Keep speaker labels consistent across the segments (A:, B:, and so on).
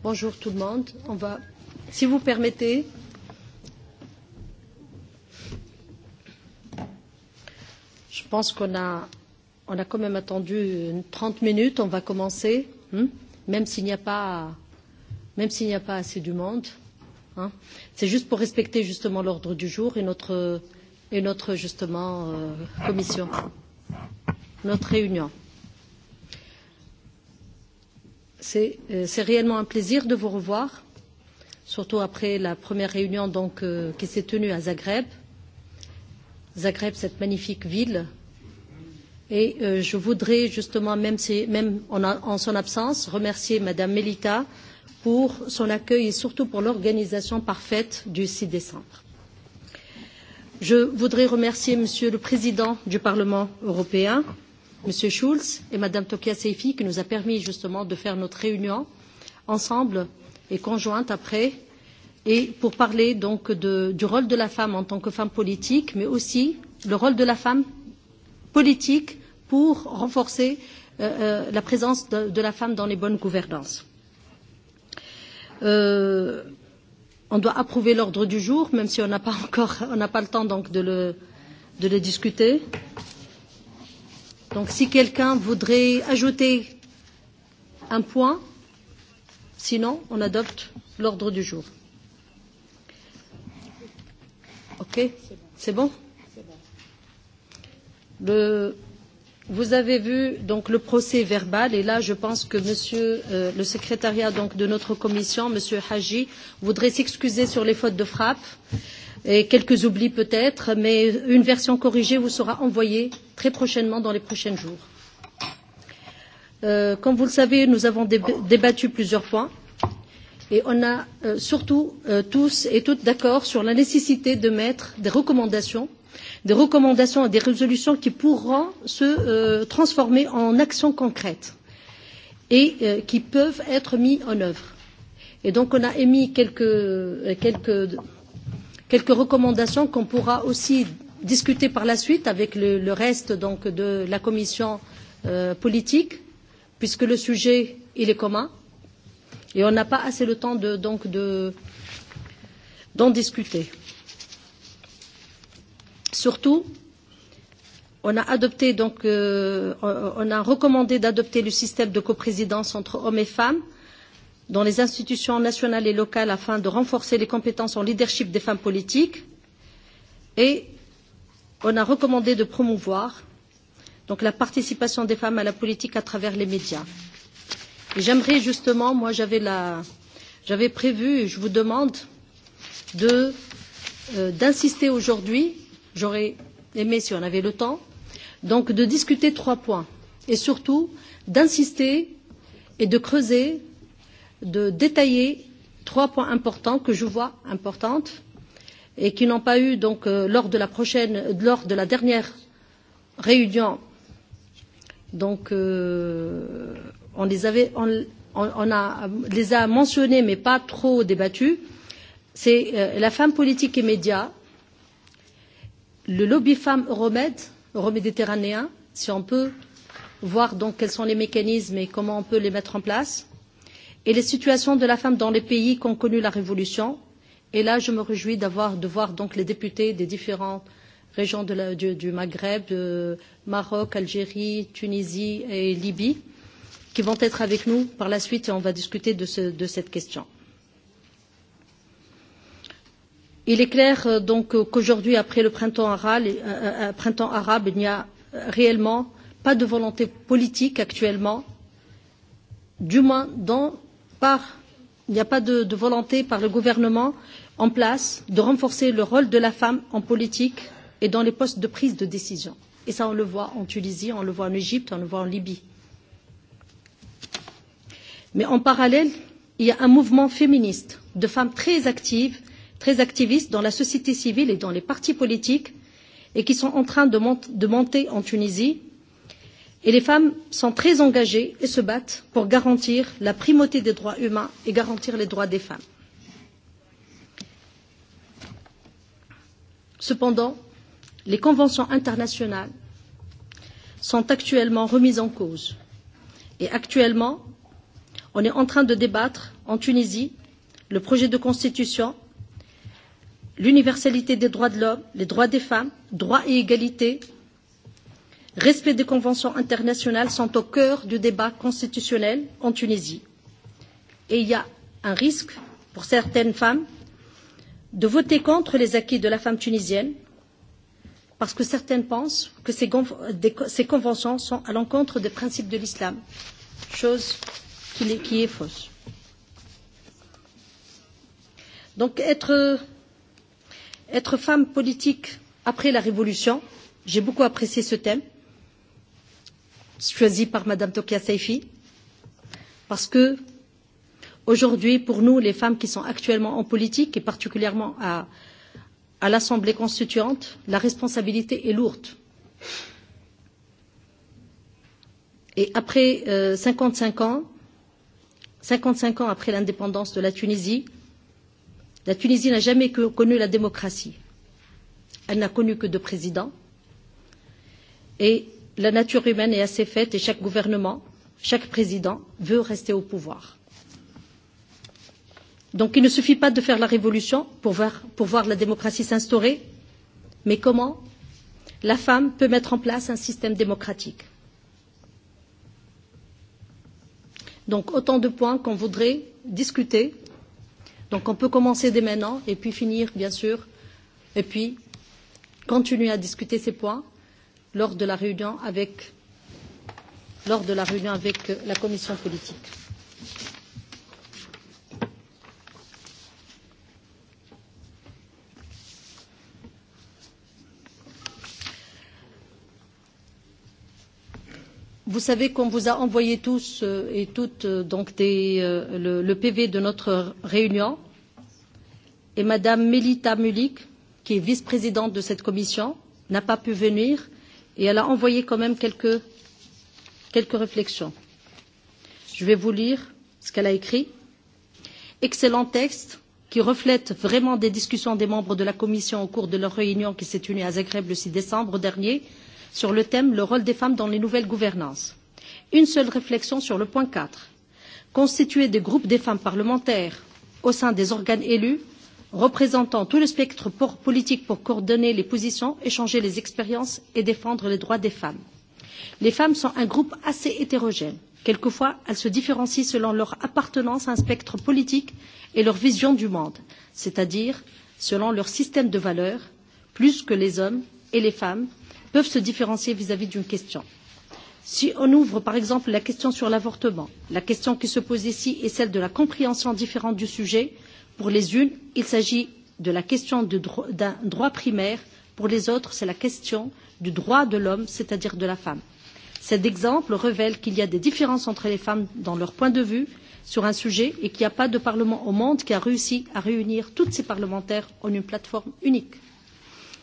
A: Bonjour tout le monde. On va, si vous permettez, je pense qu'on a, on a quand même attendu 30 minutes. On va commencer, hein, même s'il n'y a pas, même s'il n'y a pas assez du monde. Hein. C'est juste pour respecter justement l'ordre du jour et notre, et notre justement euh, commission, notre réunion. C'est réellement un plaisir de vous revoir, surtout après la première réunion donc, qui s'est tenue à Zagreb. Zagreb, cette magnifique ville. Et euh, je voudrais justement, même, si, même en, en son absence, remercier Madame Melita pour son accueil et surtout pour l'organisation parfaite du 6 décembre. Je voudrais remercier Monsieur le Président du Parlement européen, Monsieur Schulz et Madame Tokia Seifi qui nous a permis justement de faire notre réunion ensemble et conjointe après et pour parler donc de, du rôle de la femme en tant que femme politique, mais aussi le rôle de la femme politique pour renforcer euh, la présence de, de la femme dans les bonnes gouvernances. Euh, on doit approuver l'ordre du jour, même si on n'a pas encore on n'a pas le temps donc de le, de le discuter. Euh, Donc si quelqu'un voudrait ajouter un point, sinon on adopte l'ordre du jour. Ok C'est bon le, Vous avez vu donc le procès verbal et là je pense que monsieur euh, le secrétariat donc, de notre commission, monsieur Haji, voudrait s'excuser sur les fautes de frappe et quelques oublis peut-être, mais une version corrigée vous sera envoyée très prochainement dans les prochains jours. Euh, comme vous le savez, nous avons débattu plusieurs fois et on a euh, surtout euh, tous et toutes d'accord sur la nécessité de mettre des recommandations des recommandations et des résolutions qui pourront se euh, transformer en actions concrètes et euh, qui peuvent être mises en œuvre. Et donc on a émis quelques, quelques, quelques recommandations qu'on pourra aussi discuter par la suite avec le, le reste donc, de la commission euh, politique, puisque le sujet il est commun et on n'a pas assez le temps de, donc de, d'en discuter. Surtout, on a adopté donc euh, on a recommandé d'adopter le système de coprésidence entre hommes et femmes dans les institutions nationales et locales afin de renforcer les compétences en leadership des femmes politiques et on a recommandé de promouvoir donc la participation des femmes à la politique à travers les médias. Et j'aimerais justement, moi j'avais la j'avais prévu, et je vous demande de euh, d'insister aujourd'hui, j'aurais aimé si on avait le temps, donc de discuter trois points et surtout d'insister et de creuser, de détailler trois points importants que je vois importantes et qui n'ont pas eu donc lors de la prochaine lors de la dernière réunion donc euh, on les avait on, on, on a, les a mentionnés mais pas trop débattus c'est euh, la femme politique et médias le lobby femme Euromed Euroméditerranéen si on peut voir donc quels sont les mécanismes et comment on peut les mettre en place et les situations de la femme dans les pays qui ont connu la révolution Et là, je me réjouis d'avoir, de voir donc les députés des différentes régions de la, du, du Maghreb, de Maroc, Algérie, Tunisie et Libye, qui vont être avec nous par la suite et on va discuter de, ce, de cette question. Il est clair donc qu'aujourd'hui, après le printemps arabe, euh, printemps arabe, il n'y a réellement pas de volonté politique actuellement, du moins dans, par, il n'y a pas de, de volonté par le gouvernement en place de renforcer le rôle de la femme en politique et dans les postes de prise de décision. Et ça, on le voit en Tunisie, on le voit en Égypte, on le voit en Libye. Mais en parallèle, il y a un mouvement féministe de femmes très actives, très activistes dans la société civile et dans les partis politiques et qui sont en train de, mont de monter en Tunisie. Et les femmes sont très engagées et se battent pour garantir la primauté des droits humains et garantir les droits des femmes. Cependant, les conventions internationales sont actuellement remises en cause. Et actuellement, on est en train de débattre en Tunisie le projet de constitution, l'universalité des droits de l'homme, les droits des femmes, droits et égalité, respect des conventions internationales sont au cœur du débat constitutionnel en Tunisie. Et il y a un risque pour certaines femmes de voter contre les acquis de la femme tunisienne, parce que certaines pensent que ces, conventions sont à l'encontre des principes de l'islam, chose qui, est fausse. Donc être, être femme politique après la Révolution, j'ai beaucoup apprécié ce thème, choisi par Madame Tokia Saifi, parce que Aujourd'hui, pour nous, les femmes qui sont actuellement en politique et particulièrement à, à l'Assemblée constituante, la responsabilité est lourde. Et après euh, 55 ans, 55 ans après l'indépendance de la Tunisie, la Tunisie n'a jamais connu la démocratie. Elle n'a connu que deux présidents. Et la nature humaine est assez faite et chaque gouvernement, chaque président veut rester au pouvoir. Donc il ne suffit pas de faire la révolution pour voir, pour voir la démocratie s'instaurer, mais comment la femme peut mettre en place un système démocratique. Donc autant de points qu'on voudrait discuter. Donc on peut commencer dès maintenant et puis finir, bien sûr, et puis continuer à discuter ces points lors de la réunion avec, lors de la, réunion avec la commission politique. Vous savez qu'on vous a envoyé tous et toutes donc des, le, le PV de notre réunion et Madame Melita Mulik, qui est vice-présidente de cette commission, n'a pas pu venir et elle a envoyé quand même quelques, quelques réflexions. Je vais vous lire ce qu'elle a écrit. Excellent texte qui reflète vraiment des discussions des membres de la Commission au cours de leur réunion qui s'est tenue à Zagreb le 6 décembre dernier sur le thème le rôle des femmes dans les nouvelles gouvernances. Une seule réflexion sur le point quatre Constituer des groupes des femmes parlementaires au sein des organes élus représentant tout le spectre politique pour coordonner les positions, échanger les expériences et défendre les droits des femmes. Les femmes sont un groupe assez hétérogène. Quelquefois, elles se différencient selon leur appartenance à un spectre politique et leur vision du monde, c'est-à-dire selon leur système de valeurs, plus que les hommes et les femmes peuvent se différencier vis-à-vis d'une question. Si on ouvre par exemple la question sur l'avortement, la question qui se pose ici est celle de la compréhension différente du sujet. Pour les unes, il s'agit de la question d'un droit primaire, pour les autres, c'est la question du droit de l'homme, c'est-à-dire de la femme. Cet exemple révèle qu'il y a des différences entre les femmes dans leur point de vue sur un sujet et qu'il n'y a pas de parlement au monde qui a réussi à réunir toutes ces parlementaires en une plateforme unique.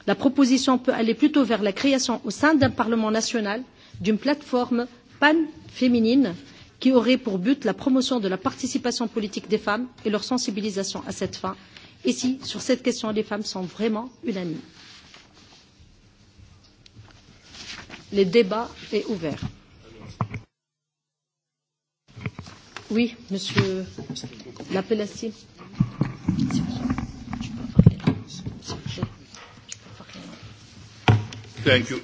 A: La proposition peut aller plutôt vers la création au sein d'un Parlement national d'une plateforme pan-féminine qui aurait pour but la promotion de la participation politique des femmes et leur sensibilisation à cette fin. Et si, sur cette question, les femmes sont vraiment unanimes. Le débat est ouvert. Oui, monsieur Merci,
B: Thank you.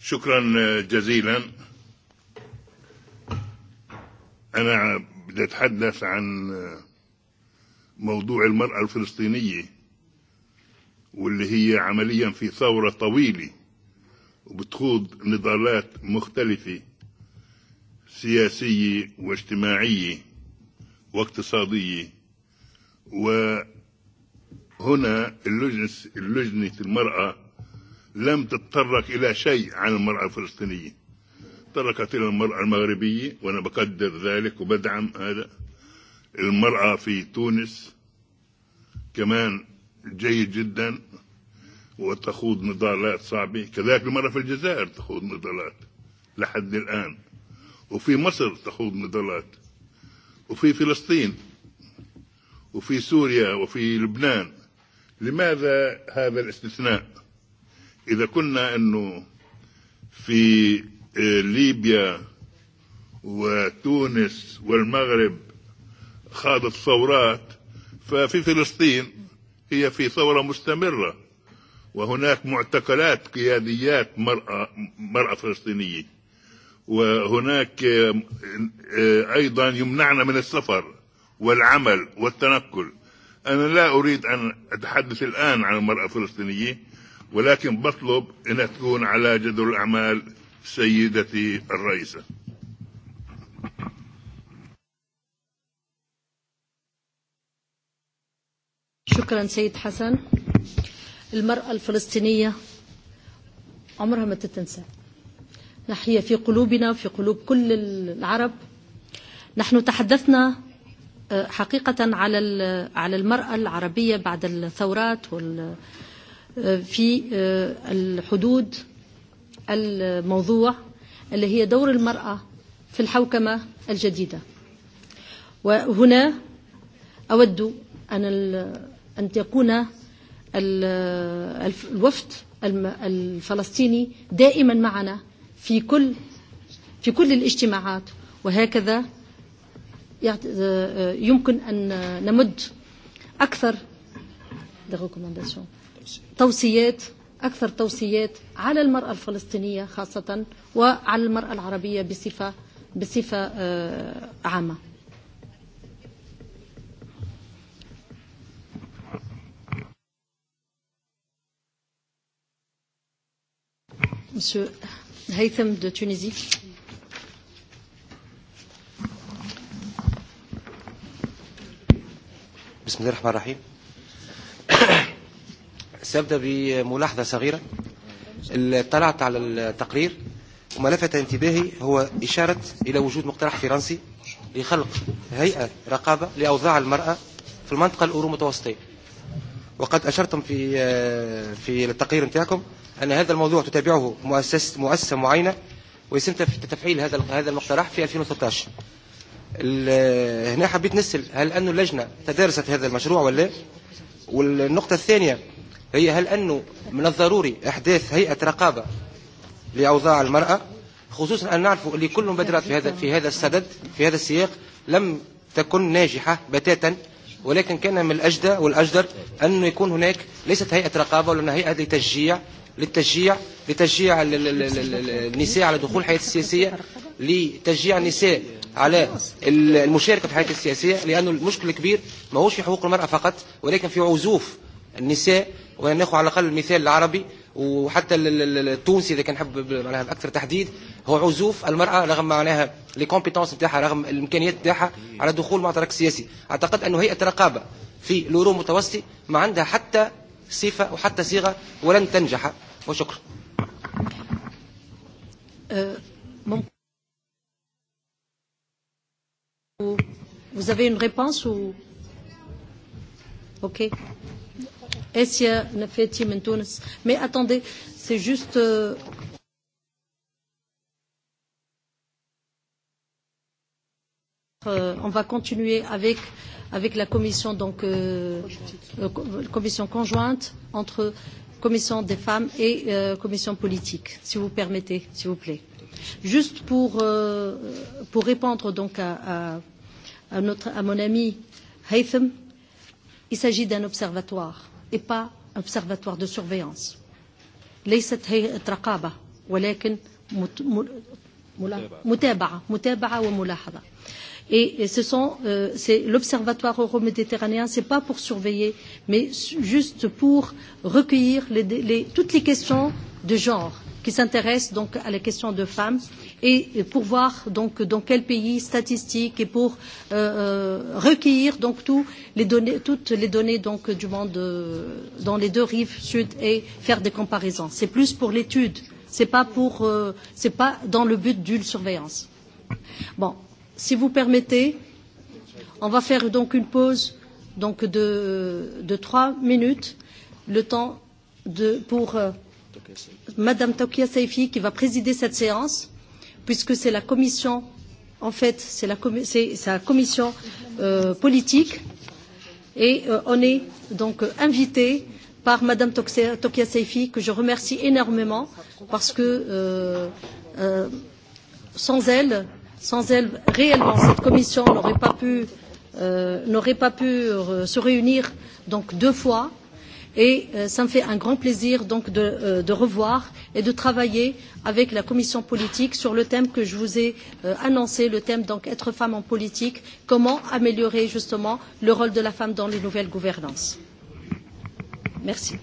B: شكرا جزيلا أنا بدي أتحدث عن موضوع المرأة الفلسطينية واللي هي عمليا في ثورة طويلة وبتخوض نضالات مختلفة سياسية واجتماعية واقتصادية وهنا اللجنة المرأة لم تتطرق الى شيء عن المراه الفلسطينيه تطرقت الى المراه المغربيه وانا بقدر ذلك وبدعم هذا المراه في تونس كمان جيد جدا وتخوض نضالات صعبه كذلك المراه في الجزائر تخوض نضالات لحد الان وفي مصر تخوض نضالات وفي فلسطين وفي سوريا وفي لبنان لماذا هذا الاستثناء إذا كنا أنه في ليبيا وتونس والمغرب خاضت ثورات ففي فلسطين هي في ثورة مستمرة وهناك معتقلات قياديات مرأة, مرأة فلسطينية وهناك أيضا يمنعنا من السفر والعمل والتنقل أنا لا أريد أن أتحدث الآن عن المرأة الفلسطينية ولكن بطلب انها تكون على جدول الاعمال سيدتي الرئيسه
A: شكرا سيد حسن المرأة الفلسطينية عمرها ما تتنسى نحيا في قلوبنا في قلوب كل العرب نحن تحدثنا حقيقة على على المرأة العربية بعد الثورات وال في الحدود الموضوع اللي هي دور المرأة في الحوكمة الجديدة وهنا أود أن أن يكون الوفد الفلسطيني دائما معنا في كل في كل الاجتماعات وهكذا يمكن أن نمد أكثر توصيات أكثر توصيات على المرأة الفلسطينية خاصة وعلى المرأة العربية بصفة بصفة عامة Monsieur Haytham de
C: بسم الله الرحمن الرحيم سأبدأ بملاحظة صغيرة طلعت على التقرير وما لفت انتباهي هو إشارة إلى وجود مقترح فرنسي لخلق هيئة رقابة لأوضاع المرأة في المنطقة الأورو متوسطية وقد أشرتم في في التقرير نتاعكم أن هذا الموضوع تتابعه مؤسسة مؤسسة معينة ويتم تفعيل هذا هذا المقترح في 2013 هنا حبيت نسأل هل أن اللجنة تدارست هذا المشروع ولا والنقطة الثانية هي هل أنه من الضروري إحداث هيئة رقابة لأوضاع المرأة خصوصا أن نعرف اللي كل مبادرات في هذا في هذا السدد في هذا السياق لم تكن ناجحة بتاتا ولكن كان من الأجدى والأجدر أن يكون هناك ليست هيئة رقابة ولا هيئة لتشجيع للتشجيع لتشجيع النساء على دخول الحياة السياسية لتشجيع النساء على المشاركة في الحياة السياسية لأن المشكل الكبير ما هوش في حقوق المرأة فقط ولكن في عزوف النساء وناخذ على الاقل المثال العربي وحتى التونسي اذا كان حب معناها اكثر تحديد هو عزوف المراه رغم معناها لي كومبيتونس نتاعها رغم الامكانيات نتاعها على دخول معترك سياسي اعتقد انه هيئه رقابه في لورو المتوسطي ما عندها حتى صفه وحتى صيغه ولن تنجح وشكرا
A: Vous avez une réponse ou OK اسيا نفاتي من تونس مي اتوندي سي جوست on va continuer avec, avec la commission, donc, euh, commission conjointe entre commission des femmes et euh, commission politique, si vous permettez, s'il vous plaît. Juste pour, euh, pour répondre donc à, à, à, notre, à mon ami Haytham, il s'agit d'un observatoire et pas observatoire de surveillance. ليست هيئة رقابة ولكن متابعة متابعة وملاحظة. Et ce sont, euh, c'est l'Observatoire euro-méditerranéen, ce n'est pas pour surveiller, mais juste pour recueillir les, les, toutes les questions de genre qui s'intéressent donc à la question de femmes et pour voir donc dans quel pays statistique et pour euh, recueillir donc tout les données, toutes les données donc du monde euh, dans les deux rives sud et faire des comparaisons. C'est plus pour l'étude, c'est pas pour, euh, c'est pas dans le but d'une surveillance. Bon, si vous permettez, on va faire donc une pause donc de, de trois minutes, le temps de, pour euh, Madame Tokia Saifi qui va présider cette séance puisque c'est la commission, en fait, c'est la, la commission euh, politique, et euh, on est donc invité par Madame Tokia Seifi, que je remercie énormément, parce que euh, euh, sans elle, sans elle, réellement, cette commission n'aurait pas pu, euh, pas pu euh, se réunir donc deux fois Et euh, ça me fait un grand plaisir donc de, euh, de revoir et de travailler avec la commission politique sur le thème que je vous ai euh, annoncé, le thème donc être femme en politique, comment améliorer justement le rôle de la femme dans les nouvelles gouvernances. Merci.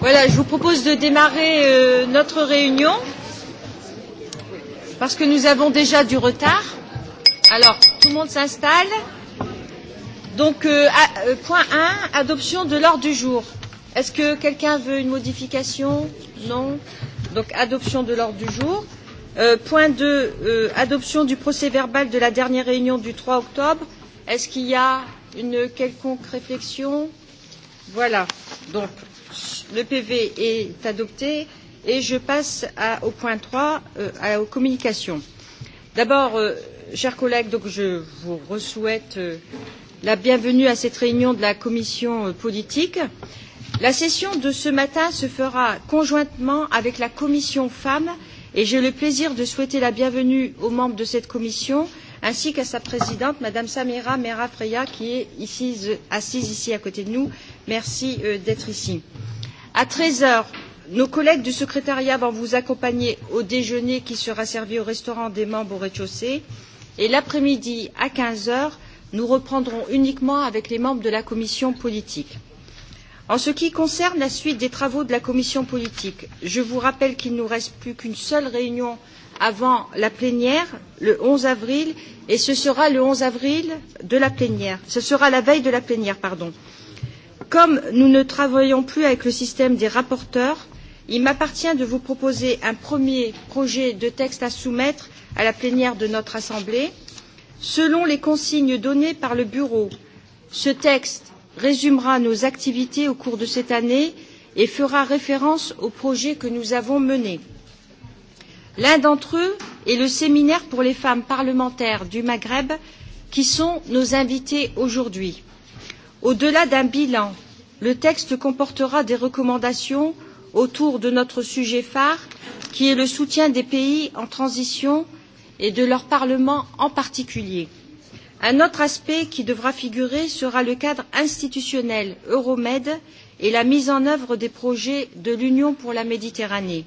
D: Voilà, je vous propose de démarrer euh, notre réunion parce que nous avons déjà du retard. Alors, tout le monde s'installe. Donc, euh, à, euh, point 1, adoption de l'ordre du jour. Est-ce que quelqu'un veut une modification Non Donc, adoption de l'ordre du jour. Euh, point 2, euh, adoption du procès verbal de la dernière réunion du 3 octobre. Est-ce qu'il y a une quelconque réflexion Voilà. Donc, le PV est adopté et je passe au point trois, aux communications. D'abord, chers collègues, je vous souhaite la bienvenue à cette réunion de la commission politique. La session de ce matin se fera conjointement avec la commission femmes et j'ai le plaisir de souhaiter la bienvenue aux membres de cette commission ainsi qu'à sa présidente, Madame Samira Mera Freya, qui est assise ici à côté de nous. Merci d'être ici. À treize heures, nos collègues du secrétariat vont vous accompagner au déjeuner qui sera servi au restaurant des membres au rez-de-chaussée. Et l'après-midi, à quinze heures, nous reprendrons uniquement avec les membres de la commission politique. En ce qui concerne la suite des travaux de la commission politique, je vous rappelle qu'il ne nous reste plus qu'une seule réunion avant la plénière, le onze avril, et ce sera le onze avril de la plénière. Ce sera la veille de la plénière, pardon comme nous ne travaillons plus avec le système des rapporteurs, il m'appartient de vous proposer un premier projet de texte à soumettre à la plénière de notre Assemblée. Selon les consignes données par le Bureau, ce texte résumera nos activités au cours de cette année et fera référence aux projets que nous avons menés. L'un d'entre eux est le séminaire pour les femmes parlementaires du Maghreb qui sont nos invités aujourd'hui. Au-delà d'un bilan, le texte comportera des recommandations autour de notre sujet phare, qui est le soutien des pays en transition et de leur Parlement en particulier. Un autre aspect qui devra figurer sera le cadre institutionnel Euromed et la mise en œuvre des projets de l'Union pour la Méditerranée.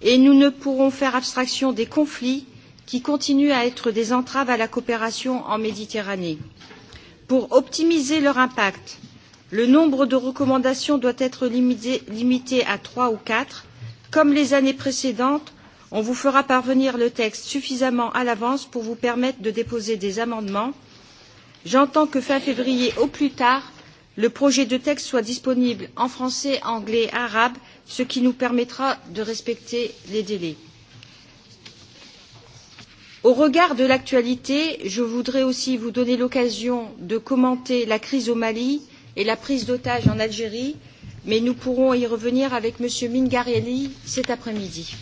D: Et nous ne pourrons faire abstraction des conflits qui continuent à être des entraves à la coopération en Méditerranée. Pour optimiser leur impact, le nombre de recommandations doit être limité, à trois ou quatre. Comme les années précédentes, on vous fera parvenir le texte suffisamment à l'avance pour vous permettre de déposer des amendements. J'entends que fin février au plus tard, le projet de texte soit disponible en français, anglais, arabe, ce qui nous permettra de respecter les délais. Au regard de l'actualité, je voudrais aussi vous donner l'occasion de commenter la crise au Mali et la prise d'otages en Algérie, mais nous pourrons y revenir avec M. Mingarelli cet après-midi.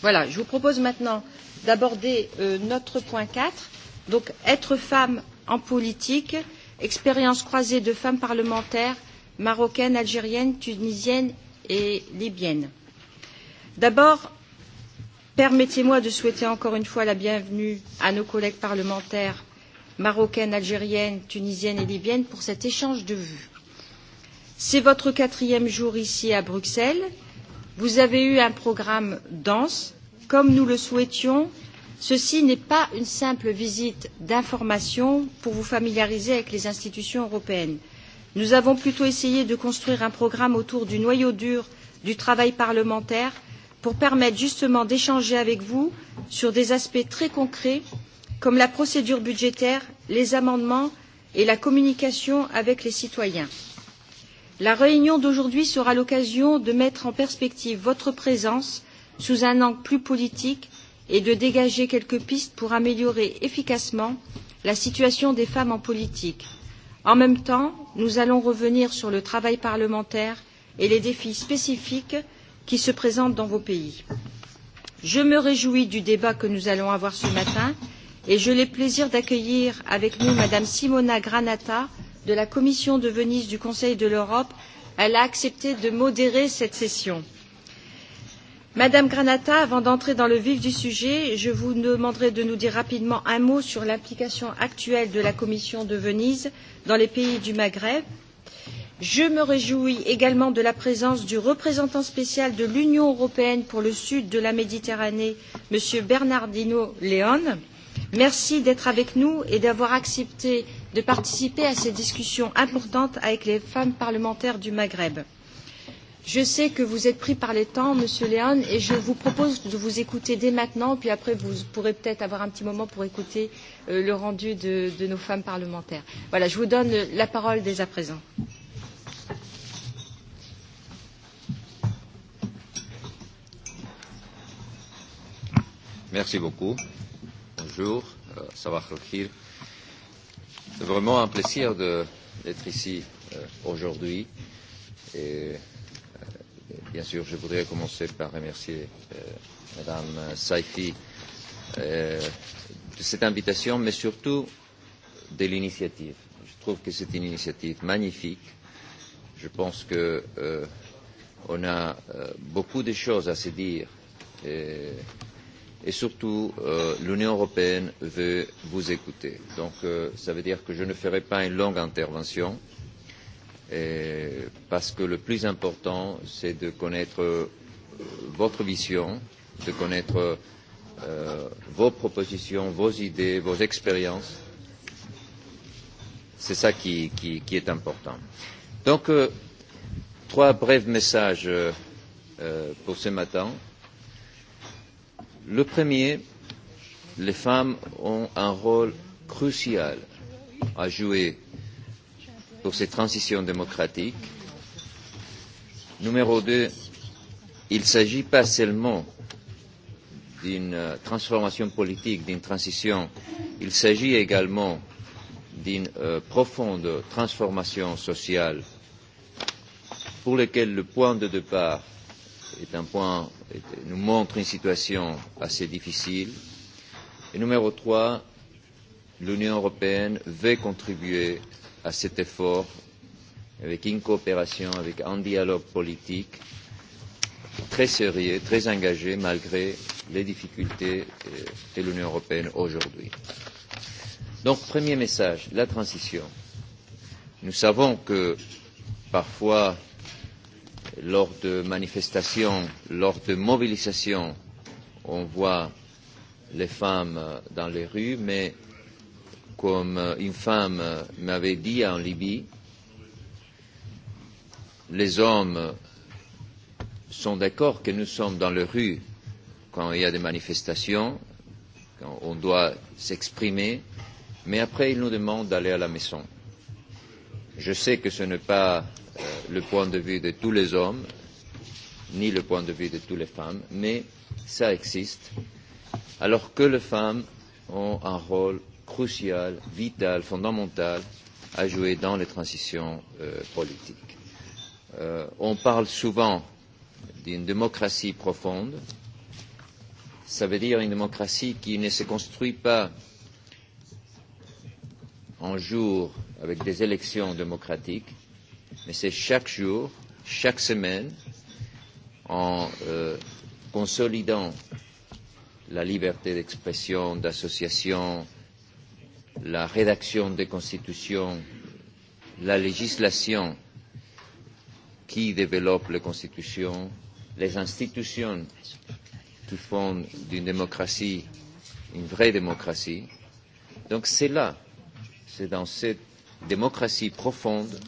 D: Voilà, je vous propose maintenant d'aborder notre point quatre, donc être femme en politique, expérience croisée de femmes parlementaires marocaines, algériennes, tunisiennes et libyennes. D'abord, Permettez-moi de souhaiter encore une fois la bienvenue à nos collègues parlementaires marocaines, algériennes, tunisiennes et libyennes pour cet échange de vues. C'est votre quatrième jour ici à Bruxelles. Vous avez eu un programme dense, comme nous le souhaitions. Ceci n'est pas une simple visite d'information pour vous familiariser avec les institutions européennes. Nous avons plutôt essayé de construire un programme autour du noyau dur du travail parlementaire pour permettre justement d'échanger avec vous sur des aspects très concrets comme la procédure budgétaire, les amendements et la communication avec les citoyens. La réunion d'aujourd'hui sera l'occasion de mettre en perspective votre présence sous un angle plus politique et de dégager quelques pistes pour améliorer efficacement la situation des femmes en politique. En même temps, nous allons revenir sur le travail parlementaire et les défis spécifiques qui se présentent dans vos pays. Je me réjouis du débat que nous allons avoir ce matin et j'ai le plaisir d'accueillir avec nous Madame Simona Granata de la Commission de Venise du Conseil de l'Europe. Elle a accepté de modérer cette session. Madame Granata, avant d'entrer dans le vif du sujet, je vous demanderai de nous dire rapidement un mot sur l'implication actuelle de la Commission de Venise dans les pays du Maghreb Je me réjouis également de la présence du représentant spécial de l'Union européenne pour le sud de la Méditerranée, M. Bernardino León. Merci d'être avec nous et d'avoir accepté de participer à ces discussions importantes avec les femmes parlementaires du Maghreb. Je sais que vous êtes pris par les temps, Monsieur Léon, et je vous propose de vous écouter dès maintenant, puis après vous pourrez peut-être avoir un petit moment pour écouter le rendu de, nos femmes parlementaires. Voilà, je vous donne la parole dès à présent. Merci.
E: Merci beaucoup. Bonjour, euh, Sabah Khir. C'est vraiment un plaisir d'être ici euh, aujourd'hui. Et euh, bien sûr, je voudrais commencer par remercier euh, Madame Saifi euh, de cette invitation, mais surtout de l'initiative. Je trouve que c'est une initiative magnifique. Je pense que euh, on a euh, beaucoup de choses à se dire. Et, et surtout l'Union européenne veut vous écouter. Donc cela veut dire que je ne ferai pas une longue intervention parce que le plus important c'est de connaître votre vision, de connaître vos propositions, vos idées, vos expériences. C'est cela qui, est important. Donc trois brefs messages pour ce matin. Euh, Le premier, les femmes ont un rôle crucial à jouer pour ces transitions démocratiques. Numéro deux, il ne s'agit pas seulement d'une transformation politique, d'une transition, il s'agit également d'une profonde transformation sociale pour laquelle le point de départ est un point, nous montre une situation assez difficile. Et numéro trois, l'Union européenne veut contribuer à cet effort avec une coopération, avec un dialogue politique très sérieux, très engagé malgré les difficultés de l'Union européenne aujourd'hui. Donc, premier message, la transition. Nous savons que parfois lors de manifestations, lors de mobilisations, on voit les femmes dans les rues, mais comme une femme m'avait dit en Libye, les hommes sont d'accord que nous sommes dans les rues quand il y a des manifestations, quand on doit s'exprimer, mais après ils nous demandent d'aller à la maison. Je sais que ce n'est pas le point de vue de tous les hommes, ni le point de vue de toutes les femmes, mais cela existe, alors que les femmes ont un rôle crucial, vital, fondamental à jouer dans les transitions politiques. on parle souvent d'une démocratie profonde. Ça veut dire une démocratie qui ne se construit pas un jour avec des élections démocratiques, mais c'est chaque jour, chaque semaine, en euh, consolidant la liberté d'expression, d'association, la rédaction des constitutions, la législation qui développe les constitutions, les institutions qui font d'une démocratie une vraie démocratie. Donc c'est là, c'est dans cette démocratie profonde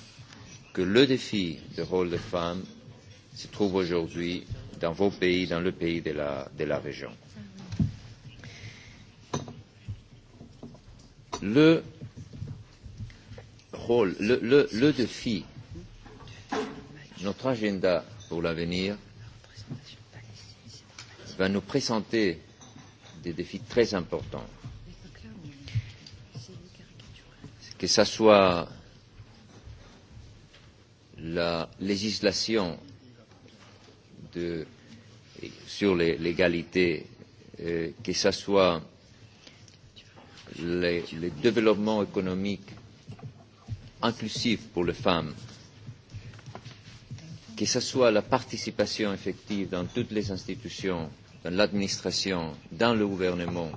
E: que le défi du rôle des femmes se trouve aujourd'hui dans vos pays, dans le pays de la, de la région. Le rôle, le, le, le défi, notre agenda pour l'avenir va nous présenter des défis très importants. Que ce soit la législation de, sur l'égalité, euh, que ce soit le, le développement économique inclusif pour les femmes, que ce soit la participation effective dans toutes les institutions, dans l'administration, dans le gouvernement,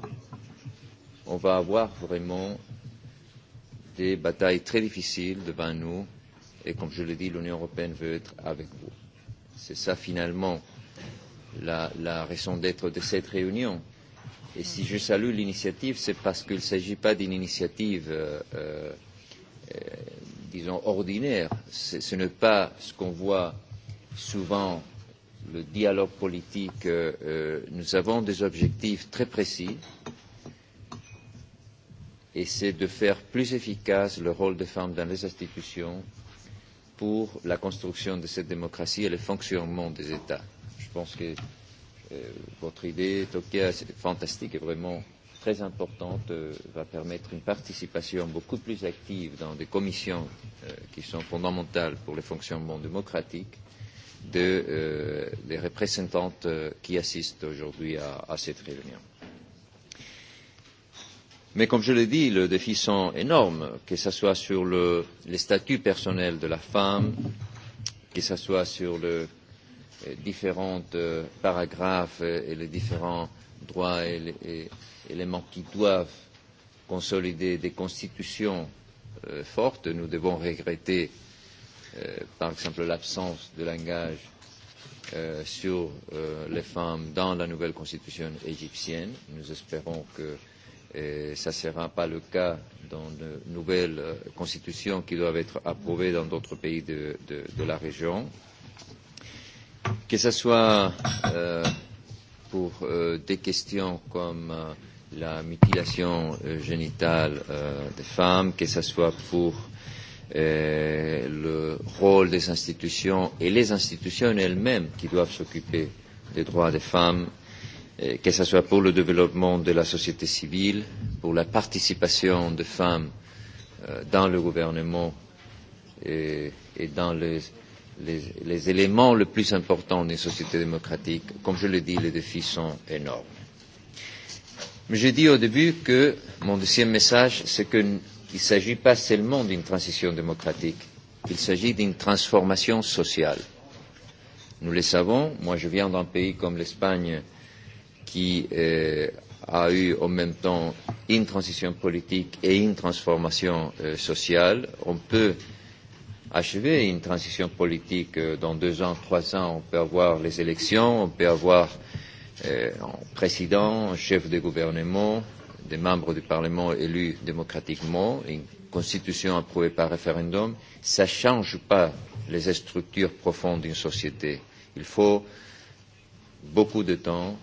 E: on va avoir vraiment des batailles très difficiles devant nous et comme je l'ai dit, l'Union européenne veut être avec vous. C'est ça finalement la, la raison d'être de cette réunion. Et si je salue l'initiative, c'est parce qu'il ne s'agit pas d'une initiative, euh, euh, disons, ordinaire. Ce n'est pas ce qu'on voit souvent, le dialogue politique. Euh, nous avons des objectifs très précis et c'est de faire plus efficace le rôle des femmes dans les institutions pour la construction de cette démocratie et le fonctionnement des États. Je pense que votre idée, Tokia, fantastique et vraiment très importante, va permettre une participation beaucoup plus active dans des commissions qui sont fondamentales pour le fonctionnement démocratique des représentantes qui assistent aujourd'hui à cette réunion. Mais comme je l'ai dit, les défis sont énormes, que ce soit sur le, les statuts personnels de la femme, que ce soit sur le, les différents paragraphes et les différents droits et, les, et éléments qui doivent consolider des constitutions euh, fortes. Nous devons regretter, euh, par exemple, l'absence de langage euh, sur euh, les femmes dans la nouvelle constitution égyptienne. Nous espérons que euh, Et ça ne sera pas le cas dans de nouvelles constitutions qui doivent être approuvées dans d'autres pays de, de, de la région. Que ce soit euh, pour euh, des questions comme euh, la mutilation euh, génitale euh, des femmes, que ce soit pour euh, le rôle des institutions et les institutions elles-mêmes qui doivent s'occuper des droits des femmes que ce soit pour le développement de la société civile, pour la participation des femmes dans le gouvernement et, dans les, éléments les plus importants d'une société démocratique. Comme je l'ai dit, les défis sont énormes. Mais j'ai dit au début que mon deuxième message, c'est qu'il ne s'agit pas seulement d'une transition démocratique, il s'agit d'une transformation sociale. Nous le savons, moi je viens d'un pays comme l'Espagne, euh, qui a eu en même temps une transition politique et une transformation sociale. On peut achever une transition politique dans deux ans, trois ans. On peut avoir les élections, on peut avoir un président, un chef de gouvernement, des membres du Parlement élus démocratiquement, une constitution approuvée par référendum. Ça ne change pas les structures profondes d'une société. Il faut beaucoup de temps,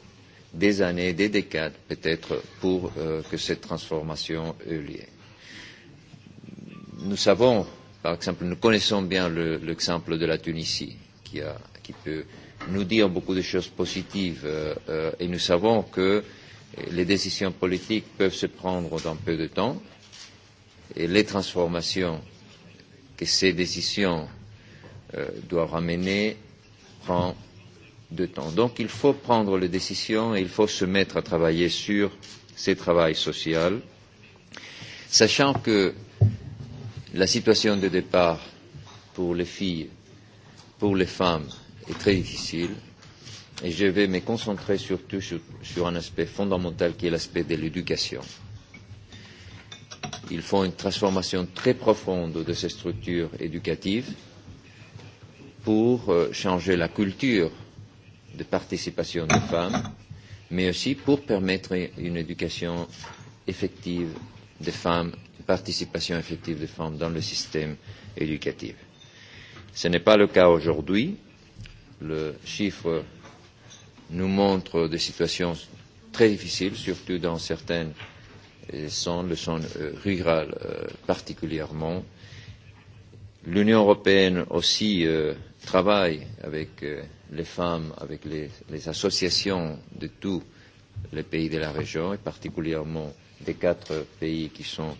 E: des années, des décades peut-être, pour que cette transformation ait lieu. Nous savons, par exemple, nous connaissons bien l'exemple de la Tunisie, qui, a, qui peut nous dire beaucoup de choses positives, et nous savons que les décisions politiques peuvent se prendre dans peu de temps, et les transformations que ces décisions doivent amener prend de temps. Donc il faut prendre les décisions et il faut se mettre à travailler sur ces travail social, sachant que la situation de départ pour les filles, pour les femmes est très difficile et je vais me concentrer surtout sur, sur un aspect fondamental qui est l'aspect de l'éducation. Il faut une transformation très profonde de ces structures éducatives pour changer la culture de participation des femmes, mais aussi pour permettre une éducation effective des femmes, une participation effective des femmes dans le système éducatif. Ce n'est pas le cas aujourd'hui. Le chiffre nous montre des situations très difficiles, surtout dans certaines zones, le zone rurale particulièrement. L'Union européenne aussi travail avec les femmes, avec les, les associations de tous les pays de la région, et particulièrement des quatre pays qui sont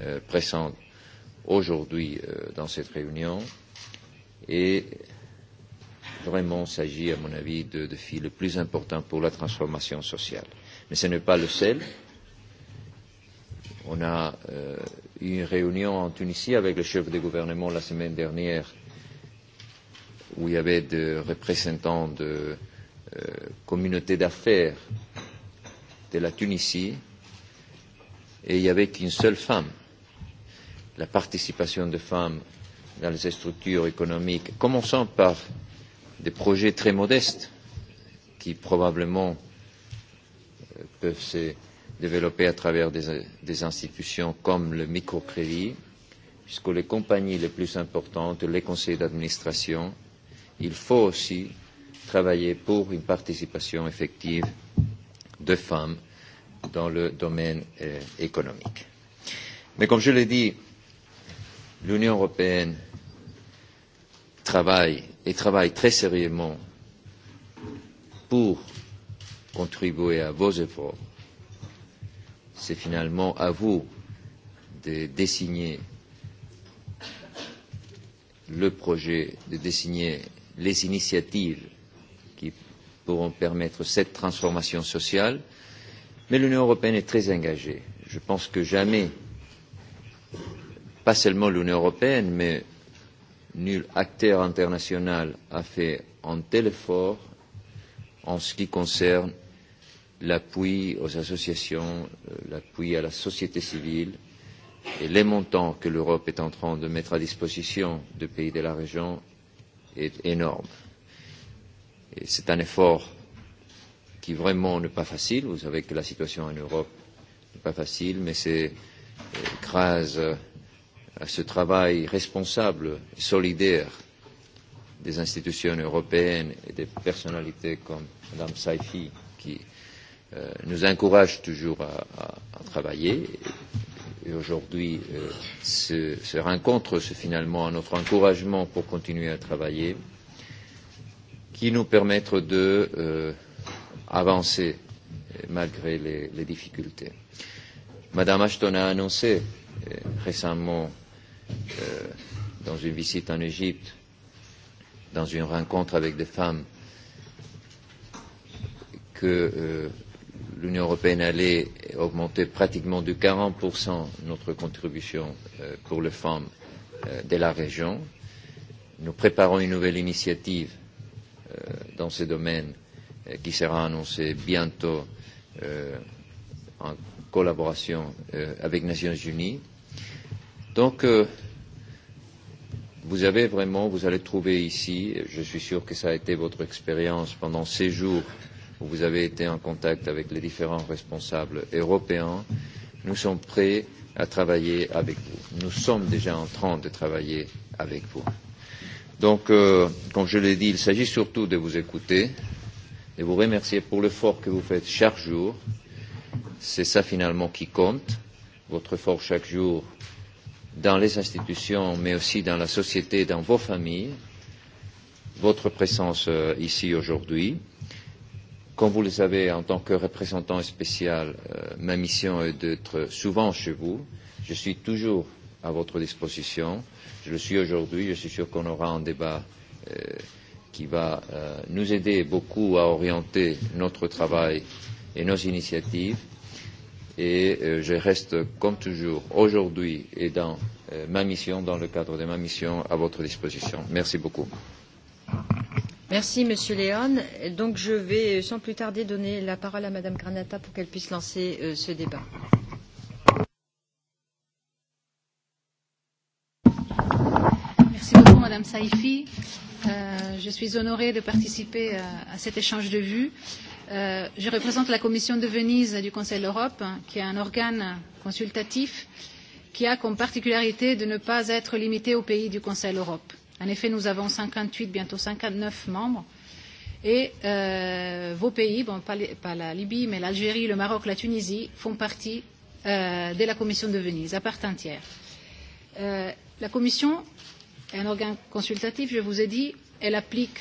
E: euh, présents aujourd'hui euh, dans cette réunion. Et vraiment s'agit, à mon avis, de défi le plus important pour la transformation sociale. Mais ce n'est pas le seul. On a eu une réunion en Tunisie avec le chef de gouvernement la semaine dernière où il y avait des représentants de euh, communautés d'affaires de la Tunisie, et il n'y avait qu'une seule femme. La participation des femmes dans les structures économiques, commençant par des projets très modestes qui probablement peuvent se développer à travers des, des institutions comme le microcrédit, puisque les compagnies les plus importantes, les conseils d'administration, il faut aussi travailler pour une participation effective de femmes dans le domaine euh, économique. Mais comme je l'ai dit, l'Union européenne travaille et travaille très sérieusement pour contribuer à vos efforts. C'est finalement à vous de dessiner le projet, de dessiner les initiatives qui pourront permettre cette transformation sociale. Mais l'Union européenne est très engagée. Je pense que jamais, pas seulement l'Union européenne, mais nul acteur international a fait un tel effort en ce qui concerne l'appui aux associations, l'appui à la société civile et les montants que l'Europe est en train de mettre à disposition des pays de la région est énorme. Et c'est un effort qui vraiment n'est pas facile. Vous savez que la situation en Europe n'est pas facile, mais c'est grâce à ce travail responsable, et solidaire des institutions européennes et des personnalités comme Mme Saifi qui nous encourage toujours à, travailler. et aujourd'hui se, se rencontrent, c'est finalement notre encouragement pour continuer à travailler, qui nous permettre de euh, avancer malgré les, les difficultés. Madame Ashton a annoncé euh, récemment, euh, dans une visite en Égypte, dans une rencontre avec des femmes, que euh, l'Union européenne allait augmenter pratiquement de 40% notre contribution pour le FAM de la région. Nous préparons une nouvelle initiative dans ce domaine qui sera annoncée bientôt en collaboration avec les Nations Unies. Donc, vous avez vraiment, vous allez trouver ici, je suis sûr que ça a été votre expérience pendant ces jours vous avez été en contact avec les différents responsables européens. Nous sommes prêts à travailler avec vous. Nous sommes déjà en train de travailler avec vous. Donc, euh, comme je l'ai dit, il s'agit surtout de vous écouter, de vous remercier pour l'effort que vous faites chaque jour. C'est ça finalement qui compte, votre effort chaque jour dans les institutions, mais aussi dans la société, dans vos familles, votre présence ici aujourd'hui. Comme vous le savez, en tant que représentant spécial, ma mission est d'être souvent chez vous. Je suis toujours à votre disposition. Je le suis aujourd'hui. Je suis sûr qu'on aura un débat qui va nous aider beaucoup à orienter notre travail et nos initiatives. Et je reste, comme toujours, aujourd'hui et dans ma mission, dans le cadre de ma mission, à votre disposition. Merci beaucoup.
D: Merci, Monsieur Léon. Donc, je vais sans plus tarder donner la parole à Madame Granata pour qu'elle puisse lancer euh, ce débat.
F: Merci beaucoup, Madame Saifi. Euh, je suis honorée de participer à, à cet échange de vues. Euh, je représente la Commission de Venise du Conseil de l'Europe, qui est un organe consultatif qui a comme particularité de ne pas être limité aux pays du Conseil de l'Europe. En effet, nous avons 58, bientôt 59 membres. Et euh, vos pays, bon, pas, les, pas la Libye, mais l'Algérie, le Maroc, la Tunisie, font partie euh, de la Commission de Venise, à part entière. Euh, la Commission est un organe consultatif, je vous ai dit, elle applique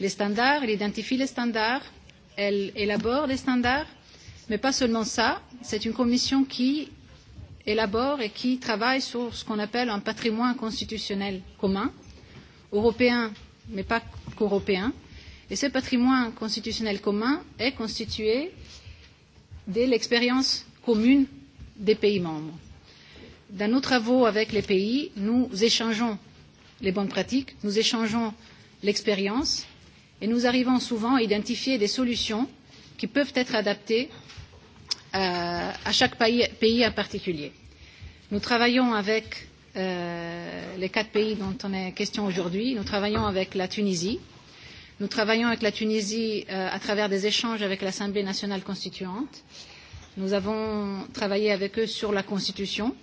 F: les standards, elle identifie les standards, elle élabore les standards, mais pas seulement ça, c'est une commission qui élabore et qui travaille sur ce qu'on appelle un patrimoine constitutionnel commun, européen, mais pas qu'européen. Et ce patrimoine constitutionnel commun est constitué de l'expérience commune des pays membres. Dans nos travaux avec les pays, nous échangeons les bonnes pratiques, nous échangeons l'expérience et nous arrivons souvent à identifier des solutions qui peuvent être adaptées à chaque pays en particulier. Nous travaillons avec les quatre pays dont on est question aujourd'hui. Nous travaillons avec la Tunisie. Nous travaillons avec la Tunisie à travers des échanges avec l'Assemblée nationale constituante. Nous avons travaillé avec eux sur la Constitution.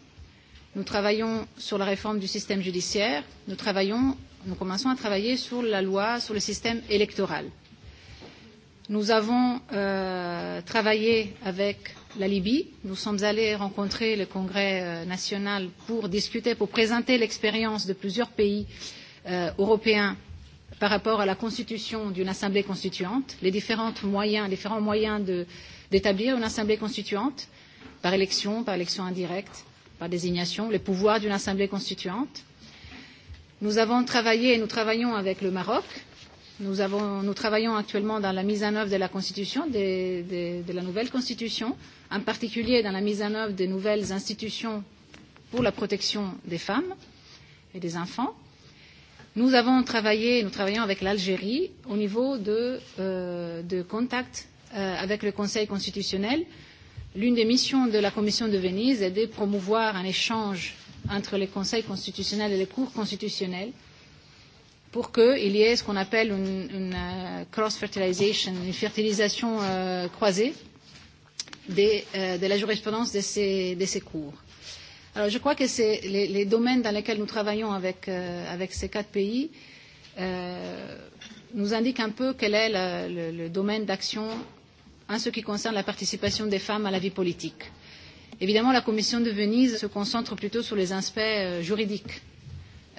F: Nous travaillons sur la réforme du système judiciaire. Nous travaillons, nous commençons à travailler sur la loi, sur le système électoral. Nous avons euh, travaillé avec la Libye. Nous sommes allés rencontrer le Congrès national pour discuter, pour présenter l'expérience de plusieurs pays européens par rapport à la constitution d'une assemblée constituante, les différents moyens, différents moyens d'établir une assemblée constituante par élection, par élection indirecte, par désignation, les pouvoirs d'une assemblée constituante. Nous avons travaillé et nous travaillons avec le Maroc Nous, avons, nous travaillons actuellement dans la mise en œuvre de la Constitution, de, de, de la nouvelle Constitution, en particulier dans la mise en œuvre des nouvelles institutions pour la protection des femmes et des enfants. Nous avons travaillé, nous travaillons avec l'Algérie au niveau de, euh, de contacts euh, avec le Conseil constitutionnel. L'une des missions de la Commission de Venise est de promouvoir un échange entre les conseils constitutionnels et les cours constitutionnels pour qu'il y ait ce qu'on appelle une, une cross-fertilisation, une fertilisation euh, croisée des, euh, de la jurisprudence de ces, de ces cours. Alors je crois que c'est les, les domaines dans lesquels nous travaillons avec, euh, avec ces quatre pays euh, nous indiquent un peu quel est le, le, le domaine d'action en ce qui concerne la participation des femmes à la vie politique. Évidemment, la Commission de Venise se concentre plutôt sur les aspects juridiques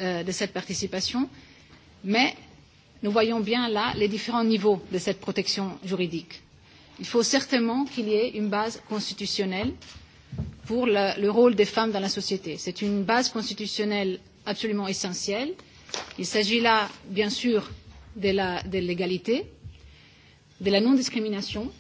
F: euh, de cette participation, euh, mais nous voyons bien là les différents niveaux de cette protection juridique. Il faut certainement qu'il y ait une base constitutionnelle pour le, rôle des femmes dans la société. C'est une base constitutionnelle absolument essentielle. Il s'agit là, bien sûr, de l'égalité, de la non-discrimination.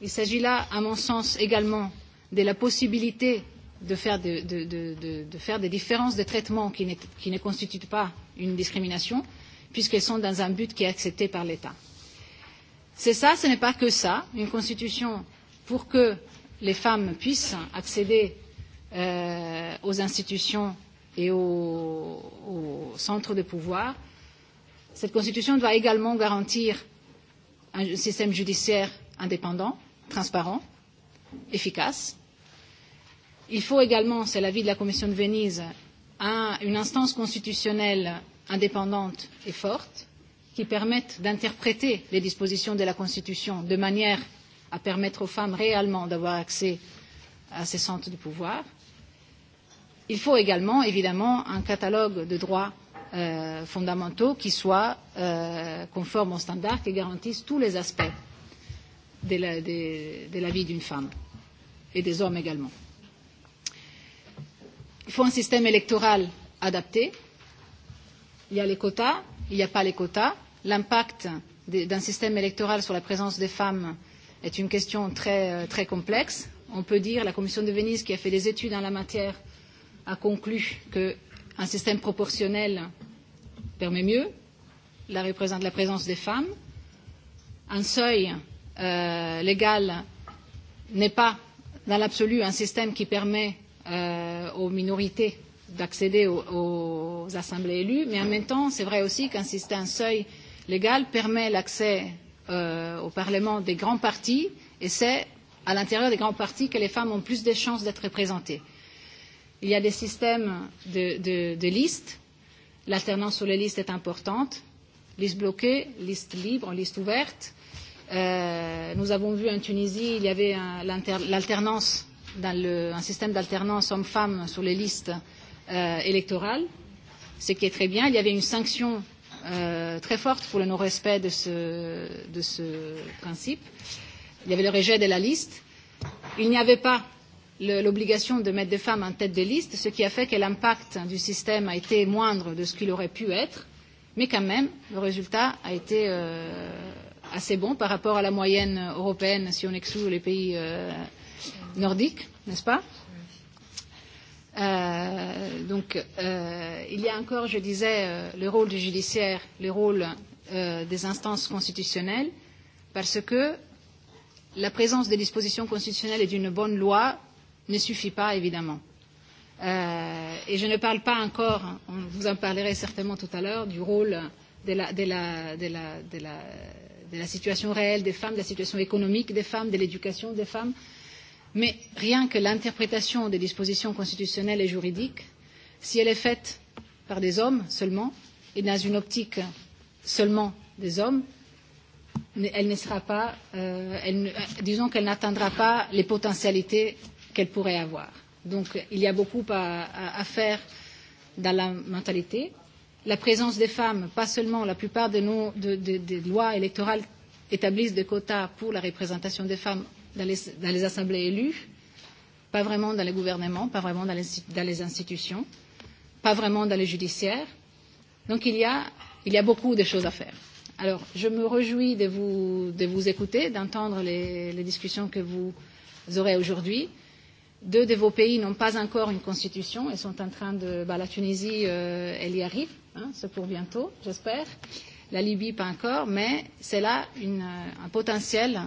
F: Il s'agit là, à mon sens, également de la possibilité de faire, de, de, de, de, de faire des différences de traitement qui qui ne constituent pas une discrimination, puisqu'elles sont dans un but qui est accepté par l'État. C'est ça, ce n'est pas que ça. Une constitution, pour que les femmes puissent accéder euh, aux institutions et aux, aux centres de pouvoir, cette constitution doit également garantir un système judiciaire indépendant, transparent, efficace. Il faut également, c'est l'avis de la Commission de Venise, un, une instance constitutionnelle indépendante et forte qui permette d'interpréter les dispositions de la Constitution de manière à permettre aux femmes réellement d'avoir accès à ces centres de pouvoir. Il faut également, évidemment, un catalogue de droits fondamentaux qui euh, conforme aux standards qui garantissent tous les aspects de la, de, de la vie d'une femme et des hommes également. Il faut un système électoral adapté Il y a les quotas, il n'y a pas les quotas. L'impact d'un système électoral sur la présence des femmes est une question très, très complexe. On peut dire la Commission de Venise, qui a fait des études en la matière, a conclu qu'un système proportionnel permet mieux la, la présence des femmes. Un seuil euh, légal n'est pas, dans l'absolu, un système qui permet euh, aux minorités d'accéder aux, aux assemblées élues, mais en même temps, c'est vrai aussi qu'un un seuil légal permet l'accès euh, au Parlement des grands partis, et c'est à l'intérieur des grands partis que les femmes ont plus de chances d'être représentées. Il y a des systèmes de, de, de listes. L'alternance sur les listes est importante. Liste bloquée, liste libre, liste ouverte. Euh, nous avons vu en Tunisie, il y avait l'alternance un système d'alternance hommes-femmes sur les listes euh, électorale, ce qui est très bien. Il y avait une sanction euh, très forte pour le non-respect de ce, de ce principe. Il y avait le rejet de la liste. Il n'y avait pas l'obligation de mettre des femmes en tête de liste, ce qui a fait que l'impact du système a été moindre de ce qu'il aurait pu être, mais quand même, le résultat a été euh, assez bon par rapport à la moyenne européenne si on exclut les pays euh, nordiques, n'est-ce pas euh, Euh, donc, euh, il y a encore, je disais, euh, le rôle du judiciaire, le rôle euh, des instances constitutionnelles, parce que la présence des dispositions constitutionnelles et d'une bonne loi ne suffit pas, évidemment. Euh, et je ne parle pas encore, on vous en parlerez certainement tout à l'heure, du rôle de la, de, la, de, la, de, la, de la situation réelle des femmes, de la situation économique des femmes, de l'éducation des femmes. Euh, Mais rien que l'interprétation des dispositions constitutionnelles et juridiques, si elle est faite par des hommes seulement, et dans une optique seulement des hommes, elle ne sera pas, euh, elle, disons qu'elle n'atteindra pas les potentialités qu'elle pourrait avoir. Donc il y a beaucoup à, à, à faire dans la mentalité. La présence des femmes, pas seulement la plupart de nos, de, de, des lois électorales établissent des quotas pour la représentation des femmes dans les, dans les assemblées élues, pas vraiment dans les gouvernements, pas vraiment dans les, dans les institutions, pas vraiment dans les judiciaires. Donc il y a, il y a beaucoup de choses à faire. Alors, je me réjouis de vous, de vous écouter, d'entendre les, les discussions que vous aurez aujourd'hui. Deux de vos pays n'ont pas encore une constitution et sont en train de. Bah, la Tunisie, euh, elle y arrive, hein, c'est pour bientôt, j'espère. La Libye, pas encore, mais c'est là une, un potentiel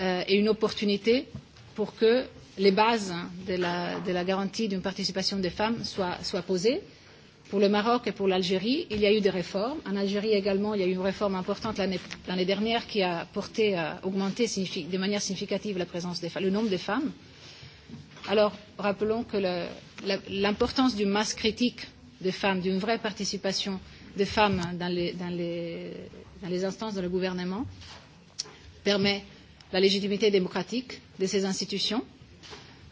F: et une opportunité pour que les bases de la, de la garantie d'une participation des femmes soient, soient posées. Pour le Maroc et pour l'Algérie, il y a eu des réformes. En Algérie également, il y a eu une réforme importante l'année dernière qui a porté à augmenter de manière significative la présence des, le nombre de femmes. Alors, rappelons que l'importance d'une masse critique des femmes, d'une vraie participation des femmes dans les, dans les, dans les instances, dans le gouvernement, permet la légitimité démocratique de ces institutions,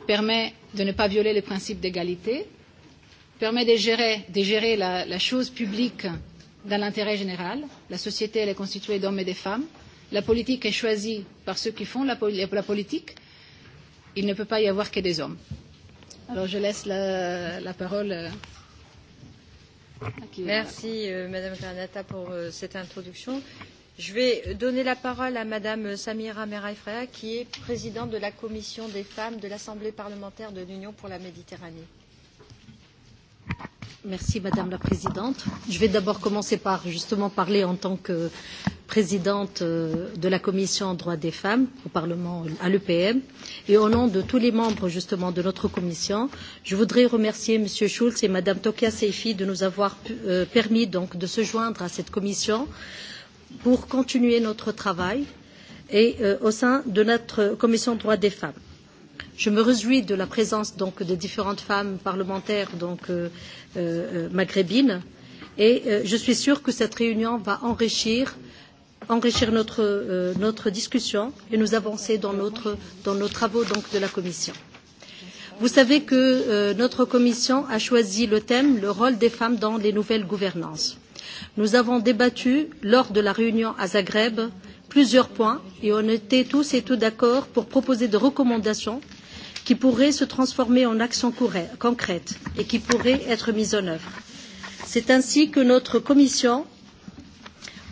F: permet de ne pas violer les principes d'égalité, permet de gérer, de gérer la, la chose publique dans l'intérêt général. La société, elle est constituée d'hommes et de femmes. La politique est choisie par ceux qui font la, la politique. Il ne peut pas y avoir que des hommes. Alors je laisse la, la parole. Merci
D: euh, Madame Granata pour euh, cette introduction. Je vais donner la parole à Madame Samira Meraifrea, qui est présidente de la Commission des femmes de l'Assemblée parlementaire de l'Union pour la Méditerranée.
A: Merci Madame la Présidente. Je vais d'abord commencer par justement parler en tant que présidente de la Commission droits des femmes au Parlement à l'EPM et au nom de tous les membres justement de notre commission, je voudrais remercier Monsieur Schulz et Madame Tokia Seifi de nous avoir permis donc de se joindre à cette commission euh, pour continuer notre travail et au sein de notre commission droits des femmes. Je me réjouis de la présence donc des différentes femmes parlementaires donc maghrébines et je suis sûre que cette réunion va enrichir enrichir notre, notre discussion et nous avancer dans, notre, dans nos travaux donc, de la Commission. Vous savez que euh, notre Commission a choisi le thème le rôle des femmes dans les nouvelles gouvernances. Nous avons débattu lors de la réunion à Zagreb plusieurs points et on était tous et toutes d'accord pour proposer des recommandations qui pourraient se transformer en actions concrètes et qui pourraient être mises en œuvre. C'est ainsi que notre commission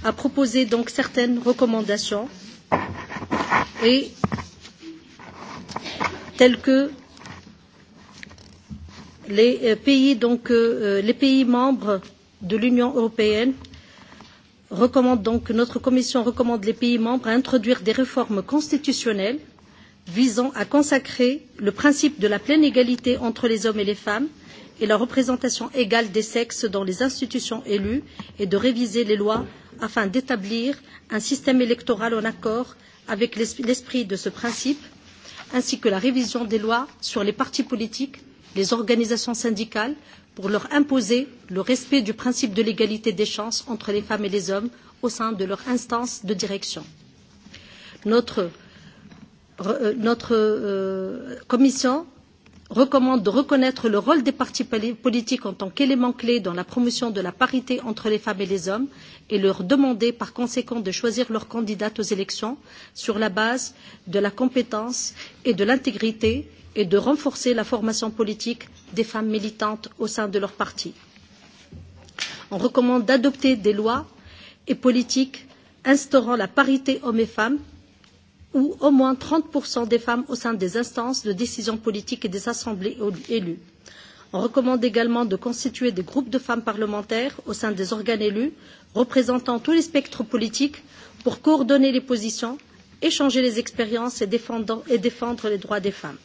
A: a proposé donc certaines recommandations et telles que les pays, donc, les pays membres de l'Union européenne recommande donc, notre commission recommande les pays membres à introduire des réformes constitutionnelles visant à consacrer le principe de la pleine égalité entre les hommes et les femmes et la représentation égale des sexes dans les institutions élues et de réviser les lois afin d'établir un système électoral en accord avec l'esprit de ce principe ainsi que la révision des lois sur les partis politiques, les organisations syndicales pour leur imposer le respect du principe de l'égalité des chances entre les femmes et les hommes au sein de leur instance de direction. Notre, notre euh, commission recommande de reconnaître le rôle des partis politiques en tant qu'élément clé dans la promotion de la parité entre les femmes et les hommes et leur demander par conséquent de choisir leurs candidates aux élections sur la base de la compétence et de l'intégrité et de renforcer la formation politique des femmes militantes au sein de leur parti. On recommande d'adopter des lois et politiques instaurant la parité hommes et femmes ou au moins 30% des femmes au sein des instances de décision politique et des assemblées élues. On recommande également de constituer des groupes de femmes parlementaires au sein des organes élus représentant tous les spectres politiques pour coordonner les positions, échanger les expériences et défendre, les droits des femmes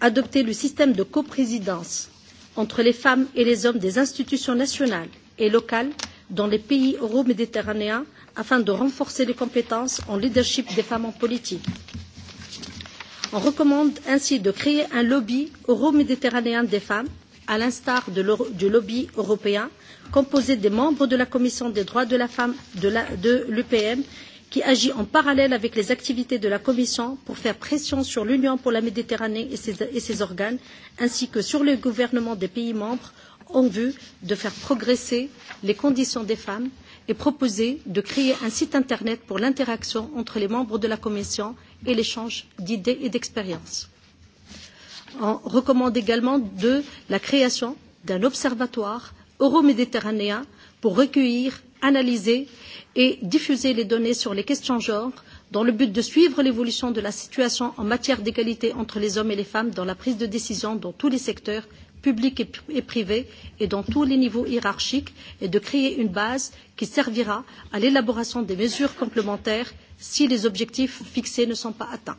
A: adopter le système de coprésidence entre les femmes et les hommes des institutions nationales et locales dans les pays euroméditerranéens afin de renforcer les compétences en leadership des femmes en politique. On recommande ainsi de créer un lobby euroméditerranéen des femmes, à l'instar du lobby européen, composé des membres de la Commission des droits de la femme de l'UPM qui agit en parallèle avec les activités de la Commission pour faire pression sur l'Union pour la Méditerranée et ses, et ses organes, ainsi que sur les gouvernements des pays membres, en vue de faire progresser les conditions des femmes et proposer de créer un site Internet pour l'interaction entre les membres de la Commission et l'échange d'idées et d'expériences. On recommande également de la création d'un observatoire euroméditerranéen pour recueillir analyser et diffuser les données sur les questions genre dans le but de suivre l'évolution de la situation en matière d'égalité entre les hommes et les femmes dans la prise de décision dans tous les secteurs publics et privés et dans tous les niveaux hiérarchiques et de créer une base qui servira à l'élaboration des mesures complémentaires si les objectifs fixés ne sont pas atteints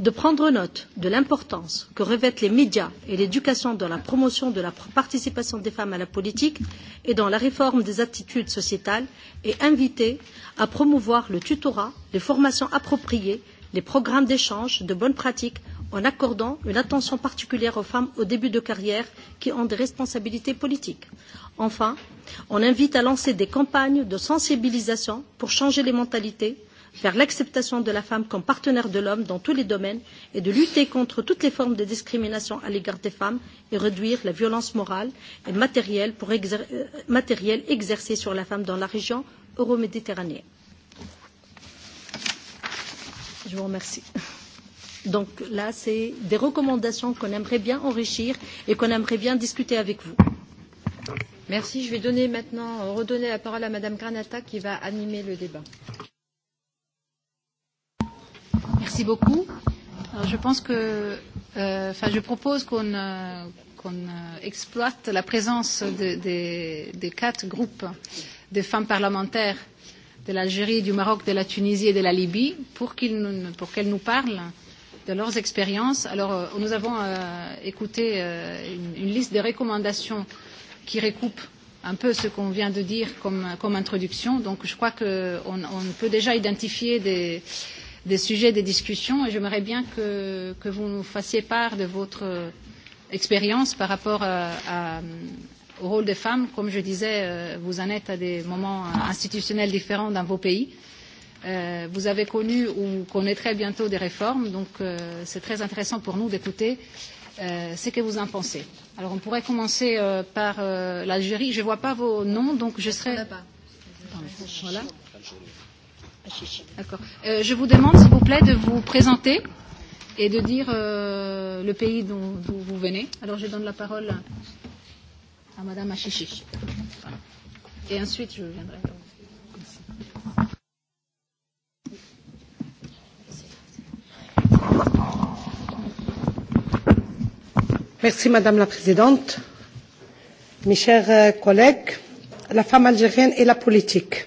A: de prendre note de l'importance que revêtent les médias et l'éducation dans la promotion de la participation des femmes à la politique et dans la réforme des attitudes sociétales et inviter à promouvoir le tutorat, les formations appropriées, les programmes d'échange de bonnes pratiques en accordant une attention particulière aux femmes au début de carrière qui ont des responsabilités politiques. Enfin, on invite à lancer des campagnes de sensibilisation pour changer les mentalités vers l'acceptation de la femme comme partenaire de l'homme dans tous les domaines et de lutter contre toutes les formes de discrimination à l'égard des femmes et réduire la violence morale et matérielle, pour exer matérielle exercée sur la femme dans la région euroméditerranéenne. Je vous remercie. Donc là, c'est des recommandations
D: qu'on aimerait bien enrichir et qu'on aimerait bien discuter avec vous. Merci. Je vais donner maintenant, redonner la parole à Madame Granata qui va animer le débat.
F: Merci beaucoup. Alors, je pense que, euh, je propose qu'on euh, qu'on exploite la présence des de, de quatre groupes de femmes parlementaires de l'Algérie, du Maroc, de la Tunisie et de la Libye pour qu'elles nous, qu nous parlent de leurs expériences. Alors, nous avons euh, écouté euh, une, une liste de recommandations qui recoupe un peu ce qu'on vient de dire comme, comme introduction. Donc, je crois qu'on on peut déjà identifier des, euh, des sujets de discussion et j'aimerais bien que, que vous nous fassiez part de votre expérience par rapport à, à, au rôle des femmes. Comme je disais, vous en êtes à des moments institutionnels différents dans vos pays. Euh, vous avez connu ou connaîtrez bientôt des réformes, donc euh, c'est très intéressant pour nous d'écouter euh, ce que vous en pensez. Alors on pourrait commencer euh, par euh, l'Algérie. Je ne vois pas vos noms, donc je serai. Voilà. D'accord. Euh, je vous demande, s'il vous plaît, de vous présenter et de dire euh, le pays dont vous, vous venez. Alors, je donne la parole à, à Madame Achichi. Et ensuite, je viendrai.
G: Merci, Madame la Présidente. Mes chers collègues, la femme algérienne et la politique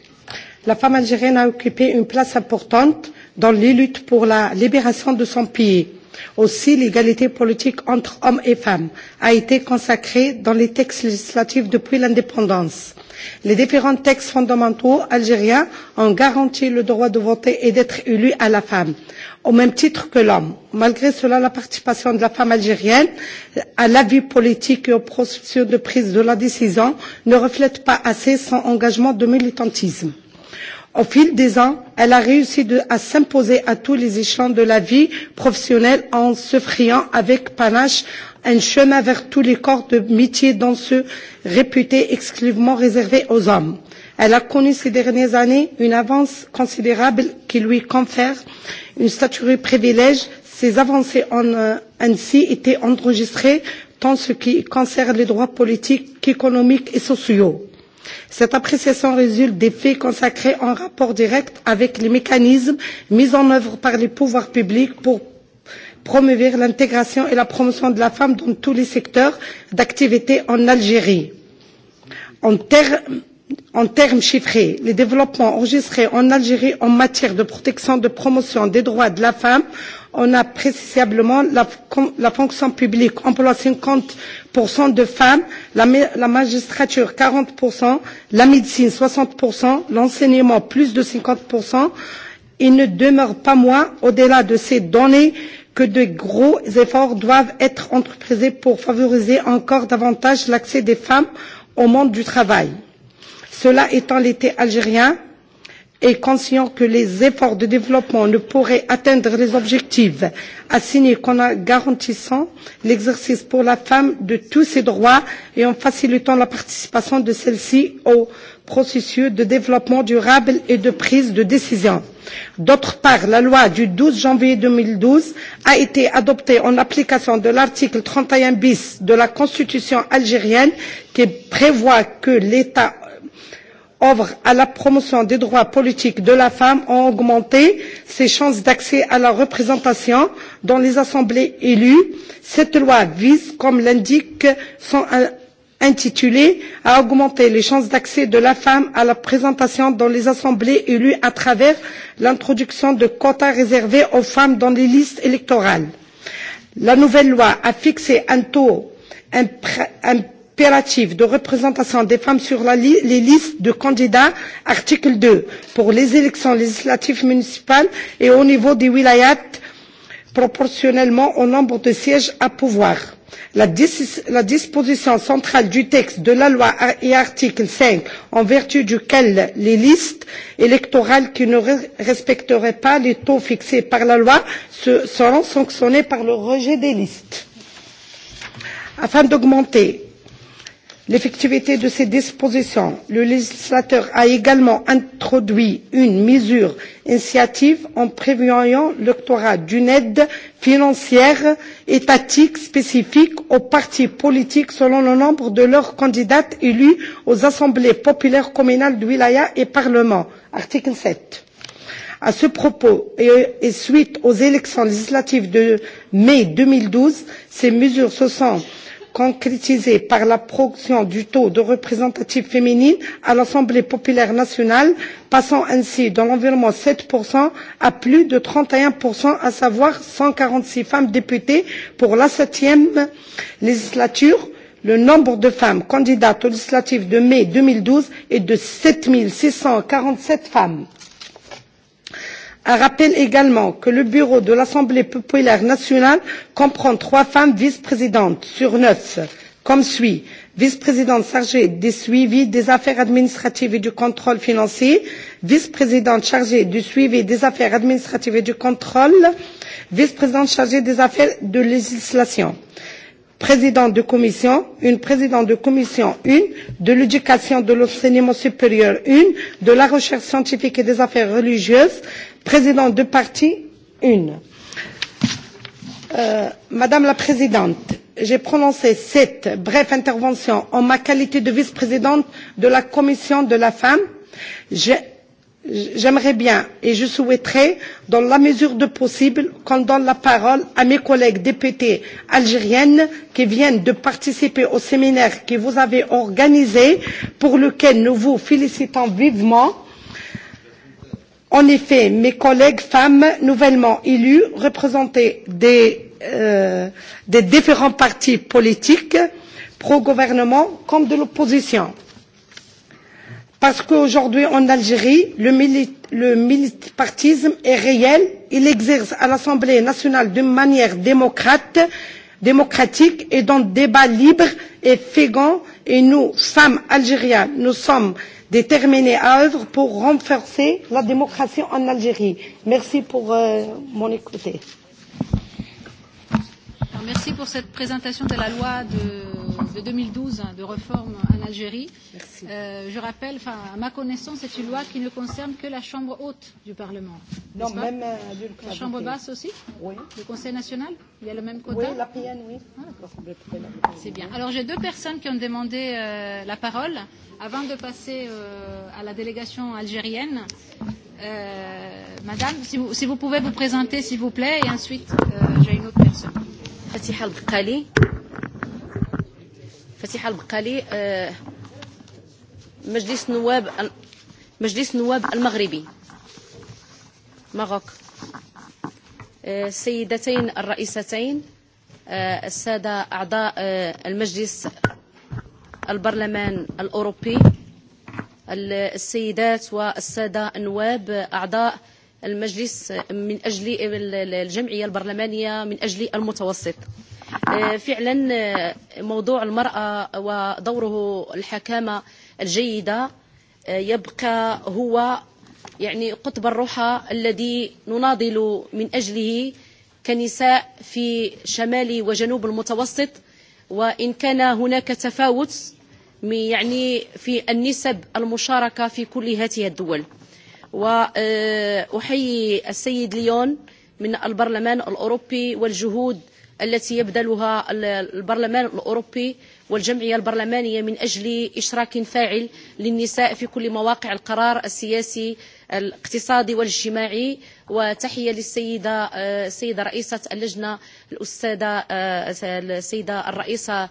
G: la femme algérienne a occupé une place importante dans les luttes pour la libération de son pays. Aussi, l'égalité politique entre hommes et femmes a été consacrée dans les textes législatifs depuis l'indépendance. Les différents textes fondamentaux algériens ont garanti le droit de voter et d'être élu à la femme, au même titre que l'homme. Malgré cela, la participation de la femme algérienne à la vie politique et au processus de prise de la décision ne reflète pas assez son engagement de militantisme Au fil des ans, elle a réussi à s'imposer à tous les échelons de la vie professionnelle en se friant avec panache un chemin vers tous les corps de métier dans ceux réputés exclusivement réservés aux hommes. Elle a connu ces dernières années une avance considérable qui lui confère une stature privilège. Ces avancées ont ainsi été enregistrées tant ce qui concerne les droits politiques qu'économiques et sociaux Cette appréciation résulte des faits consacrés en rapport direct avec les mécanismes mis en œuvre par les pouvoirs publics pour promouvoir l'intégration et la promotion de la femme dans tous les secteurs d'activité en Algérie. En termes en termes chiffrés, les développements enregistrés en Algérie en matière de protection et de promotion des droits de la femme on a précisément la, la fonction publique, emploie 50% de femmes, la, la magistrature 40%, la médecine 60%, l'enseignement plus de 50%. Il ne demeure pas moins, au-delà de ces données, que de gros efforts doivent être entreprisés pour favoriser encore davantage l'accès des femmes au monde du travail. Cela étant l'été algérien, est conscient que les efforts de développement ne pourraient atteindre les objectifs assignés qu'en garantissant l'exercice pour la femme de tous ses droits et en facilitant la participation de celle ci au processus de développement durable et de prise de décision. D'autre part, la loi du douze janvier deux mille douze a été adoptée en application de l'article trente et un bis de la Constitution algérienne qui prévoit que l'État œuvrent à la promotion des droits politiques de la femme ont augmenté ses chances d'accès à la représentation dans les assemblées élues. Cette loi vise, comme l'indique son intitulé, à augmenter les chances d'accès de la femme à la présentation dans les assemblées élues à travers l'introduction de quotas réservés aux femmes dans les listes électorales. La nouvelle loi a fixé un taux impératif de représentation des femmes sur les listes de candidats, article deux, pour les élections législatives municipales et au niveau des wilayats proportionnellement au nombre de sièges à pouvoir. La, disposition centrale du texte de la loi et article cinq, en vertu duquel les listes électorales qui ne respecteraient pas les taux fixés par la loi seront sanctionnées par le rejet des listes. Afin d'augmenter l'effectivité de ces dispositions, le législateur a également introduit une mesure initiative en prévoyant l'octroi d'une aide financière étatique spécifique aux partis politiques selon le nombre de leurs candidats élus aux assemblées populaires communales de wilaya et parlement article sept. À ce propos, et suite aux élections législatives de mai deux mille douze, ces mesures se sont concrétisée par la progression du taux de représentative féminine à l'Assemblée populaire nationale, passant ainsi dans l'environnement 7% à plus de 31%, à savoir 146 femmes députées pour la septième législature. Le nombre de femmes candidates aux législatives de mai 2012 est de 7 647 femmes rappelle également que le bureau de l'assemblée populaire nationale comprend trois femmes vice présidentes sur neuf comme suit vice présidente chargée du suivi des affaires administratives et du contrôle financier vice présidente chargée du suivi des affaires administratives et du contrôle vice présidente chargée des affaires de législation présidente de commission une présidente de commission une de l'éducation de l'enseignement supérieur une de la recherche scientifique et des affaires religieuses président de parti une. Madame la Présidente, j'ai prononcé cette brève intervention en ma qualité de vice présidente de la commission de la femme. J'aimerais bien et je souhaiterais, dans la mesure de possible, qu'on donne la parole à mes collègues députés algériennes qui viennent de participer au séminaire que vous avez organisé, pour lequel nous vous félicitons vivement En effet, mes collègues femmes nouvellement élues représentaient des, euh, des différents partis politiques, pro-gouvernement comme de l'opposition. Parce qu'aujourd'hui en Algérie, le, milit le militantisme est réel. Il exerce à l'Assemblée nationale d'une manière démocrate, démocratique et dans débat libre et fécond. Et nous, femmes algériennes, nous sommes déterminée à œuvre pour renforcer la démocratie en Algérie. Merci pour euh, mon écoute.
F: Merci pour cette présentation de la loi de, de 2012 de réforme en Algérie. Merci. Euh, je rappelle, à ma connaissance, c'est une loi qui ne concerne que la Chambre haute du Parlement. Non, pas même euh, La Chambre basse aussi Oui. Le Conseil national Il y a le même quota Oui, la PN, oui. Ah, c'est bien. Alors j'ai deux personnes qui ont demandé euh, la parole. Avant de passer euh, à la délégation algérienne, euh, Madame, si vous, si vous pouvez vous présenter, s'il vous plaît, et ensuite euh, j'ai une autre personne. فتيحة البقالي فتيحة البقالي
H: مجلس نواب مجلس النواب المغربي ماروك السيدتين الرئيستين السادة أعضاء المجلس البرلمان الأوروبي السيدات والسادة النواب أعضاء المجلس من أجل الجمعية البرلمانية من أجل المتوسط فعلا موضوع المرأة ودوره الحكامة الجيدة يبقى هو يعني قطب الرحى الذي نناضل من أجله كنساء في شمال وجنوب المتوسط وإن كان هناك تفاوت يعني في النسب المشاركة في كل هذه الدول وأحيي السيد ليون من البرلمان الأوروبي والجهود التي يبذلها البرلمان الأوروبي والجمعية البرلمانية من أجل إشراك فاعل للنساء في كل مواقع القرار السياسي الاقتصادي والاجتماعي وتحية للسيدة السيدة رئيسة اللجنة الأستاذة السيدة الرئيسة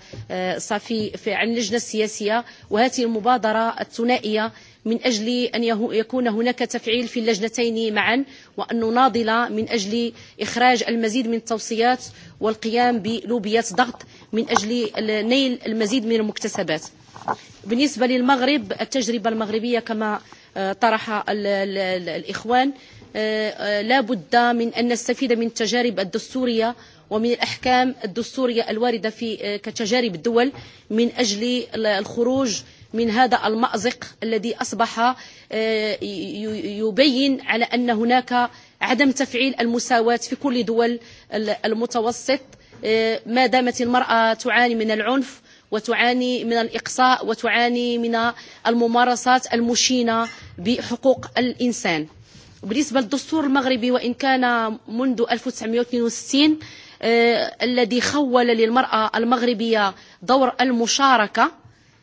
H: صافي عن اللجنة السياسية وهذه المبادرة الثنائية من أجل أن يكون هناك تفعيل في اللجنتين معا وأن نناضل من أجل إخراج المزيد من التوصيات والقيام بلوبيات ضغط من أجل نيل المزيد من المكتسبات بالنسبة للمغرب التجربة المغربية كما طرح الإخوان لا بد من أن نستفيد من التجارب الدستورية ومن الأحكام الدستورية الواردة في كتجارب الدول من أجل الخروج من هذا المأزق الذي أصبح يبين على أن هناك عدم تفعيل المساواة في كل دول المتوسط ما دامت المرأة تعاني من العنف وتعاني من الإقصاء وتعاني من الممارسات المشينة بحقوق الإنسان بالنسبة للدستور المغربي وإن كان منذ 1962 الذي خول للمرأة المغربية دور المشاركة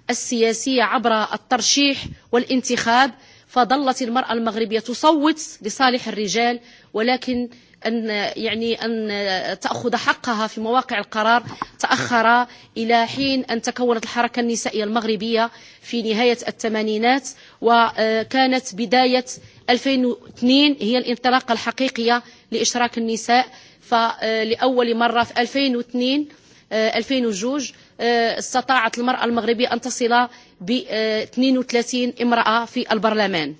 H: السياسية عبر الترشيح والانتخاب فظلت المرأة المغربية تصوت لصالح الرجال ولكن أن يعني أن تأخذ حقها في مواقع القرار تأخر إلى حين أن تكونت الحركة النسائية المغربية في نهاية الثمانينات وكانت بداية 2002 هي الانطلاقة الحقيقية لإشراك النساء فلأول مرة في 2002 2002 استطاعت المرأة المغربية أن تصل ب 32 امرأة في البرلمان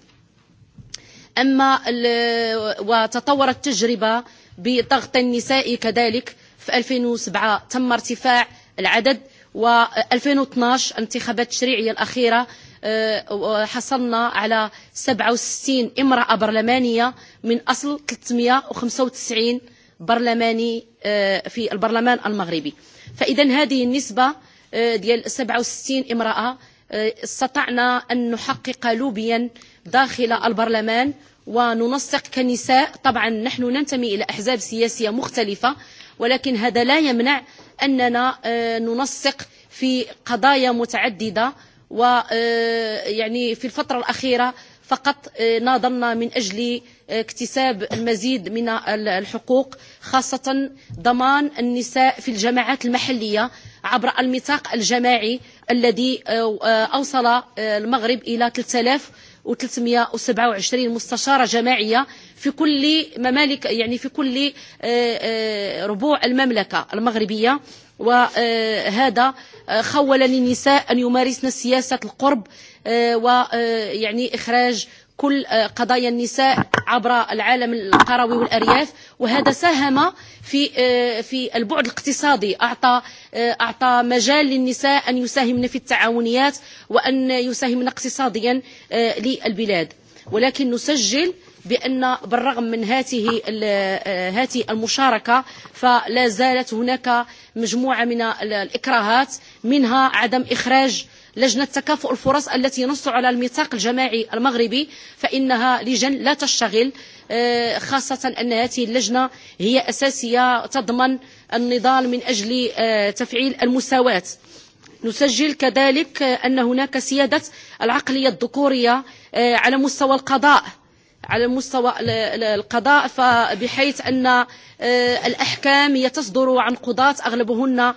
H: أما وتطورت التجربة بضغط النساء كذلك في 2007 تم ارتفاع العدد و 2012 انتخابات التشريعية الأخيرة حصلنا على 67 امرأة برلمانية من أصل 395 برلماني في البرلمان المغربي فإذا هذه النسبة ديال 67 امرأة استطعنا أن نحقق لوبيا داخل البرلمان وننسق كنساء طبعا نحن ننتمي إلى أحزاب سياسية مختلفة ولكن هذا لا يمنع أننا ننسق في قضايا متعددة ويعني في الفترة الأخيرة فقط ناضلنا من أجل اكتساب المزيد من الحقوق خاصة ضمان النساء في الجماعات المحلية عبر الميثاق الجماعي الذي أوصل المغرب إلى 3327 مستشارة جماعية في كل ممالك يعني في كل ربوع المملكة المغربية وهذا خول للنساء أن يمارسن سياسة القرب ويعني إخراج كل قضايا النساء عبر العالم القروي والارياف وهذا ساهم في في البعد الاقتصادي اعطى اعطى مجال للنساء ان يساهمن في التعاونيات وان يساهمن اقتصاديا للبلاد ولكن نسجل بان بالرغم من هذه هذه المشاركه فلا زالت هناك مجموعه من الاكراهات منها عدم اخراج لجنة تكافؤ الفرص التي نص على الميثاق الجماعي المغربي فإنها لجن لا تشتغل خاصة أن هذه اللجنة هي أساسية تضمن النضال من أجل تفعيل المساواة نسجل كذلك أن هناك سيادة العقلية الذكورية على مستوى القضاء على مستوى القضاء فبحيث أن الأحكام هي تصدر عن قضاة أغلبهن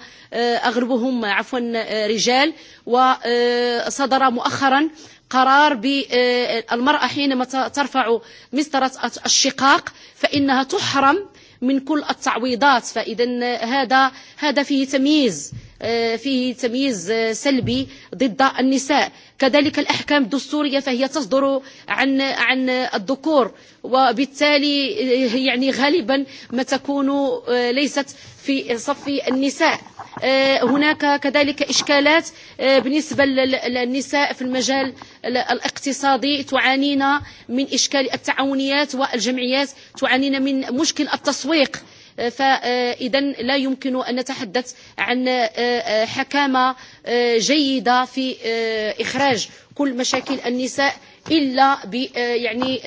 H: أغلبهم عفوا رجال وصدر مؤخرا قرار بالمرأة حينما ترفع مسطرة الشقاق فإنها تحرم من كل التعويضات فاذا هذا هذا فيه تمييز فيه تمييز سلبي ضد النساء كذلك الاحكام الدستوريه فهي تصدر عن عن الذكور وبالتالي يعني غالبا ما تكون ليست في صف النساء هناك كذلك اشكالات بالنسبه للنساء في المجال الاقتصادي تعانينا من إشكال التعاونيات والجمعيات تعانينا من مشكل التسويق فإذا لا يمكن أن نتحدث عن حكامة جيدة في إخراج كل مشاكل النساء إلا ب يعني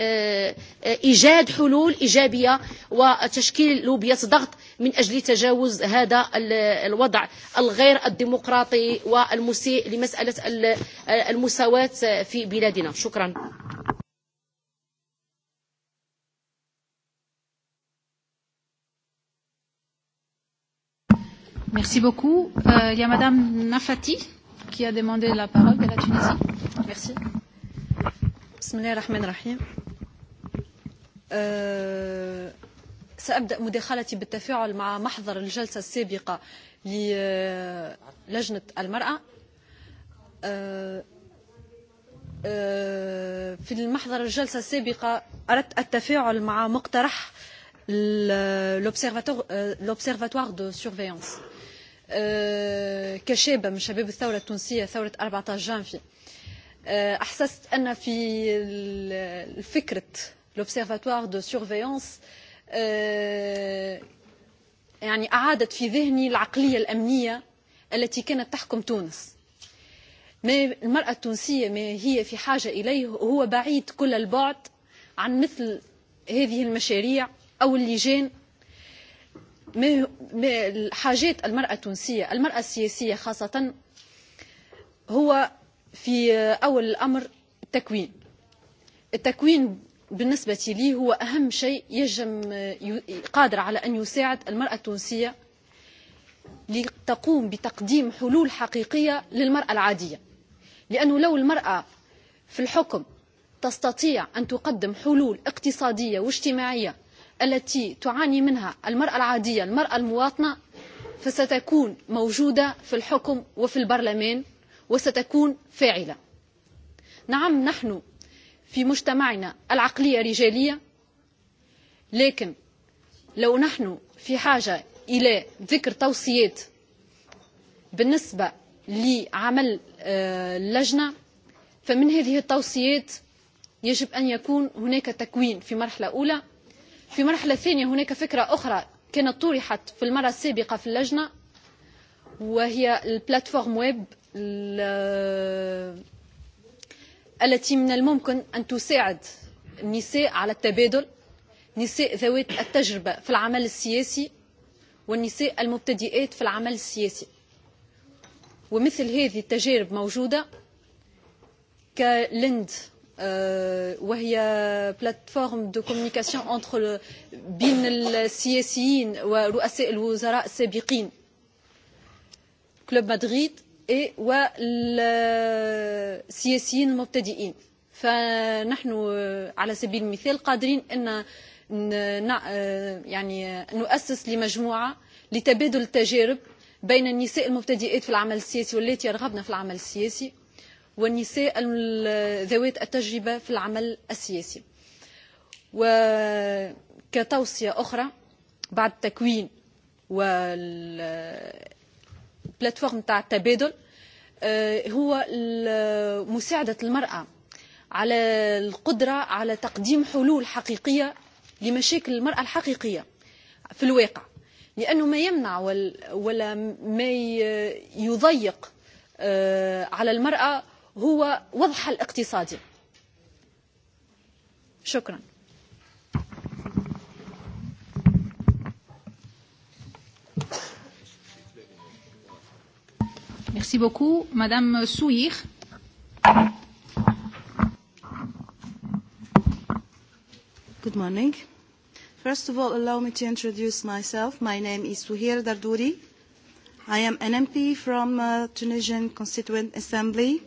H: ايجاد حلول إيجابية وتشكيل لوبية ضغط من أجل تجاوز هذا الوضع الغير الديمقراطي والمسيء لمسألة المساواة في بلادنا شكرا
F: Merci beaucoup. Euh, il y a Madame Nafati qui a demandé la parole de la Tunisie. Merci. بسم الله
I: سابدا مداخلتي بالتفاعل مع محضر الجلسه السابقه للجنه المراه في المحضر الجلسه السابقه اردت التفاعل مع مقترح لوبسيرفاتوار دو سورفيونس كشابه من شباب الثوره التونسيه ثوره 14 جانفي احسست ان في فكره لوبسيرفاتوار دو سورفيونس يعني أعادت في ذهني العقلية الأمنية التي كانت تحكم تونس ما المرأة التونسية ما هي في حاجة إليه هو بعيد كل البعد عن مثل هذه المشاريع أو اللجان ما حاجات المرأة التونسية المرأة السياسية خاصة هو في أول الأمر التكوين التكوين بالنسبة لي هو أهم شيء يجم قادر على أن يساعد المرأة التونسية لتقوم بتقديم حلول حقيقية للمرأة العادية لأنه لو المرأة في الحكم تستطيع أن تقدم حلول اقتصادية واجتماعية التي تعاني منها المرأة العادية المرأة المواطنة فستكون موجودة في الحكم وفي البرلمان وستكون فاعلة نعم نحن في مجتمعنا العقلية رجالية لكن لو نحن في حاجة إلى ذكر توصيات بالنسبة لعمل اللجنة فمن هذه التوصيات يجب أن يكون هناك تكوين في مرحلة أولى في مرحلة ثانية هناك فكرة أخرى كانت طرحت في المرة السابقة في اللجنة وهي البلاتفورم ويب التي من الممكن أن تساعد النساء على التبادل نساء ذوات التجربة في العمل السياسي والنساء المبتدئات في العمل السياسي ومثل هذه التجارب موجودة كلند وهي بلاتفورم دو كومونيكاسيون انتر بين السياسيين ورؤساء الوزراء السابقين كلوب مدريد إيه والسياسيين المبتدئين فنحن على سبيل المثال قادرين ان يعني نؤسس لمجموعه لتبادل التجارب بين النساء المبتدئات في العمل السياسي واللاتي يرغبن في العمل السياسي والنساء ذوات التجربه في العمل السياسي وكتوصيه اخرى بعد التكوين وال البلاتفورم تاع التبادل هو مساعدة المرأة على القدرة على تقديم حلول حقيقية لمشاكل المرأة الحقيقية في الواقع لأنه ما يمنع ولا ما يضيق على المرأة هو وضعها الاقتصادي شكراً
F: Merci beaucoup. Madame Souir.
J: Good morning. First of all, allow me to introduce myself. My name is Souhir Dardouri. I am an MP from uh, Tunisian Constituent Assembly,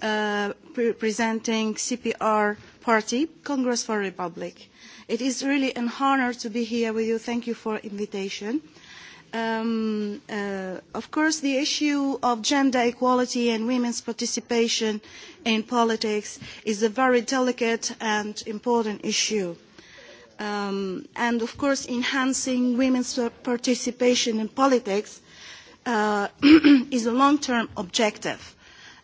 J: uh, pre- presenting CPR Party, Congress for Republic. It is really an honor to be here with you. Thank you for invitation. Uh, of course, the issue of gender equality and women's participation in politics is a very delicate and important issue. and of course, enhancing women's participation in politics is a long-term objective.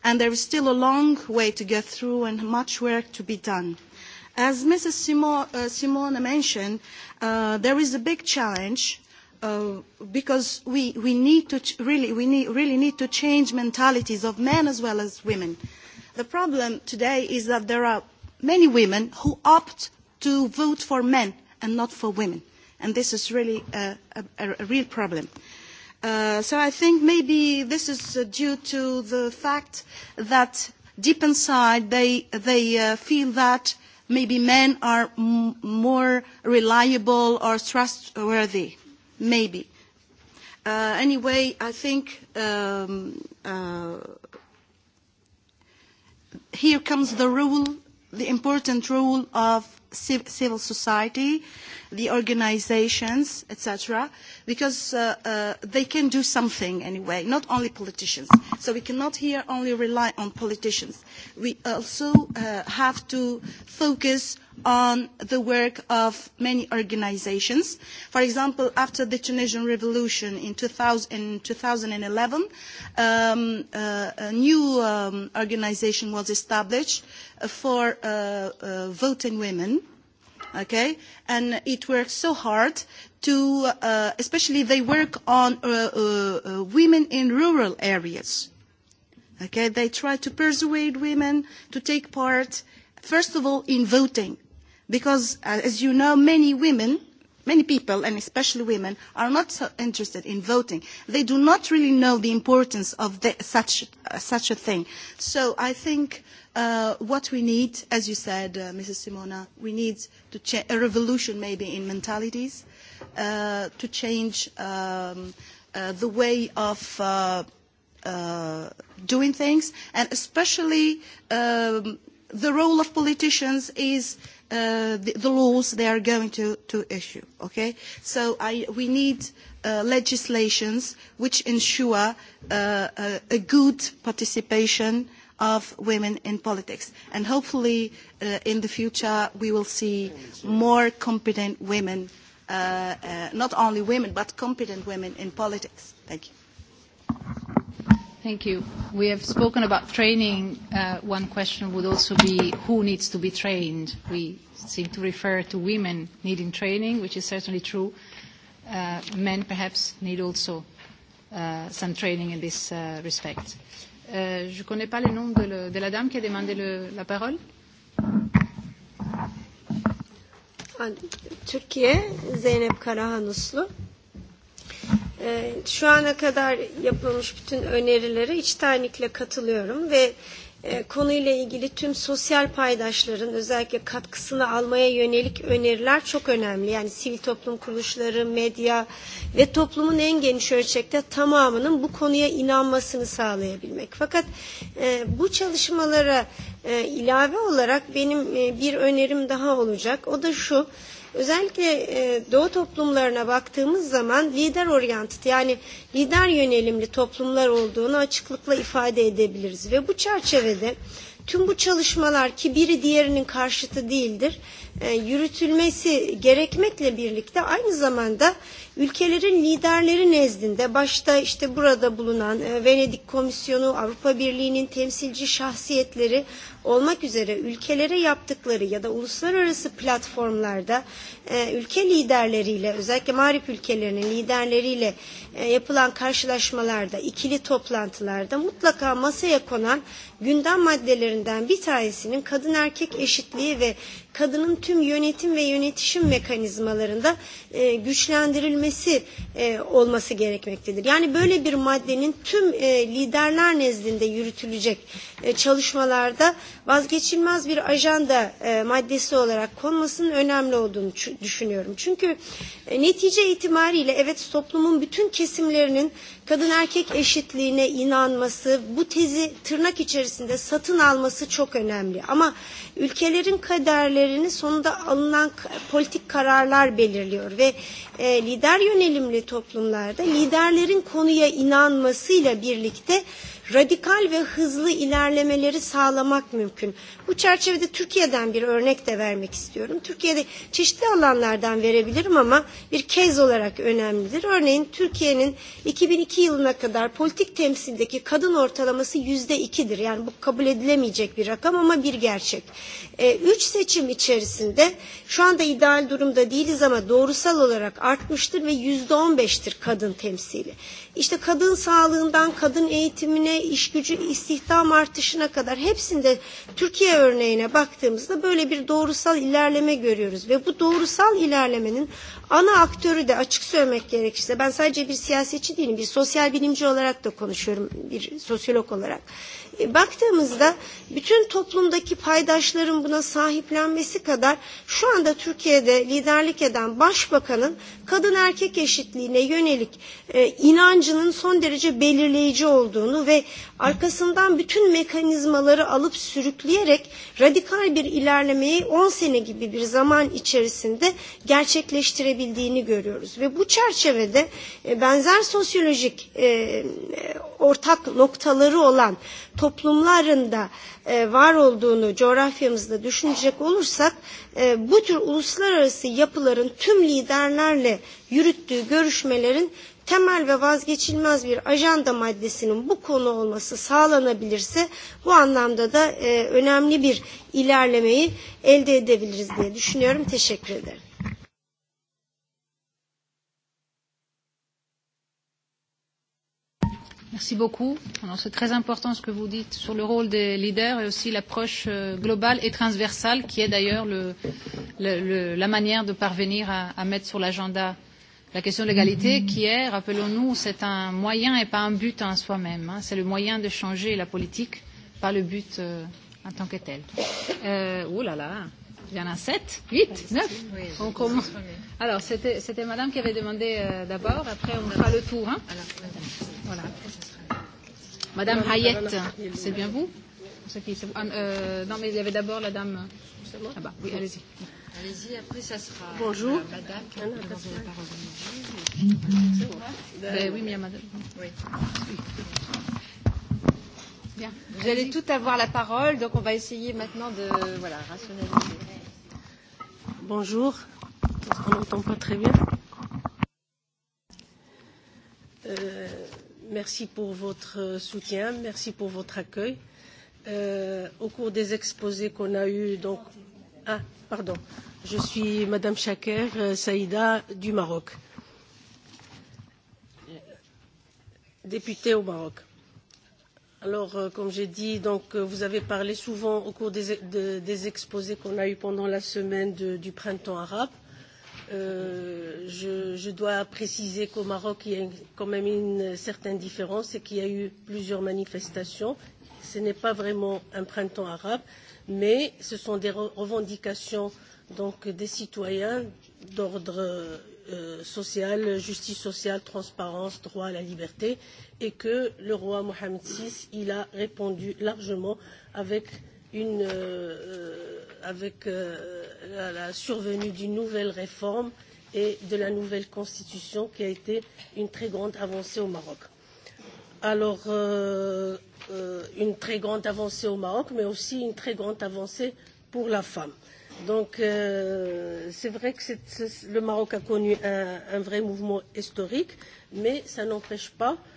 J: And there is still a long way to get through and much work to be done. As Mrs. Simona mentioned, there is a big challenge because we, we need to ch- really we need, really need to change mentalities of men as well as women. The problem today is that there are many women who opt to vote for men and not for women, and this is really a, a, a real problem. Uh, so I think maybe this is uh, due to the fact that deep inside they they uh, feel that maybe men are m- more reliable or trustworthy Maybe. Uh, anyway, I think um, uh, here comes the rule, the important role of civil society, the organizations, etc., because uh, uh, they can do something anyway, not only politicians. So we cannot here only rely on politicians. We also uh, have to focus on the work of many organisations. For example, after the Tunisian Revolution in, 2000, in 2011, um, uh, a new um, organisation was established for voting women. Okay, and it works so hard to, especially they work on women in rural areas. Okay, they try to persuade women to take part, first of all, in voting because as you know many women many people and especially women are not so interested in voting they do not really know the importance of such such a thing so i think what we need as you said mrs simona we need to cha- a revolution maybe in mentalities to change the way of doing things and especially the role of politicians is uh, the, the laws they are going to, to issue. Okay? So I, we need uh, legislations which ensure uh, a, a good participation of women in politics. And hopefully uh, in the future we will see more competent women, uh, uh, not only women, but competent women in politics. Thank you.
F: Thank you. We have spoken about training. one question would also be who needs to be trained. We seem to refer to women needing training, which is certainly true. men perhaps need also some training in this respect. je ne connais pas le nom de, la dame qui a demandé
K: la parole. Türkiye Zeynep Karahanuslu. E, şu ana kadar yapılmış bütün önerilere içtenlikle katılıyorum ve e, konuyla ilgili tüm sosyal paydaşların özellikle katkısını almaya yönelik öneriler çok önemli. Yani sivil toplum kuruluşları, medya ve toplumun en geniş ölçekte tamamının bu konuya inanmasını sağlayabilmek. Fakat e, bu çalışmalara e, ilave olarak benim e, bir önerim daha olacak. O da şu. E, Özellikle e, doğu toplumlarına baktığımız zaman lider oryantit yani lider yönelimli toplumlar olduğunu açıklıkla ifade edebiliriz. Ve bu çerçevede tüm bu çalışmalar ki biri diğerinin karşıtı değildir yürütülmesi gerekmekle birlikte aynı zamanda ülkelerin liderleri nezdinde başta işte burada bulunan Venedik Komisyonu, Avrupa Birliği'nin temsilci şahsiyetleri olmak üzere ülkelere yaptıkları ya da uluslararası platformlarda ülke liderleriyle özellikle mağrip ülkelerinin liderleriyle yapılan karşılaşmalarda, ikili toplantılarda mutlaka masaya konan gündem maddelerinden bir tanesinin kadın erkek eşitliği ve kadının tüm yönetim ve yönetişim mekanizmalarında e, güçlendirilmesi e, olması gerekmektedir. Yani böyle bir maddenin tüm e, liderler nezdinde yürütülecek çalışmalarda vazgeçilmez bir ajanda maddesi olarak konmasının önemli olduğunu düşünüyorum. Çünkü netice itibariyle evet toplumun bütün kesimlerinin kadın erkek eşitliğine inanması, bu tezi tırnak içerisinde satın alması çok önemli. Ama ülkelerin kaderlerini sonunda alınan politik kararlar belirliyor ve lider yönelimli toplumlarda liderlerin konuya inanmasıyla birlikte radikal ve hızlı ilerlemeleri sağlamak mümkün. Bu çerçevede Türkiye'den bir örnek de vermek istiyorum. Türkiye'de çeşitli alanlardan verebilirim ama bir kez olarak önemlidir. Örneğin Türkiye'nin 2002 yılına kadar politik temsildeki kadın ortalaması %2'dir. Yani bu kabul edilemeyecek bir rakam ama bir gerçek. E, üç seçim içerisinde şu anda ideal durumda değiliz ama doğrusal olarak artmıştır ve %15'tir kadın temsili. İşte kadın sağlığından, kadın eğitimine, iş gücü istihdam artışına kadar hepsinde Türkiye örneğine baktığımızda böyle bir doğrusal ilerleme görüyoruz. Ve bu doğrusal ilerlemenin ana aktörü de açık söylemek gerekirse ben sadece bir siyasetçi değilim bir sosyal bilimci olarak da konuşuyorum bir sosyolog olarak baktığımızda bütün toplumdaki paydaşların buna sahiplenmesi kadar şu anda Türkiye'de liderlik eden başbakanın kadın erkek eşitliğine yönelik e, inancının son derece belirleyici olduğunu ve arkasından bütün mekanizmaları alıp sürükleyerek radikal bir ilerlemeyi 10 sene gibi bir zaman içerisinde gerçekleştirebildiğini görüyoruz. Ve bu çerçevede e, benzer sosyolojik e, ortak noktaları olan toplumda toplumlarında e, var olduğunu coğrafyamızda düşünecek olursak e, bu tür uluslararası yapıların tüm liderlerle yürüttüğü görüşmelerin temel ve vazgeçilmez bir ajanda maddesinin bu konu olması sağlanabilirse bu anlamda da e, önemli bir ilerlemeyi elde edebiliriz diye düşünüyorum. Teşekkür ederim.
F: Merci beaucoup. C'est très important ce que vous dites sur le rôle des leaders et aussi l'approche globale et transversale qui est d'ailleurs le, le, le, la manière de parvenir à, à mettre sur l'agenda la question de l'égalité qui est, rappelons-nous, c'est un moyen et pas un but en soi-même. Hein. C'est le moyen de changer la politique, pas le but euh, en tant que tel. Euh, oh là là, il y en a sept, huit, neuf. On commence. Alors, c'était Madame qui avait demandé euh, d'abord, après on fera le tour. Hein. Voilà. Madame Hayet, c'est bien vous Non, mais il y avait d'abord la dame. Ah bah, oui, allez-y. Allez-y, après ça sera Bonjour. madame qui aura la parole. Ben, oui, mais madame. Oui.
D: Bien. Vous allez toutes avoir la parole, donc on va essayer maintenant de voilà, rationaliser.
L: Bonjour. On n'entend pas très bien.
F: Euh, Merci
L: pour votre soutien, merci pour votre accueil. au cours des exposés qu'on a eus, donc. Ah, pardon. Je suis Madame Chaker Saïda du Maroc, députée au Maroc. Alors, comme j'ai dit, donc, vous avez parlé souvent au cours des, exposés qu'on a eus pendant la semaine du printemps arabe je, je dois préciser qu'au Maroc, il y a quand même une certaine différence et qu'il y a eu plusieurs manifestations. Ce n'est pas vraiment un printemps arabe, mais ce sont des revendications donc, des citoyens d'ordre social, justice sociale, transparence, droit à la liberté, et que le roi Mohamed VI il a répondu largement avec une, euh, avec euh, la, la survenue d'une nouvelle réforme et de la nouvelle constitution qui a été une très grande avancée au Maroc. Alors, euh, euh, une très grande avancée au Maroc, mais aussi une très grande avancée pour la femme. Donc, euh, c'est vrai que c'est, le Maroc a connu un, un vrai mouvement historique, mais ça n'empêche pas euh,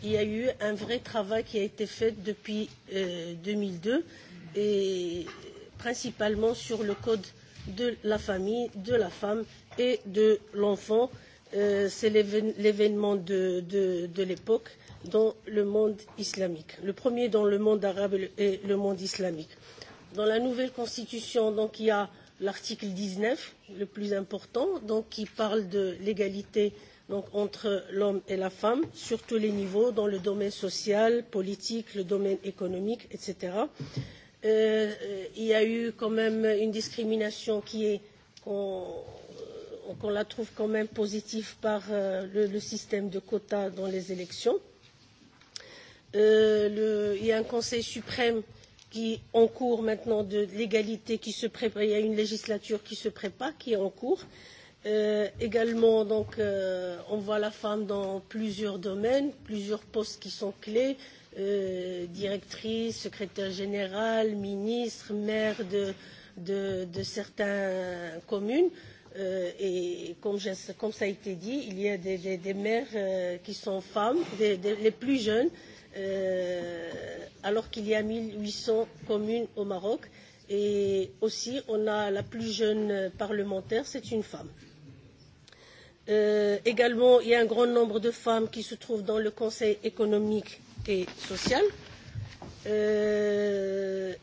L: qu'il y a eu un vrai travail qui a été fait depuis deux mille deux et principalement sur le code de la famille, de la femme et de l'enfant. C'est l'événement de, l'époque dans le monde islamique, le premier dans le monde arabe et le monde islamique. Dans la nouvelle constitution, il y a l'article dix neuf, le plus important, qui parle de l'égalité euh, entre l'homme et la femme sur tous les niveaux, dans le domaine social, politique, le domaine économique, etc. il y a eu quand même une discrimination qui est qu'on la trouve quand même positive par le, système de quotas dans les élections. il y a un Conseil suprême qui est en cours maintenant de l'égalité, qui se prépare. Il y a une législature qui se prépare, qui est en cours. Euh, également, donc, euh, on voit la femme dans plusieurs domaines, plusieurs postes qui sont clés euh, directrice, secrétaire générale, ministre, maire de, de, de certaines communes. Euh, et comme, je, comme ça a été dit, il y a des, des, des maires euh, qui sont femmes, des, des, les plus jeunes, euh, alors qu'il y a 1800 communes au Maroc. Et aussi, on a la plus jeune parlementaire, c'est une femme également, il y a un grand nombre de femmes qui se trouvent dans le Conseil économique et social. Euh,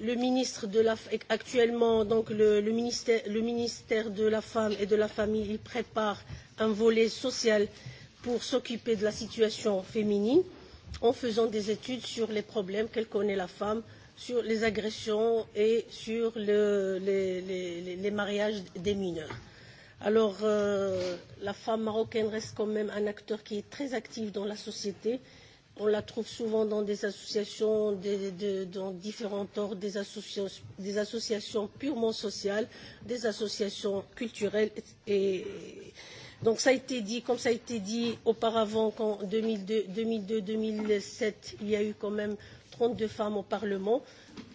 L: le ministre de la, actuellement, donc le, le, ministère, le ministère de la Femme et de la Famille, il prépare un volet social pour s'occuper de la situation féminine en faisant des études sur les problèmes qu'elle connaît la femme, sur les agressions et sur le, les, les, les mariages des mineurs. Alors, euh, la femme marocaine reste quand même un acteur qui est très actif dans la société. On la trouve souvent dans des associations, des, de, dans différents ordres, des associations, des associations purement sociales, des associations culturelles. Et, donc, ça a été dit, comme ça a été dit auparavant, qu'en 2002-2007, il y a eu quand même trente deux femmes au Parlement.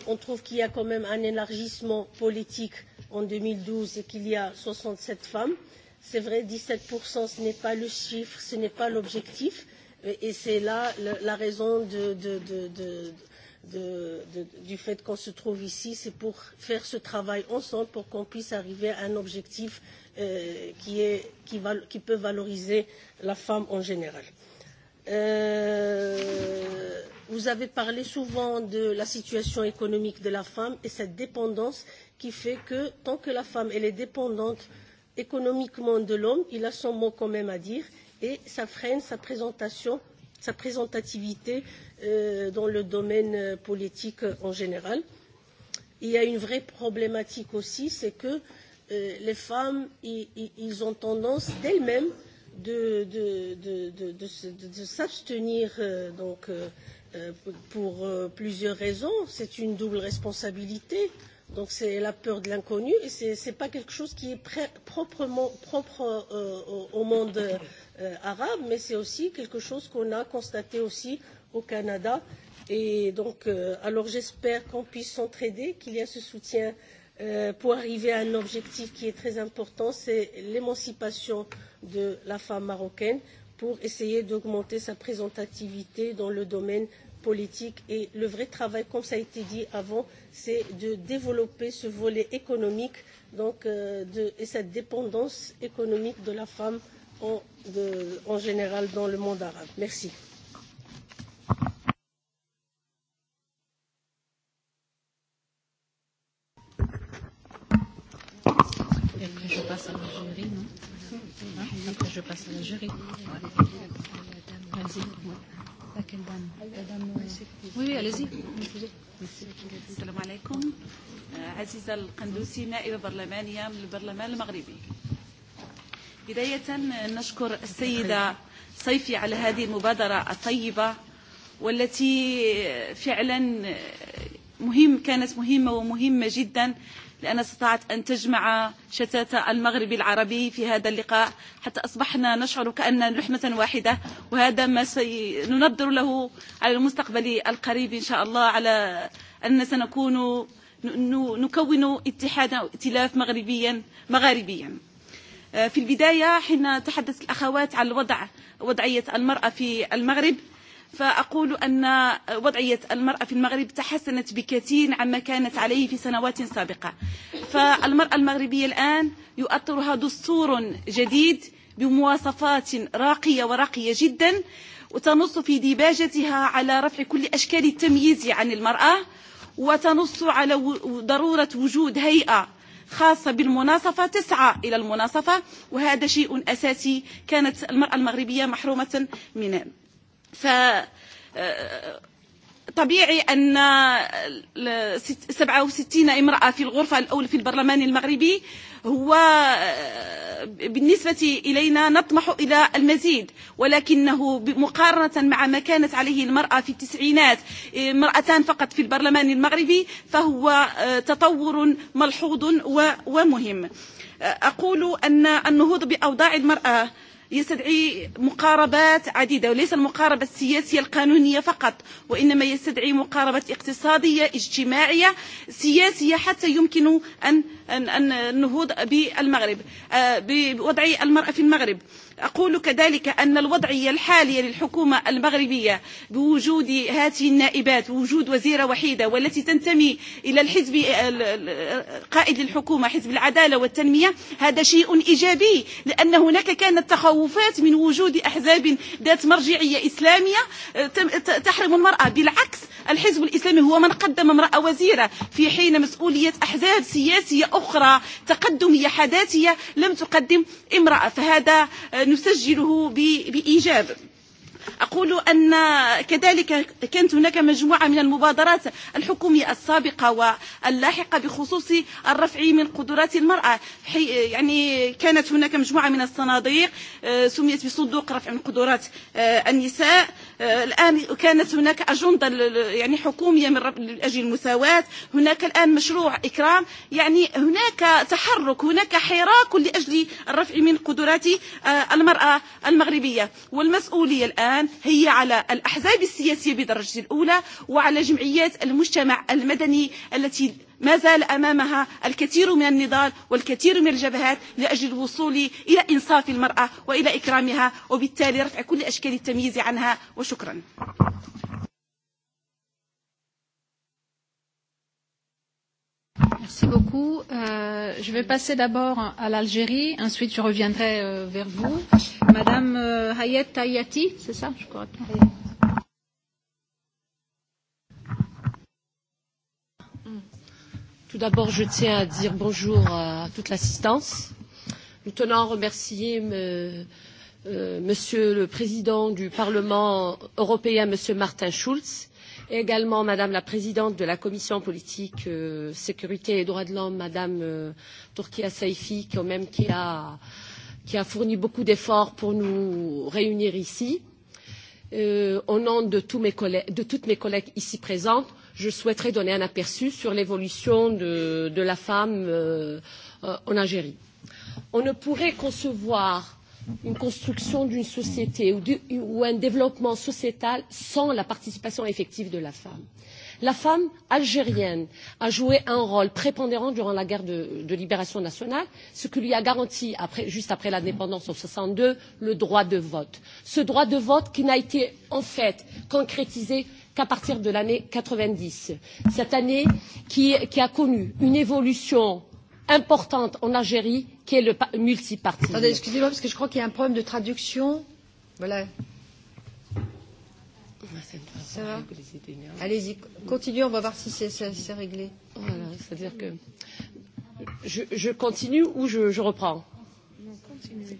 L: On trouve qu'il y a quand même un élargissement politique en deux mille douze et qu'il y a soixante sept femmes. C'est vrai, dix sept ce n'est pas le chiffre, ce n'est pas l'objectif, et c'est là la raison du fait qu'on se trouve ici, c'est pour faire ce travail ensemble pour qu'on puisse arriver à un objectif qui, peut valoriser la femme en général vous avez parlé souvent de la situation économique de la femme et cette dépendance qui fait que tant que la femme est dépendante économiquement de l'homme, il a son mot quand même à dire et ça freine sa présentation, sa présentativité dans le domaine politique en général. Il y a une vraie problématique aussi, c'est que les femmes, ont tendance d'elles-mêmes de, de, de, de, de, de s'abstenir euh, donc euh, pour euh, plusieurs raisons. C'est une double responsabilité. Donc c'est la peur de l'inconnu et ce n'est pas quelque chose qui est pré, proprement, propre euh, au, au monde euh, arabe, mais c'est aussi quelque chose qu'on a constaté aussi au Canada. Et donc, euh, alors j'espère qu'on puisse s'entraider, qu'il y a ce soutien euh, pour arriver à un objectif qui est très important, c'est l'émancipation de la femme marocaine pour essayer d'augmenter sa présentativité dans le domaine politique. Et le vrai travail, comme cela a été dit avant, c'est de développer ce volet économique et cette dépendance économique de la femme en, général dans le monde arabe. Merci.
I: et après je passe à la jury, non hein Après je passe à la jury. Ouais. Vas-y. Laquelle dame
M: La dame. Oui, oui, allez-y. السلام عليكم عزيزة القندوسي نائبة برلمانية من البرلمان المغربي بداية نشكر السيدة صيفي على هذه المبادرة الطيبة والتي فعلا مهم كانت مهمة ومهمة جدا لأن استطعت أن تجمع شتات المغرب العربي في هذا اللقاء حتى أصبحنا نشعر كأن لحمة واحدة وهذا ما سننظر له على المستقبل القريب إن شاء الله على أن سنكون نكون اتحادا أو ائتلاف مغربيا مغاربيا في البداية حين تحدث الأخوات عن الوضع وضعية المرأة في المغرب فأقول أن وضعية المرأة في المغرب تحسنت بكثير عما كانت عليه في سنوات سابقة فالمرأة المغربية الآن يؤطرها دستور جديد بمواصفات راقية ورقية جدا وتنص في ديباجتها على رفع كل أشكال التمييز عن المرأة وتنص على ضرورة وجود هيئة خاصة بالمناصفة تسعى إلى المناصفة وهذا شيء أساسي كانت المرأة المغربية محرومة منه ف طبيعي ان 67 امراه في الغرفه الاولى في البرلمان المغربي هو بالنسبه الينا نطمح الى المزيد ولكنه مقارنه مع ما كانت عليه المراه في التسعينات امراتان فقط في البرلمان المغربي فهو تطور ملحوظ ومهم اقول ان النهوض باوضاع المراه يستدعي مقاربات عديدة وليس المقاربة السياسية القانونية فقط وإنما يستدعي مقاربة اقتصادية اجتماعية سياسية حتى يمكن أن النهوض بالمغرب بوضع المرأة في المغرب أقول كذلك أن الوضعية الحالية للحكومة المغربية بوجود هذه النائبات وجود وزيرة وحيدة والتي تنتمي إلى الحزب قائد الحكومة حزب العدالة والتنمية هذا شيء إيجابي لأن هناك كانت تخوفات من وجود أحزاب ذات مرجعية إسلامية تحرم المرأة بالعكس الحزب الإسلامي هو من قدم امرأة وزيرة في حين مسؤولية أحزاب سياسية أخرى تقدمية حداثية لم تقدم امرأة فهذا نسجله بإيجاب أقول أن كذلك كانت هناك مجموعة من المبادرات الحكومية السابقة واللاحقة بخصوص الرفع من قدرات المرأة يعني كانت هناك مجموعة من الصناديق سميت بصندوق رفع من قدرات النساء الآن كانت هناك أجندة يعني حكومية من أجل المساواة هناك الآن مشروع إكرام يعني هناك تحرك هناك حراك لأجل الرفع من قدرات المرأة المغربية والمسؤولية الآن هي على الأحزاب السياسية بدرجة الأولى وعلى جمعيات المجتمع المدني التي ما زال أمامها الكثير من النضال والكثير من الجبهات لأجل الوصول إلى إنصاف المرأة وإلى إكرامها وبالتالي رفع كل أشكال التمييز عنها
N: وشكرا
F: Merci beaucoup. Euh, je vais passer d'abord à l'Algérie, ensuite je reviendrai euh, vers vous. Madame euh, Hayet Hayati, c'est ça, je crois.
O: Tout d'abord, je tiens à dire bonjour à toute l'assistance. Nous tenons à remercier Monsieur le Président du Parlement européen, Monsieur Martin Schulz, et également Madame la Présidente de la Commission politique, sécurité et droits de l'homme, Madame Turkia Saifi, quand même qui a, qui a fourni beaucoup d'efforts pour nous réunir ici. au nom de, tous mes collègues, de toutes mes collègues ici présentes, je souhaiterais donner un aperçu sur l'évolution de, de la femme euh, en Algérie. On ne pourrait concevoir une construction d'une société ou, du, ou un développement sociétal sans la participation effective de la femme. La femme algérienne a joué un rôle prépondérant durant la guerre de, de libération nationale, ce qui lui a garanti, après, juste après l'indépendance en 1962, le droit de vote. Ce droit de vote qui n'a été en fait concrétisé qu'à partir de l'année quatre vingt dix cette année qui, a connu une évolution importante en Algérie qui est le multipartisme.
D: Attendez, excusez-moi parce que je crois qu'il y a un problème de traduction. Voilà. Ça va Allez-y, continuez, on va voir si c'est réglé. Voilà, c'est-à-dire que
O: je, je continue ou je, je reprends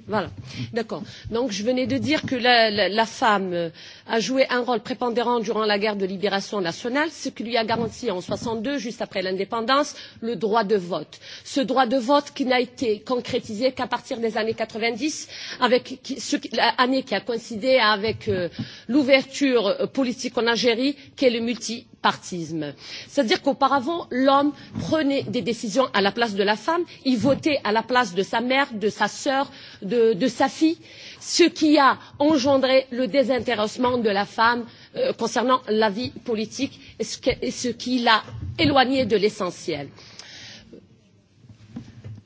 O: Voilà, d'accord. Donc je venais de dire que la, la, la femme a joué un rôle prépondérant durant la guerre de libération nationale, ce qui lui a garanti en 62, juste après l'indépendance, le droit de vote. Ce droit de vote qui n'a été concrétisé qu'à partir des années 90, avec ce, l'année qui a coïncidé avec euh, l'ouverture politique en Algérie, qu'est le multi partisme. C'est-à-dire qu'auparavant, l'homme prenait des décisions à la place de la femme, il votait à la place de sa mère, de sa sœur, de, de sa fille, ce qui a engendré le désintéressement de la femme euh, concernant la vie politique et ce, que, et ce qui l'a éloignée de l'essentiel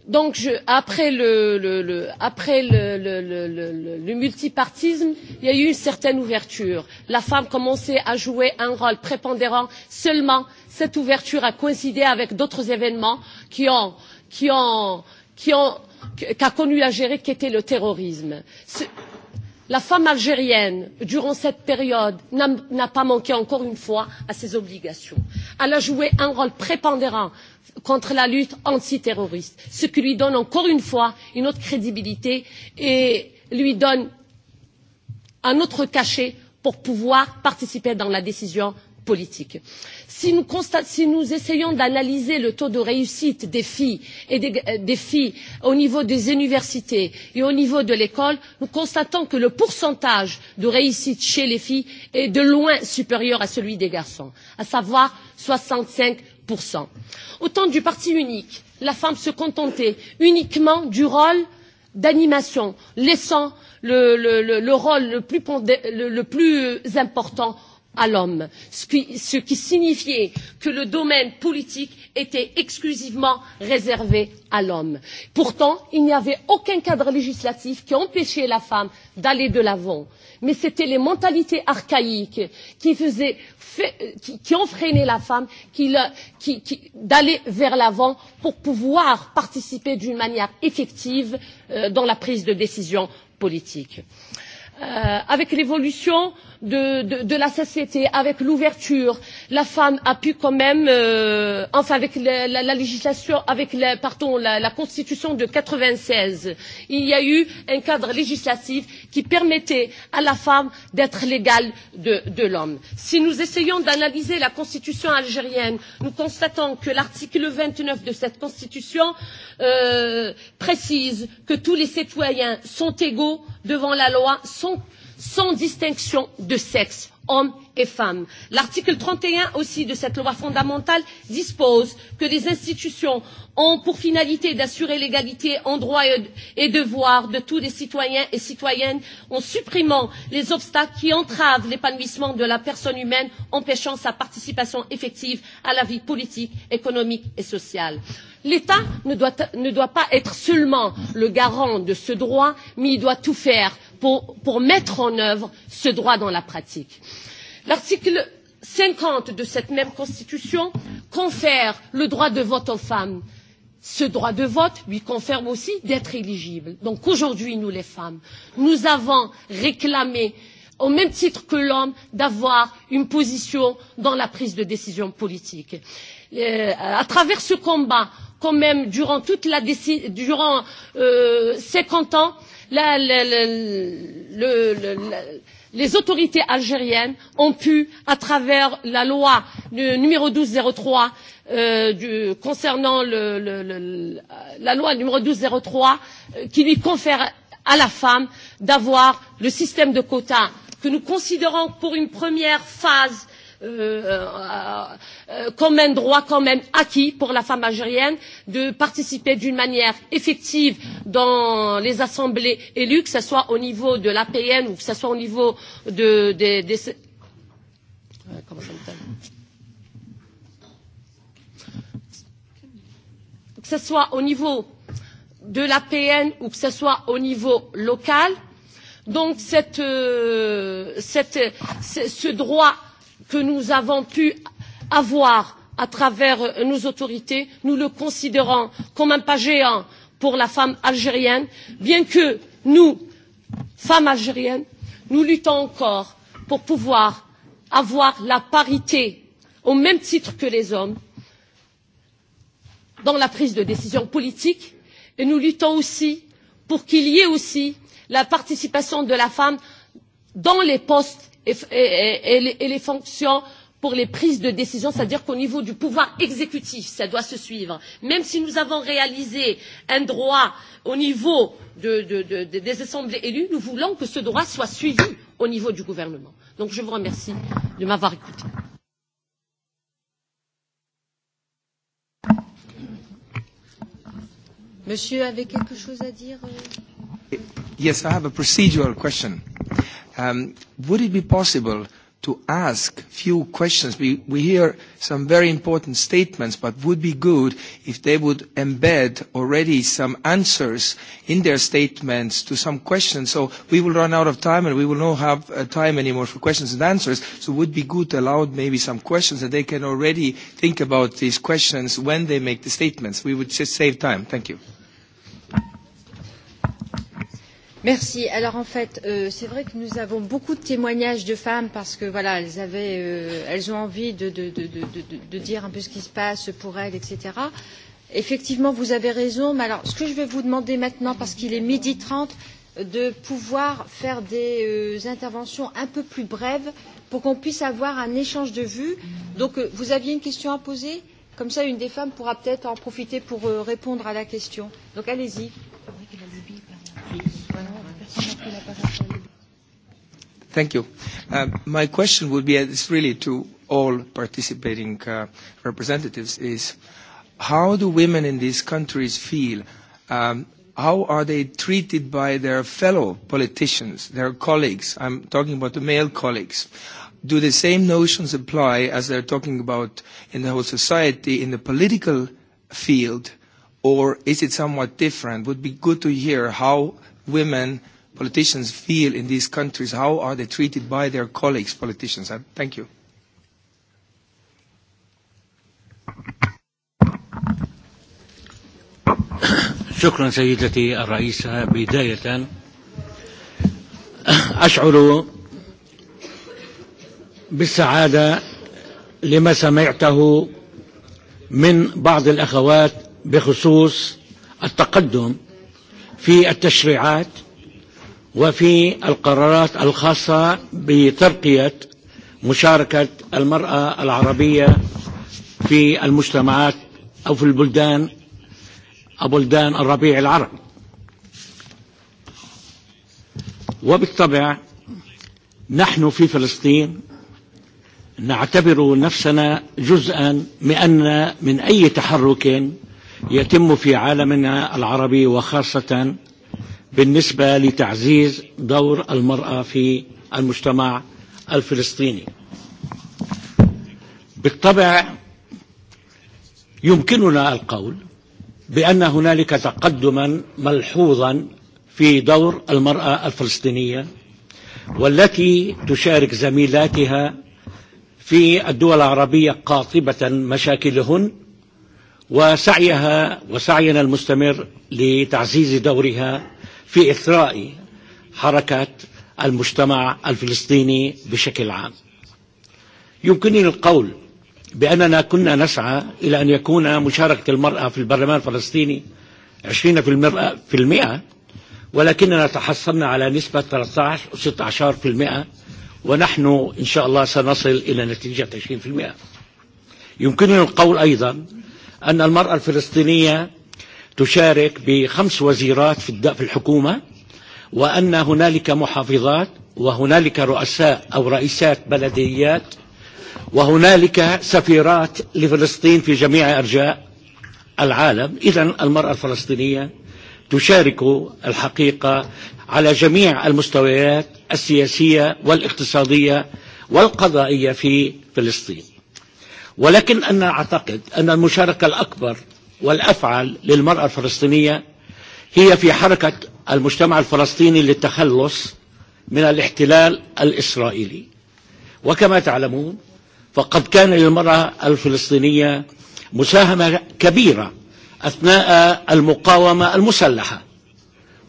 O: donc après le multipartisme il y a eu une certaine ouverture la femme commençait à jouer un rôle prépondérant seulement cette ouverture a coïncidé avec d'autres événements qu'a la Gérée, qui était le terrorisme la femme algérienne durant cette période n'a pas manqué encore une fois à ses obligations. elle a joué un rôle prépondérant contre la lutte antiterroriste ce qui lui donne encore une fois une autre crédibilité et lui donne un autre cachet pour pouvoir participer à la décision politique. Si nous, constate, si nous essayons d'analyser le taux de réussite des filles et des, des filles au niveau des universités et au niveau de l'école, nous constatons que le pourcentage de réussite chez les filles est de loin supérieur à celui des garçons, à savoir soixante cinq Au temps du parti unique, la femme se contentait uniquement du rôle d'animation, laissant le, rôle le plus, important à l'homme, ce qui signifiait que le domaine politique était exclusivement réservé à l'homme. Pourtant, il n'y avait aucun cadre législatif qui empêchait la femme d'aller de l'avant. Mais c'étaient les mentalités archaïques qui, faisaient, qui, ont freiné la femme d'aller vers l'avant pour pouvoir participer d'une manière effective dans la prise de décision politique. avec l'évolution de, la société, avec l'ouverture, la femme a pu quand même, euh, enfin avec la, la, la législation, avec la, pardon, la, la constitution de seize il y a eu un cadre législatif qui permettait à la femme d'être l'égale de, de l'homme. Si nous essayons d'analyser la constitution algérienne, nous constatons que l'article vingt neuf de cette constitution euh, précise que tous les citoyens sont égaux devant la loi, sans sans distinction de sexe, hommes et femmes. L'article trente et un aussi de cette loi fondamentale dispose que les institutions ont pour finalité d'assurer l'égalité en droits et devoirs de tous les citoyens et citoyennes en supprimant les obstacles qui entravent l'épanouissement de la personne humaine, empêchant sa participation effective à la vie politique, économique et sociale. L'État ne doit, pas être seulement le garant de ce droit, mais il doit tout faire pour, mettre en œuvre ce droit dans la pratique. L'article cinquante de cette même Constitution confère le droit de vote aux femmes. Ce droit de vote lui confère aussi d'être éligible. Donc aujourd'hui, nous les femmes, nous avons réclamé au même titre que l'homme, d'avoir une position dans la prise de décision politique. à travers ce combat, quand même, durant toute la durant cinquante ans, les autorités algériennes ont pu à travers la loi n douze zéro trois concernant la loi numéro trois qui lui confère à la femme d'avoir le système de quotas que nous considérons pour une première phase comme un droit quand même acquis pour la femme algérienne de participer d'une manière effective dans les assemblées élues, que ce soit au niveau de l'APN ou que ce soit au niveau de, des, des... Comment ça que ce soit au niveau de l'APN ou que ce soit au niveau local. Donc cette, euh, cette, ce droit que nous avons pu avoir à travers nos autorités, nous le considérons comme un pas géant pour la femme algérienne, bien que nous, femmes algériennes, nous luttons encore pour pouvoir avoir la parité au même titre que les hommes dans la prise de décision politique et nous luttons aussi pour qu'il y ait aussi la participation de la femme dans les postes et, et, et, les fonctions pour les prises de décision, c'est-à-dire qu'au niveau du pouvoir exécutif, ça doit se suivre. Même si nous avons réalisé un droit au niveau de, de, de, de, des assemblées élues, nous voulons que ce droit soit suivi au niveau du gouvernement. Donc je vous remercie de m'avoir écouté.
D: Monsieur avait quelque chose à dire
P: Yes, I have a procedural question would it be possible to ask a few questions? We, we hear some very important statements, but would be good if they would embed already some answers in their statements to some questions. So we will run out of time and we will not have uh, time anymore for questions and answers. So it would be good to allow maybe some questions that they can already think about these questions when they make the statements. We would just save time. Thank you.
D: Merci. Alors en fait, euh, c'est vrai que nous avons beaucoup de témoignages de femmes parce que voilà, elles avaient, euh, elles ont envie de, de, de, de, de, de dire un peu ce qui se passe pour elles, etc. Effectivement, vous avez raison. Mais alors, ce que je vais vous demander maintenant, parce qu'il est midi trente, de pouvoir faire des euh, interventions un peu plus brèves pour qu'on puisse avoir un échange de vues. Donc, euh, vous aviez une question à poser. Comme ça, une des femmes pourra peut-être en profiter pour euh, répondre à la question. Donc, allez-y.
P: Thank you. My question would be, it's really to all participating representatives, is how do women in these countries feel? How are they treated by their fellow politicians, their colleagues? I'm talking about the male colleagues. Do the same notions apply as they're talking about in the whole society, in the political field, or is it somewhat different? Would be good to hear how women politicians feel in these countries. How are they treated by their colleagues, politicians? Thank you.
Q: شكرا سيدتي الرئيسة بداية أشعر بالسعادة لما سمعته من بعض الأخوات بخصوص التقدم في التشريعات وفي القرارات الخاصة بترقية مشاركة المرأة العربية في المجتمعات أو في البلدان أو بلدان الربيع العربي وبالطبع نحن في فلسطين نعتبر نفسنا جزءا من أي تحرك يتم في عالمنا العربي وخاصة بالنسبة لتعزيز دور المرأة في المجتمع الفلسطيني بالطبع يمكننا القول بأن هنالك تقدما ملحوظا في دور المرأة الفلسطينية والتي تشارك زميلاتها في الدول العربية قاطبة مشاكلهن وسعيها وسعينا المستمر لتعزيز دورها في إثراء حركة المجتمع الفلسطيني بشكل عام يمكنني القول بأننا كنا نسعى إلى أن يكون مشاركة المرأة في البرلمان الفلسطيني 20% في المئة ولكننا تحصلنا على نسبة 13 و 16% ونحن إن شاء الله سنصل إلى نتيجة 20% يمكنني القول أيضا أن المرأة الفلسطينية تشارك بخمس وزيرات في الحكومة وأن هنالك محافظات وهنالك رؤساء أو رئيسات بلديات وهنالك سفيرات لفلسطين في جميع أرجاء العالم إذا المرأة الفلسطينية تشارك الحقيقة على جميع المستويات السياسية والاقتصادية والقضائية في فلسطين ولكن أنا أعتقد أن المشاركة الأكبر والأفعل للمرأة الفلسطينية هي في حركة المجتمع الفلسطيني للتخلص من الاحتلال الإسرائيلي وكما تعلمون فقد كان للمرأة الفلسطينية مساهمة كبيرة أثناء المقاومة المسلحة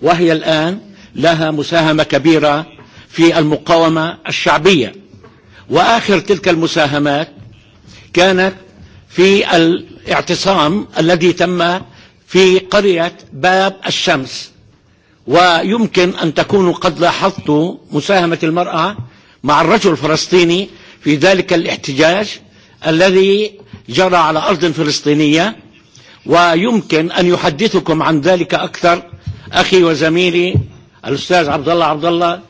Q: وهي الآن لها مساهمة كبيرة في المقاومة الشعبية وآخر تلك المساهمات كانت في الاعتصام الذي تم في قرية باب الشمس ويمكن أن تكونوا قد لاحظتوا مساهمة المرأة مع الرجل الفلسطيني في ذلك الاحتجاج الذي جرى على أرض فلسطينية ويمكن أن يحدثكم عن ذلك أكثر أخي وزميلي الأستاذ عبد الله عبد الله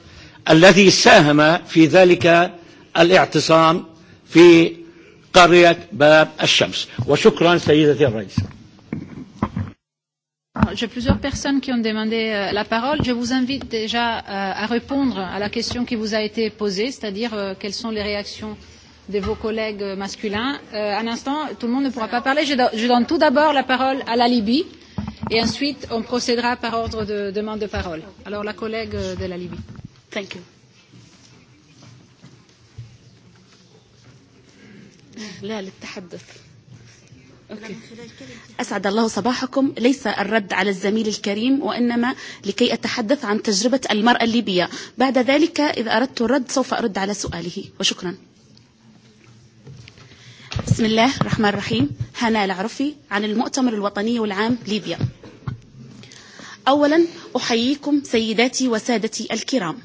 Q: الذي ساهم في ذلك الاعتصام في قرية باب الشمس وشكرا سيدتي الرئيس
F: J'ai plusieurs personnes qui ont demandé euh, la parole. Je vous invite déjà euh, à répondre à la question qui vous a été posée, c'est-à-dire euh, quelles sont les réactions de vos collègues masculins. Euh, un instant, tout le monde ne pourra pas parler. Je, do Je, donne tout d'abord la parole à la Libye et ensuite on procédera par ordre de demande de parole. Alors la collègue de la Libye. Thank you. لا للتحدث
R: أوكي.
N: أسعد الله صباحكم ليس الرد على الزميل الكريم وإنما لكي أتحدث عن تجربة المرأة الليبية بعد ذلك إذا أردت الرد سوف أرد على سؤاله وشكرا بسم الله الرحمن الرحيم هنا العرفي عن المؤتمر الوطني والعام ليبيا أولا أحييكم سيداتي وسادتي الكرام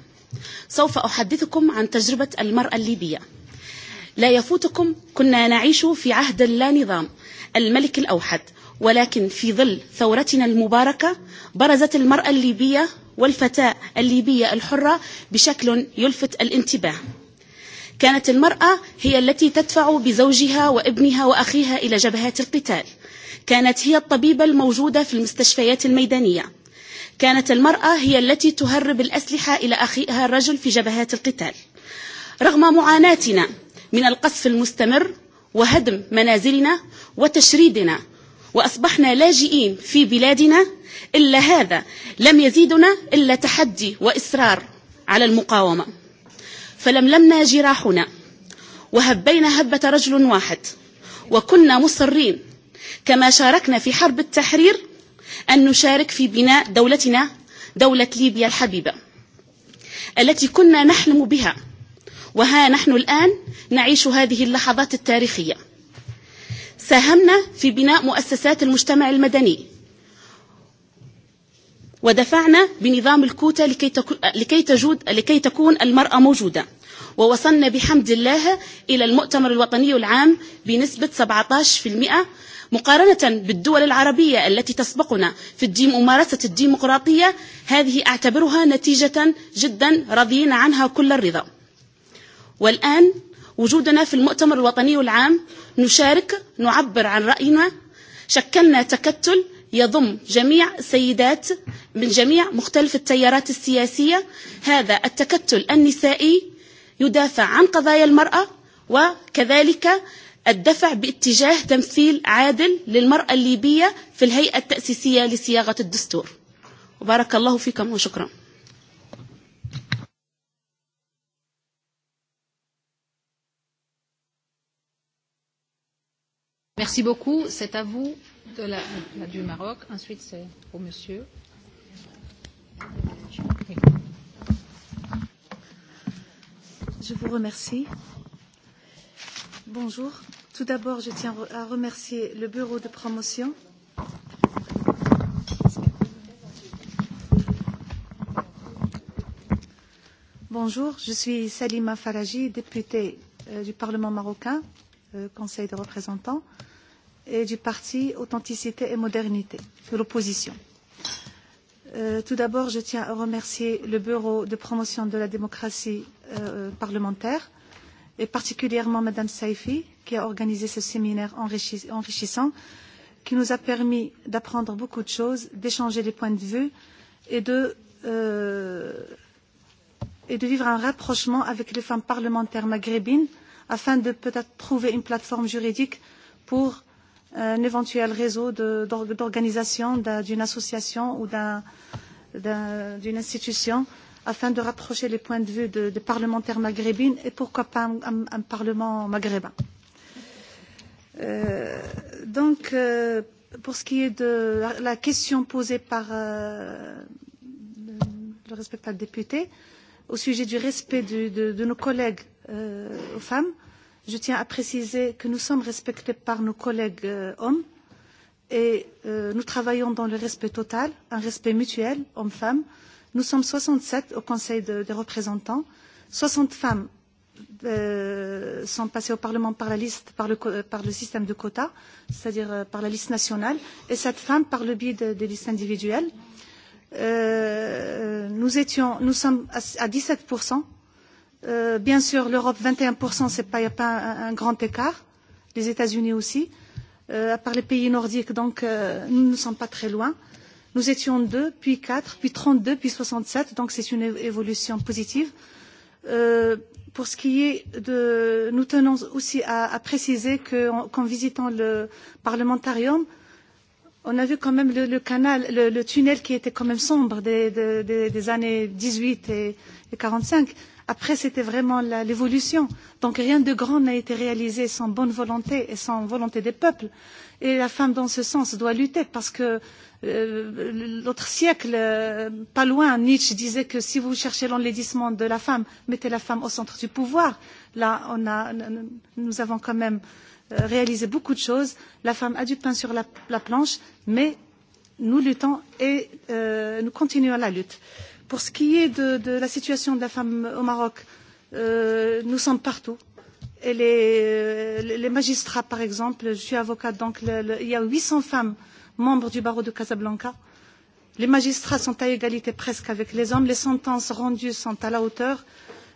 N: سوف أحدثكم عن تجربة المرأة الليبية لا يفوتكم كنا نعيش في عهد لا نظام الملك الأوحد ولكن في ظل ثورتنا المباركة برزت المرأة الليبية والفتاة الليبية الحرة بشكل يلفت الانتباه كانت المرأة هي التي تدفع بزوجها وابنها وأخيها إلى جبهات القتال كانت هي الطبيبة الموجودة في المستشفيات الميدانية كانت المرأة هي التي تهرب الأسلحة إلى أخيها الرجل في جبهات القتال رغم معاناتنا من القصف المستمر وهدم منازلنا وتشريدنا وأصبحنا لاجئين في بلادنا إلا هذا لم يزيدنا إلا تحدي وإصرار على المقاومة فلملمنا جراحنا وهبينا هبة رجل واحد وكنا مصرين كما شاركنا في حرب التحرير أن نشارك في بناء دولتنا دولة ليبيا الحبيبة التي كنا نحلم بها وها نحن الآن نعيش هذه اللحظات التاريخية ساهمنا في بناء مؤسسات المجتمع المدني ودفعنا بنظام الكوتا لكي, لكي, تجود لكي تكون المرأة موجودة ووصلنا بحمد الله إلى المؤتمر الوطني العام بنسبة 17% مقارنة بالدول العربية التي تسبقنا في الديم ممارسة الديمقراطية هذه أعتبرها نتيجة جدا رضينا عنها كل الرضا والآن وجودنا في المؤتمر الوطني العام نشارك نعبر عن رأينا شكلنا تكتل يضم جميع سيدات من جميع مختلف التيارات السياسية هذا التكتل النسائي يدافع عن قضايا المرأة وكذلك الدفع باتجاه تمثيل عادل للمرأة الليبية في الهيئة التأسيسية لصياغة الدستور وبارك الله فيكم وشكرا
F: Merci beaucoup. C'est à vous de la, la, du Maroc. Ensuite, c'est au monsieur. Je vous remercie.
S: Bonjour. Tout d'abord, je tiens à remercier le bureau de promotion Bonjour, je suis Salima Faraji, députée du Parlement marocain Conseil des représentants et du parti Authenticité et Modernité, de l'opposition. tout d'abord, je tiens à remercier le Bureau de promotion de la démocratie parlementaire et particulièrement Madame Saifi qui a organisé ce séminaire enrichissant qui nous a permis d'apprendre beaucoup de choses, d'échanger des points de vue et de, vivre un rapprochement avec les femmes parlementaires maghrébines afin de peut-être trouver une plateforme juridique pour un éventuel réseau d'organisation d'une association ou d'une institution afin de rapprocher les points de vue des parlementaires maghrébines et pourquoi pas un, parlement maghrébin. donc, pour ce qui est de la, question posée par le respectable député, euh, au sujet du respect de, nos collègues femmes, je tiens à préciser que nous sommes respectés par nos collègues hommes et nous travaillons dans le respect total, un respect mutuel hommes-femmes. Nous sommes soixante sept au Conseil des représentants. soixante femmes sont passées au Parlement par la liste, par le, système de quotas, c'est-à-dire par la liste nationale, et sept femmes par le biais des listes individuelles. Euh, nous, étions, nous sommes à, dix sept bien sûr, l'Europe, vingt et 21%, ce n'est pas, pas un, grand écart. Les États-Unis aussi. à part les pays nordiques, donc nous ne sommes pas très loin. Nous étions deux, puis quatre, puis trente deux, puis soixante sept, donc c'est une évolution positive. pour ce qui est de... Nous tenons aussi à, préciser qu'en visitant le parlementarium, euh, on a vu quand même le, le canal, le, le tunnel qui était quand même sombre des, des, des années 18 et, 45. Après, c'était vraiment l'évolution. Donc rien de grand n'a été réalisé sans bonne volonté et sans volonté des peuples. Et la femme, dans ce sens, doit lutter parce que euh, l'autre siècle, pas loin, Nietzsche disait que si vous cherchez l'enlaidissement de la femme, mettez la femme au centre du pouvoir. Là, on a, nous avons quand même euh, réalisé beaucoup de choses. La femme a du pain sur la, planche, mais nous luttons et nous continuons la lutte. Pour ce qui est de, la situation de la femme au Maroc, nous sommes partout. Et les, magistrats, par exemple, je suis avocate, donc il y a huit cents femmes membres du barreau de Casablanca. Les magistrats sont à égalité presque avec les hommes. Les sentences rendues sont à la hauteur.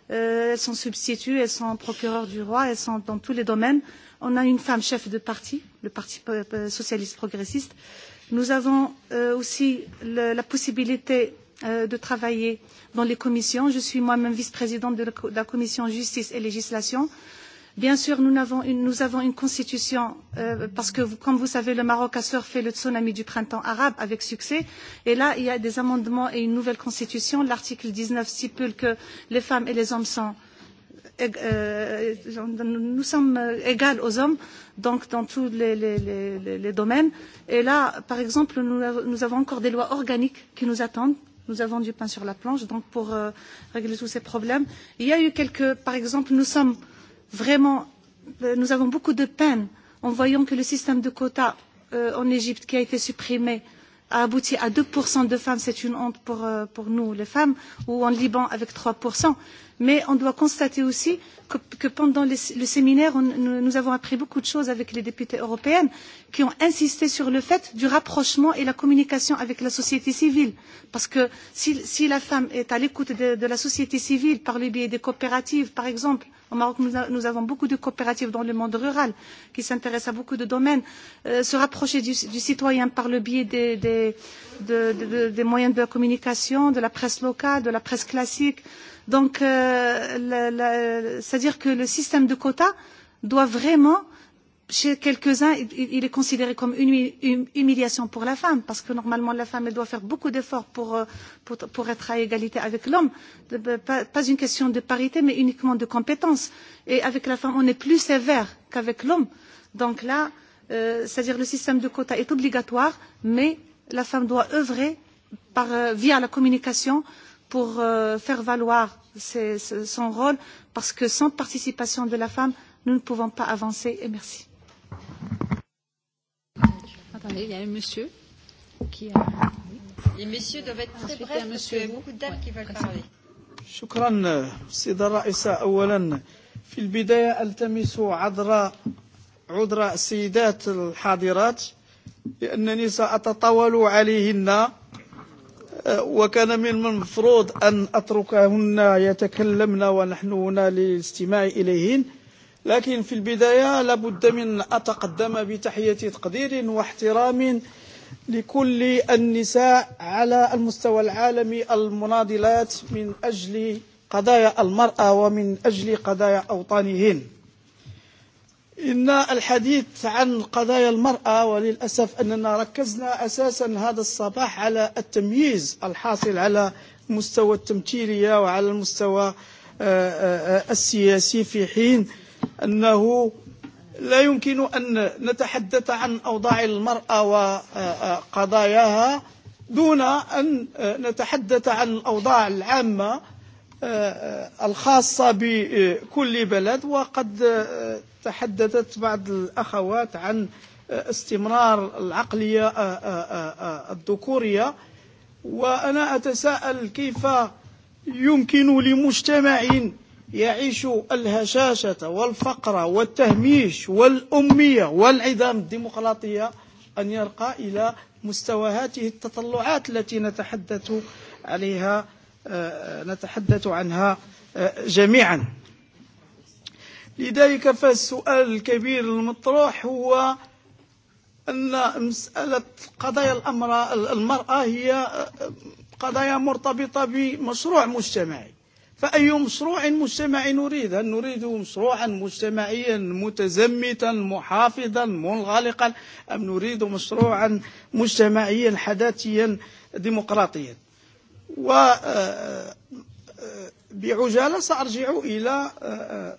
S: elles sont substituts, elles sont procureurs du roi, elles sont dans tous les domaines. Euh, on a une femme chef de parti, le Parti socialiste progressiste. Nous avons aussi la possibilité de travailler dans les commissions. Je suis moi-même vice-présidente de la commission justice et législation. Bien sûr, nous avons une, constitution parce que, comme vous savez, le Maroc a surfé le tsunami du printemps arabe avec succès. Et là, il y a des amendements et une nouvelle constitution. L'article dix neuf stipule que les femmes et les hommes sont nous sommes égales aux hommes donc dans tous les, les, les, les domaines. Et là, par exemple, nous, nous avons encore des lois organiques qui nous attendent. Nous avons du pain sur la planche donc pour euh, régler tous ces problèmes. Il y a eu quelques, par exemple, nous sommes vraiment, nous avons beaucoup de peine en voyant que le système de quotas euh, en Égypte qui a été supprimé a abouti à 2% de femmes, c'est une honte pour, euh, pour nous les femmes, ou en Liban avec trois. Mais on doit constater aussi que, pendant le séminaire, nous avons appris beaucoup de choses avec les députés européennes qui ont insisté sur le fait du rapprochement et la communication avec la société civile. Parce que si, la femme est à l'écoute de, la société civile par le biais des coopératives, par exemple, Au Maroc, nous, avons beaucoup de coopératives dans le monde rural qui s'intéressent à beaucoup de domaines. se rapprocher du, citoyen par le biais des, moyens de communication, de la presse locale, de la presse classique. Donc, c'est-à-dire que le système de quotas doit vraiment chez quelques-uns, il, est considéré comme une, humiliation pour la femme, parce que normalement, la femme doit faire beaucoup d'efforts pour, être à égalité avec l'homme. Pas, une question de parité, mais uniquement de compétence. Et avec la femme, on est plus sévère qu'avec l'homme. Donc là, c'est-à-dire le système de quotas est obligatoire, mais la femme doit œuvrer via la communication pour faire valoir son rôle, parce que sans participation de la femme, nous ne pouvons pas avancer. Et merci.
D: Attendez, il y a un monsieur qui a... Les messieurs doivent être très brefs parce qu'il y a beaucoup de dames qui veulent parler.
T: شكرا سيدة الرئيسة أولا في البداية ألتمس عذر عذر السيدات الحاضرات لأنني سأتطاول عليهن وكان من المفروض أن أتركهن يتكلمن ونحن هنا للاستماع إليهن لكن في البداية لابد من أتقدم بتحية تقدير واحترام لكل النساء على المستوى العالمي المناضلات من أجل قضايا المرأة ومن أجل قضايا أوطانهن إن الحديث عن قضايا المرأة وللأسف أننا ركزنا أساسا هذا الصباح على التمييز الحاصل على مستوى التمثيلية وعلى المستوى السياسي في حين أنه لا يمكن أن نتحدث عن أوضاع المرأة وقضاياها دون أن نتحدث عن الأوضاع العامة الخاصة بكل بلد وقد تحدثت بعض الأخوات عن استمرار العقلية الذكورية وأنا أتساءل كيف يمكن لمجتمع يعيش الهشاشة والفقر والتهميش والأمية وانعدام الديمقراطية أن يرقى إلى مستوى هذه التطلعات التي نتحدث عليها نتحدث عنها جميعا لذلك فالسؤال الكبير المطروح هو أن مسألة قضايا الأمر المرأة هي قضايا مرتبطة بمشروع مجتمعي فأي مشروع مجتمعي نريد هل نريد مشروعا مجتمعيا متزمتا محافظا منغلقا أم نريد مشروعا مجتمعيا حداثيا ديمقراطيا و بعجالة سأرجع إلى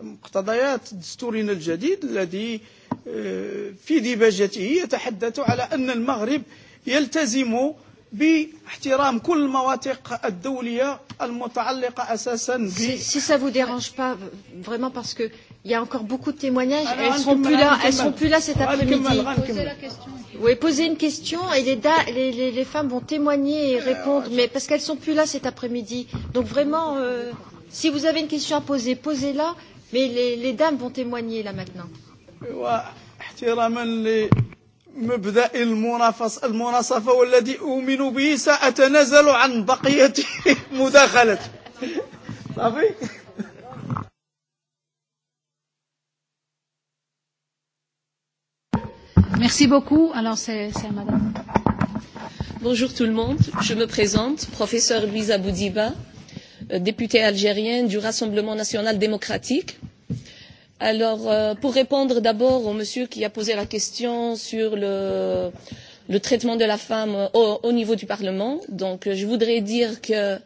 T: مقتضيات دستورنا الجديد الذي في ديباجته يتحدث على أن المغرب يلتزم باحترام كل المواثيق الدولية المتعلقة أساسا ب Si ça vous dérange pas, vraiment parce que il y a
D: encore beaucoup de témoignages, elles seront plus là, elles seront plus là cet après-midi. Oui, posez une question et les, da, les, les, les femmes vont témoigner et répondre, mais parce qu'elles sont plus là cet après-midi. Donc vraiment, euh, si vous avez une question à poser, posez-la, mais les, les dames vont témoigner là maintenant.
T: مبدا المناصفه والذي اؤمن به ساتنازل عن بقيه مداخلتي صافي
F: Merci beaucoup. Alors, c'est
U: madame. Bonjour tout le monde. Je me présente, professeur Louisa Boudiba, députée algérienne du Rassemblement national démocratique. Euh, Alors, pour répondre d'abord au monsieur qui a posé la question sur le, traitement de la femme au, niveau du Parlement, je voudrais dire que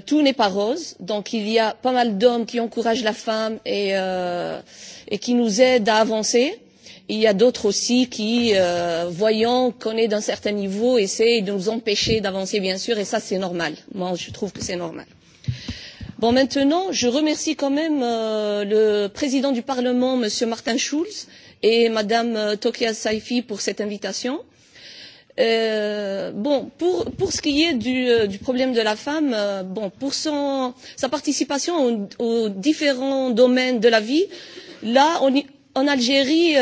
U: tout n'est pas rose. Donc il y a pas mal d'hommes qui encouragent la femme et, qui nous aident à avancer. Il y a d'autres aussi qui, voyant qu'on est d'un certain niveau, essayent de nous empêcher d'avancer, bien sûr, et ça c'est normal. Moi, je trouve que c'est normal. Bon, maintenant, je remercie quand même le président du Parlement, Monsieur Martin Schulz, et Madame Tokia Saifi pour cette invitation. bon, pour, ce qui est du, problème de la femme, pour sa participation aux, différents domaines de la vie, là, en Algérie,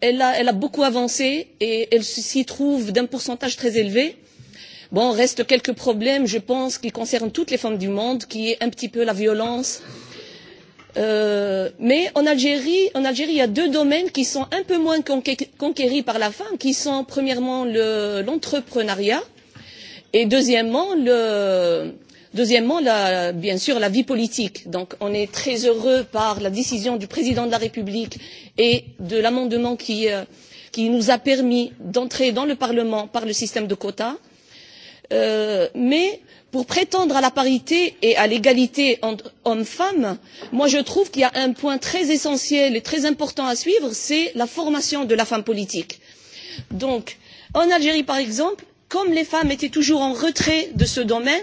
U: elle, a, beaucoup avancé et elle s'y trouve d'un pourcentage très élevé Bon, restent quelques problèmes, je pense, qui concernent toutes les femmes du monde, qui est un petit peu la violence. mais en Algérie, en Algérie, il y a deux domaines qui sont un peu moins conquéris par la femme, qui sont premièrement l'entrepreneuriat et deuxièmement, le, deuxièmement la, bien sûr la vie politique. Donc on est très heureux par la décision du président de la République et de l'amendement qui, qui nous a permis d'entrer dans le Parlement par le système de quotas mais pour prétendre à la parité et à l'égalité entre hommes et femmes je trouve qu'il y a un point très essentiel et très important à suivre c'est la formation de la femme politique. en algérie par exemple comme les femmes étaient toujours en retrait de ce domaine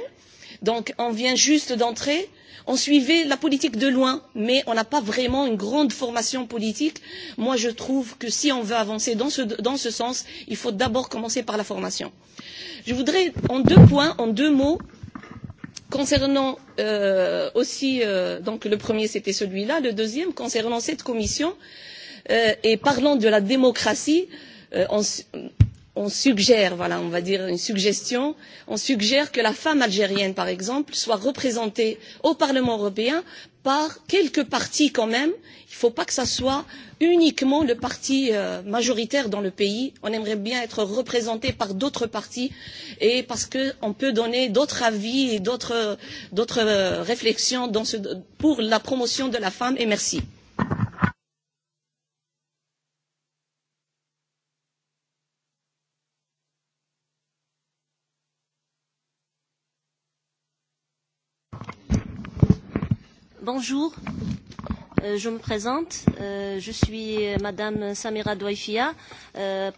U: Donc on vient juste d'entrer. On suivait la politique de loin, mais on n'a pas vraiment une grande formation politique. Moi, je trouve que si on veut avancer dans ce, sens, il faut d'abord commencer par la formation. Je voudrais, en deux points, en deux mots, concernant aussi, donc le premier c'était celui-là, le deuxième concernant cette commission et parlant de la démocratie, on suggère, voilà, on va dire une suggestion, on suggère que la femme algérienne, par exemple, soit représentée au Parlement européen par quelques partis quand même. Il ne faut pas que ce soit uniquement le parti majoritaire dans le pays. On aimerait bien être représenté par d'autres partis et parce qu'on peut donner d'autres avis et d'autres réflexions pour la promotion de la femme. Et merci.
V: Bonjour, je me présente. Je suis Madame Samira Douaifia,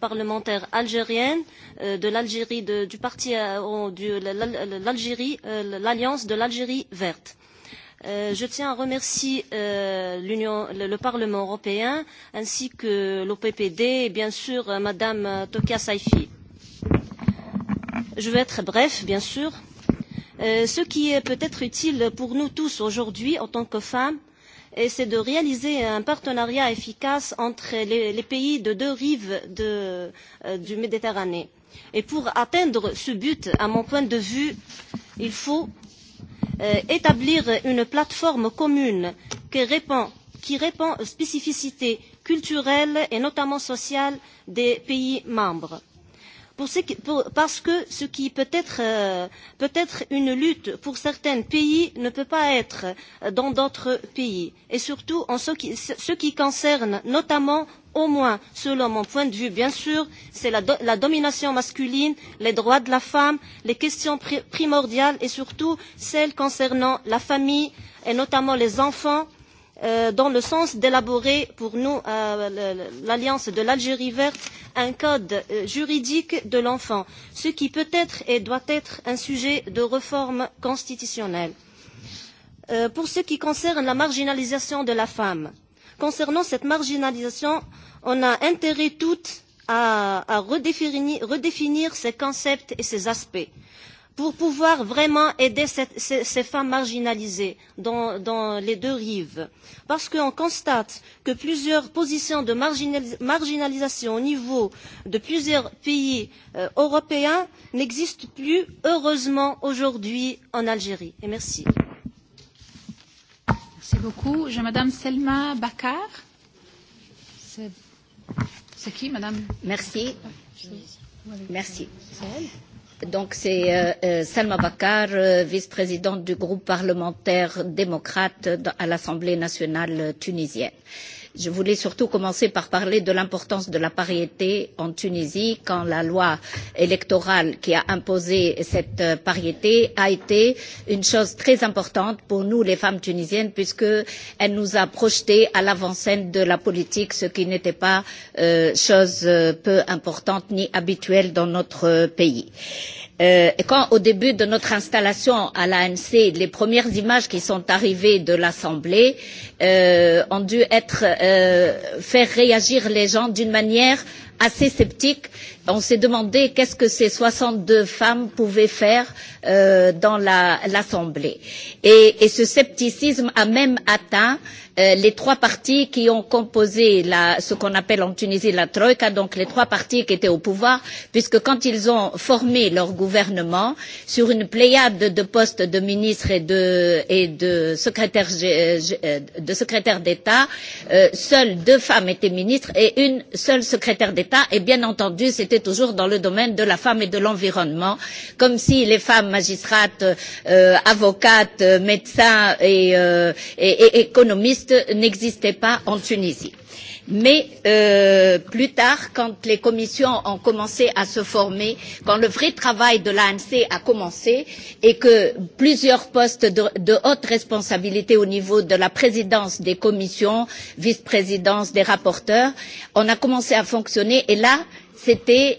V: parlementaire algérienne de l'Algérie, du parti de l'Algérie, l'Alliance de l'Algérie verte. Je tiens à remercier le Parlement européen ainsi que l'OPPD et bien sûr Madame Tokia Saifi. Je vais être bref, bien sûr ce qui est peut-être utile pour nous tous aujourd'hui en tant que femmes, c'est de réaliser un partenariat efficace entre les, pays de deux rives de, du Méditerranée. Et pour atteindre ce but, à mon point de vue, il faut établir une plateforme commune qui répond, aux spécificités culturelles et notamment sociales des pays membres parce que ce qui peut être, peut être une lutte pour certains pays ne peut pas être dans d'autres pays. Et surtout, en ce qui, ce qui concerne notamment, au moins selon mon point de vue bien sûr, c'est la, la domination masculine, les droits de la femme, les questions primordiales et surtout celles concernant la famille et notamment les enfants dans le sens d'élaborer pour nous, l'Alliance de l'Algérie verte, un code juridique de l'enfant, ce qui peut être et doit être un sujet de réforme constitutionnelle. Pour ce qui concerne la marginalisation de la femme, concernant cette marginalisation, on a intérêt toutes à redéfinir ces concepts et ces aspects pour pouvoir vraiment aider cette, ces, ces femmes marginalisées dans, dans les deux rives. Parce qu'on constate que plusieurs positions de marginalisation au niveau de plusieurs pays euh, européens n'existent plus, heureusement, aujourd'hui en Algérie. Et merci.
F: Merci beaucoup. Je Madame Selma Bakar. C'est qui, Madame Merci.
R: Merci. Donc c'est Salma Bakar, vice-présidente du groupe parlementaire démocrate à l'Assemblée nationale tunisienne. Je voulais surtout commencer par parler de l'importance de la parité en Tunisie quand la loi électorale qui a imposé cette parité a été une chose très importante pour nous, les femmes tunisiennes, puisqu'elle nous a projetés à l'avant-scène de la politique, ce qui n'était pas chose peu importante ni habituelle dans notre pays et quand au début de notre installation à l'ANC, les premières images qui sont arrivées de l'Assemblée ont dû faire réagir les gens d'une manière assez sceptique. On s'est demandé qu'est-ce que ces 62 femmes pouvaient faire euh, dans l'Assemblée. La, et, et ce scepticisme a même atteint les trois partis qui ont composé la, ce qu'on appelle en Tunisie la Troïka, donc les trois partis qui étaient au pouvoir, puisque quand ils ont formé leur gouvernement sur une pléiade de postes de ministres et de, et de secrétaires de d'État, euh, seules deux femmes étaient ministres et une seule secrétaire d'État l'État, et bien entendu, c'était toujours dans le domaine de la femme et de l'environnement, comme si les femmes magistrates, avocates, médecins et économistes n'existaient pas en Tunisie. Mais euh, plus tard, quand les commissions ont commencé à se former, quand le vrai travail de l'ANC a commencé et que plusieurs postes de, de haute responsabilité au niveau de la présidence des commissions, vice-présidence des rapporteurs, on a commencé à fonctionner et là, c'était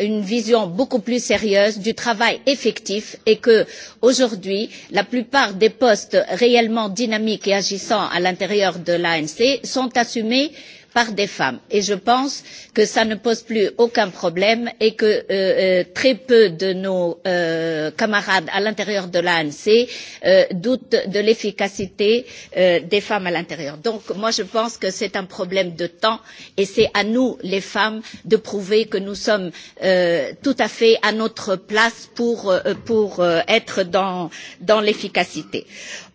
R: une vision beaucoup plus sérieuse du travail effectif et que aujourd'hui la plupart des postes réellement dynamiques et agissants à l'intérieur de l'anc sont assumés par par des femmes. Et je pense que cela ne pose plus aucun problème et que très peu de nos camarades à l'intérieur de l'ANC doutent de l'efficacité des femmes à l'intérieur. Donc moi je pense que c'est un problème de temps et c'est à nous les femmes de prouver que nous sommes tout à fait à notre place pour, être dans l'efficacité.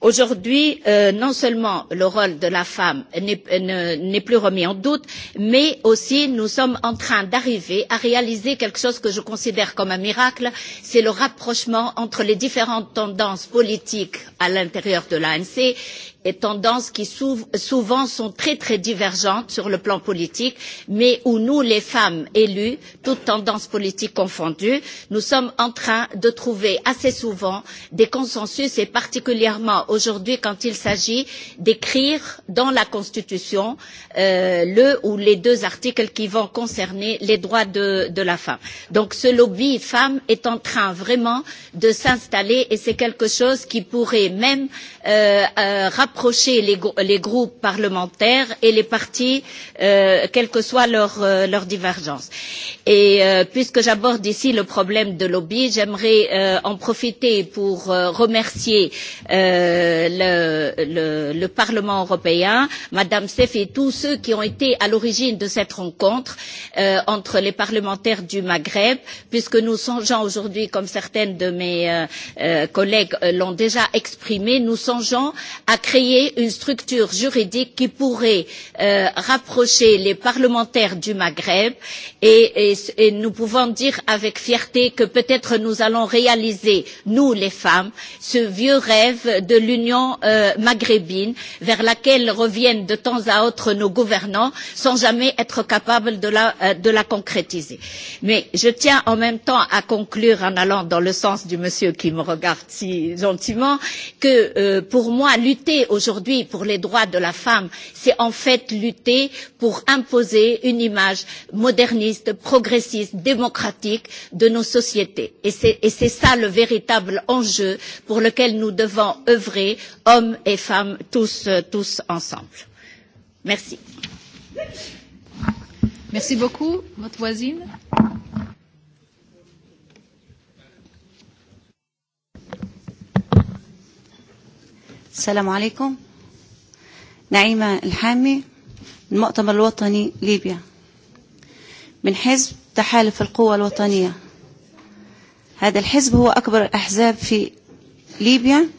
R: Aujourd'hui, non seulement le rôle de la femme n'est plus remis en doute, mais aussi nous sommes en train d'arriver à réaliser quelque chose que je considère comme un miracle, c'est le rapprochement entre les différentes tendances politiques à l'intérieur de l'ANC et tendances qui souvent sont très très divergentes sur le plan politique, mais où nous, les femmes élues, toutes tendances politiques confondues, nous sommes en train de trouver assez souvent des consensus et particulièrement aujourd'hui quand il s'agit d'écrire dans la Constitution le ou les deux articles qui vont concerner les droits de, la femme. Donc ce lobby femmes est en train vraiment de s'installer et c'est quelque chose qui pourrait même rappeler rapprocher les, groupes parlementaires et les partis, quelles que soient leurs divergences. Et puisque j'aborde ici le problème de lobby, j'aimerais en profiter pour remercier le, Parlement européen, Madame Seff et tous ceux qui ont été à l'origine de cette rencontre entre les parlementaires du Maghreb, puisque nous songeons aujourd'hui, comme certaines de mes collègues l'ont déjà exprimé, nous songeons à créer créer une structure juridique qui pourrait rapprocher les parlementaires du Maghreb et, nous pouvons dire avec fierté que peut-être nous allons réaliser, nous les femmes, ce vieux rêve de l'Union maghrébine vers laquelle reviennent de temps à autre nos gouvernants sans jamais être capables de la, concrétiser. Mais je tiens en même temps à conclure en allant dans le sens du monsieur qui me regarde si gentiment que pour moi lutter aujourd'hui pour les droits de la femme, c'est en fait lutter pour imposer une image moderniste, progressiste, démocratique de nos sociétés. Et c'est ça le véritable enjeu pour lequel nous devons œuvrer, hommes et femmes, tous, tous ensemble.
F: Merci. Merci beaucoup. Votre voisine.
W: السلام عليكم نعيمة الحامي المؤتمر الوطني ليبيا من حزب تحالف القوى الوطنية هذا الحزب هو أكبر الأحزاب في ليبيا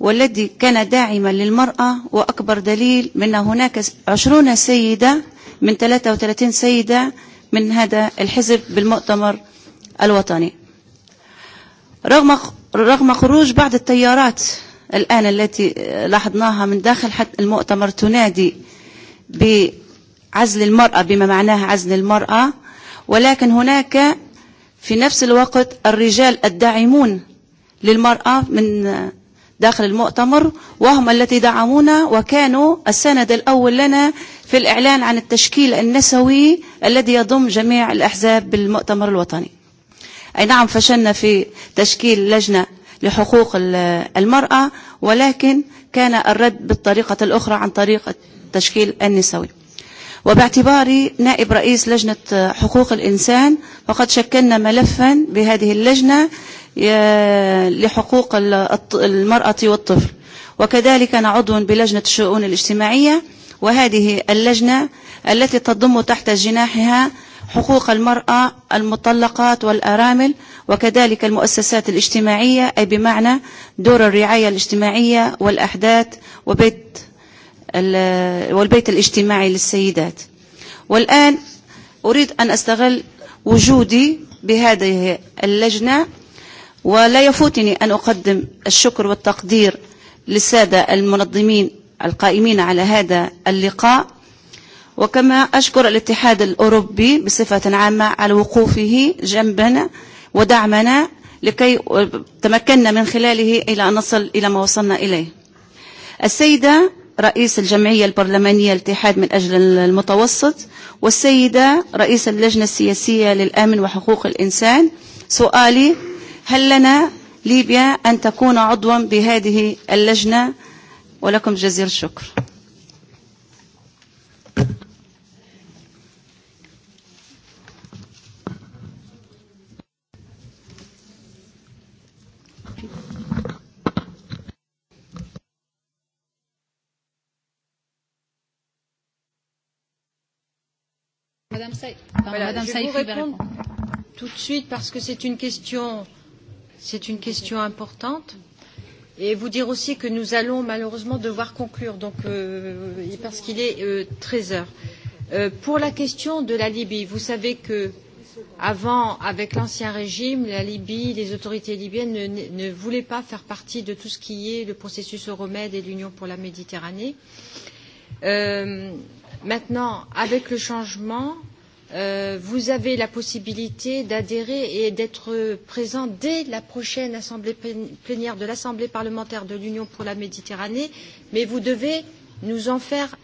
W: والذي كان داعما للمرأة وأكبر دليل من هناك عشرون سيدة من 33 سيدة من هذا الحزب بالمؤتمر الوطني رغم رغم خروج بعض التيارات الآن التي لاحظناها من داخل حتى المؤتمر تنادي بعزل المرأة بما معناها عزل المرأة ولكن هناك في نفس الوقت الرجال الداعمون للمرأة من داخل المؤتمر وهم التي دعمونا وكانوا السند الأول لنا في الإعلان عن التشكيل النسوي الذي يضم جميع الأحزاب بالمؤتمر الوطني أي نعم فشلنا في تشكيل لجنة لحقوق المرأة ولكن كان الرد بالطريقة الأخرى عن طريق التشكيل النسوي وباعتباري نائب رئيس لجنة حقوق الإنسان فقد شكلنا ملفا بهذه اللجنة لحقوق المرأة والطفل وكذلك أنا عضو بلجنة الشؤون الاجتماعية وهذه اللجنة التي تضم تحت جناحها حقوق المرأة المطلقات والأرامل وكذلك المؤسسات الاجتماعية أي بمعنى دور الرعاية الاجتماعية والأحداث وبيت والبيت الاجتماعي للسيدات والآن أريد أن أستغل وجودي بهذه اللجنة ولا يفوتني أن أقدم الشكر والتقدير للسادة المنظمين القائمين على هذا اللقاء وكما أشكر الاتحاد الأوروبي بصفة عامة على وقوفه جنبنا ودعمنا لكي تمكننا من خلاله إلى أن نصل إلى ما وصلنا إليه السيدة رئيس الجمعية البرلمانية الاتحاد من أجل المتوسط والسيدة رئيس اللجنة السياسية للأمن وحقوق الإنسان سؤالي هل لنا ليبيا أن تكون عضوا بهذه اللجنة ولكم جزيل الشكر
D: Madame Saïfi
F: voilà, Madame je vais vous répondre
D: tout de suite parce que c'est une question, c'est une question importante. Et vous dire aussi que nous allons malheureusement devoir conclure, donc, euh, parce qu'il est euh, 13 heures. Euh, pour la question de la Libye, vous savez que avant, avec l'ancien régime, la Libye, les autorités libyennes ne, ne voulaient pas faire partie de tout ce qui est le processus Euromède et l'Union pour la Méditerranée. Euh, Maintenant, avec le changement, vous avez la possibilité d'adhérer et d'être présent dès la prochaine assemblée plénière de l'Assemblée parlementaire de l'Union pour la Méditerranée, mais vous devez nous en faire,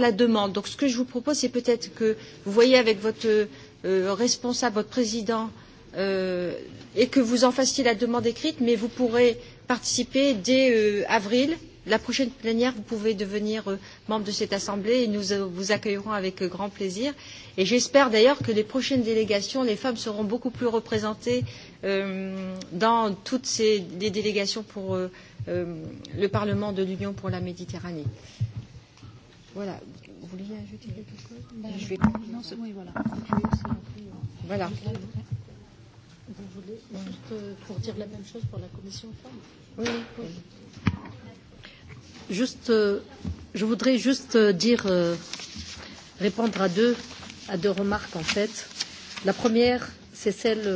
D: la demande. Donc ce que je vous propose, c'est peut-être que vous voyez avec votre responsable, votre président, et que vous en fassiez la demande écrite, mais vous pourrez participer dès avril la prochaine plénière, vous pouvez devenir membre de cette assemblée et nous vous accueillerons avec grand plaisir. Et j'espère d'ailleurs que les prochaines délégations, les femmes seront beaucoup plus représentées dans toutes ces, les délégations pour le Parlement de l'Union pour la Méditerranée. Voilà.
F: Vous ajouter quelque chose Je vais. Non, oui, voilà.
A: Voilà. Vous voulez juste pour dire la même chose pour la commission femmes Oui, oui. Juste, je voudrais juste dire, répondre à deux, à deux remarques en fait. La première, c'est celle,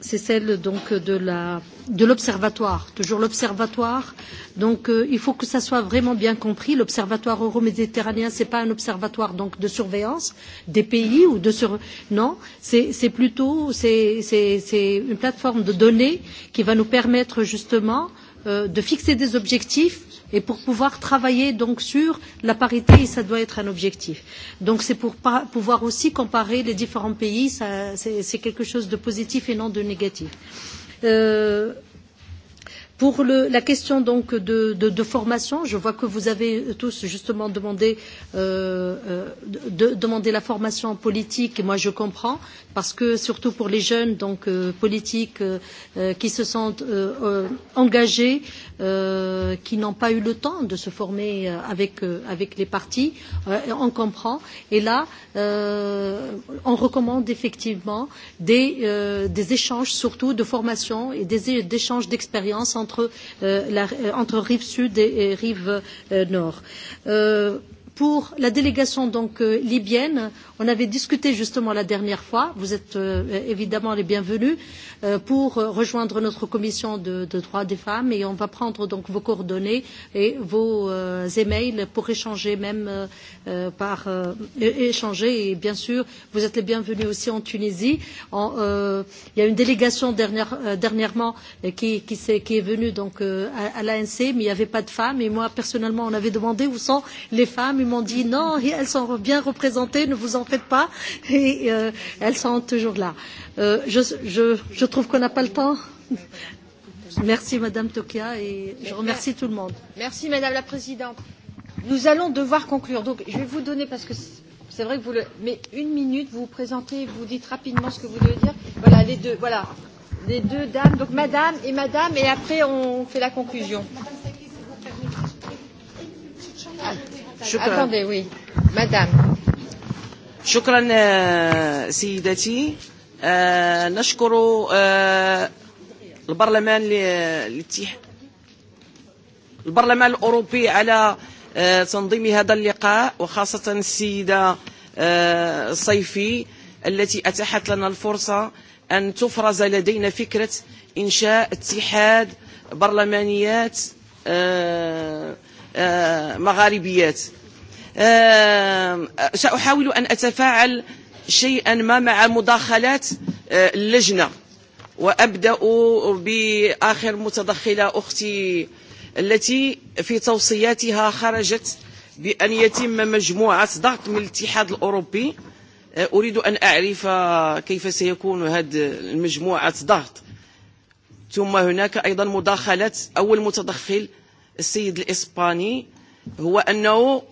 A: c'est celle donc de la, de l'observatoire, toujours l'observatoire. Donc euh, il faut que ça soit vraiment bien compris. L'observatoire euro-méditerranéen, ce n'est pas un observatoire donc, de surveillance des pays ou de sur... Non, c'est plutôt c'est, c'est, c'est une plateforme de données qui va nous permettre justement de fixer des objectifs et pour pouvoir travailler donc sur la parité, ça doit être un objectif. Donc c'est pour pouvoir aussi comparer les différents pays, c'est quelque chose de positif et non de négatif. Euh, Pour le, la question donc de, de, de formation, je vois que vous avez tous justement demandé, euh, de, de, demandé la formation politique. Et moi, je comprends parce que surtout pour les jeunes donc euh, politiques euh, qui se sentent euh, engagés, qui n'ont pas eu le temps de se former avec, euh, avec les partis, euh, on comprend. Et là, euh, on recommande effectivement des, euh, des échanges, surtout de formation et des échanges d'expérience entre, euh, entre rive sud et, et rive euh, nord. Euh, pour la délégation donc libyenne, on avait discuté justement la dernière fois, vous êtes évidemment les bienvenus, pour rejoindre notre commission de, de droits des femmes et on va prendre donc vos coordonnées et vos emails pour échanger même par échanger et bien sûr vous êtes les bienvenus aussi en Tunisie. il y a une délégation dernièrement qui, qui, est, qui est venue donc à, à l'ANC mais il n'y avait pas de femmes et moi personnellement on avait demandé où sont les femmes ils m'ont dit non, elles sont bien représentées, ne vous en faites pas, et euh, elles sont toujours là. Euh, je, je, je trouve qu'on n'a pas le temps.
D: Merci Madame Tokia et je remercie tout le monde. Merci Madame la Présidente. Nous allons devoir conclure. Donc je vais vous donner parce que c'est vrai que vous le mais une minute, vous vous présentez, vous dites rapidement ce que vous devez dire. Voilà les deux voilà les deux dames, donc madame et madame, et après on fait la conclusion. Madame, شكرا Attendez, oui. Madame.
X: شكرا سيدتي نشكر البرلمان البرلمان الاوروبي على تنظيم هذا اللقاء وخاصه السيده صيفي التي اتاحت لنا الفرصه ان تفرز لدينا فكره انشاء اتحاد برلمانيات مغاربيات سأحاول أن أتفاعل شيئا ما مع مداخلات اللجنة وأبدأ بآخر متدخلة أختي التي في توصياتها خرجت بأن يتم مجموعة ضغط من الاتحاد الأوروبي أريد أن أعرف كيف سيكون هذا المجموعة ضغط ثم هناك أيضا مداخلة أول متدخل السيد الإسباني هو أنه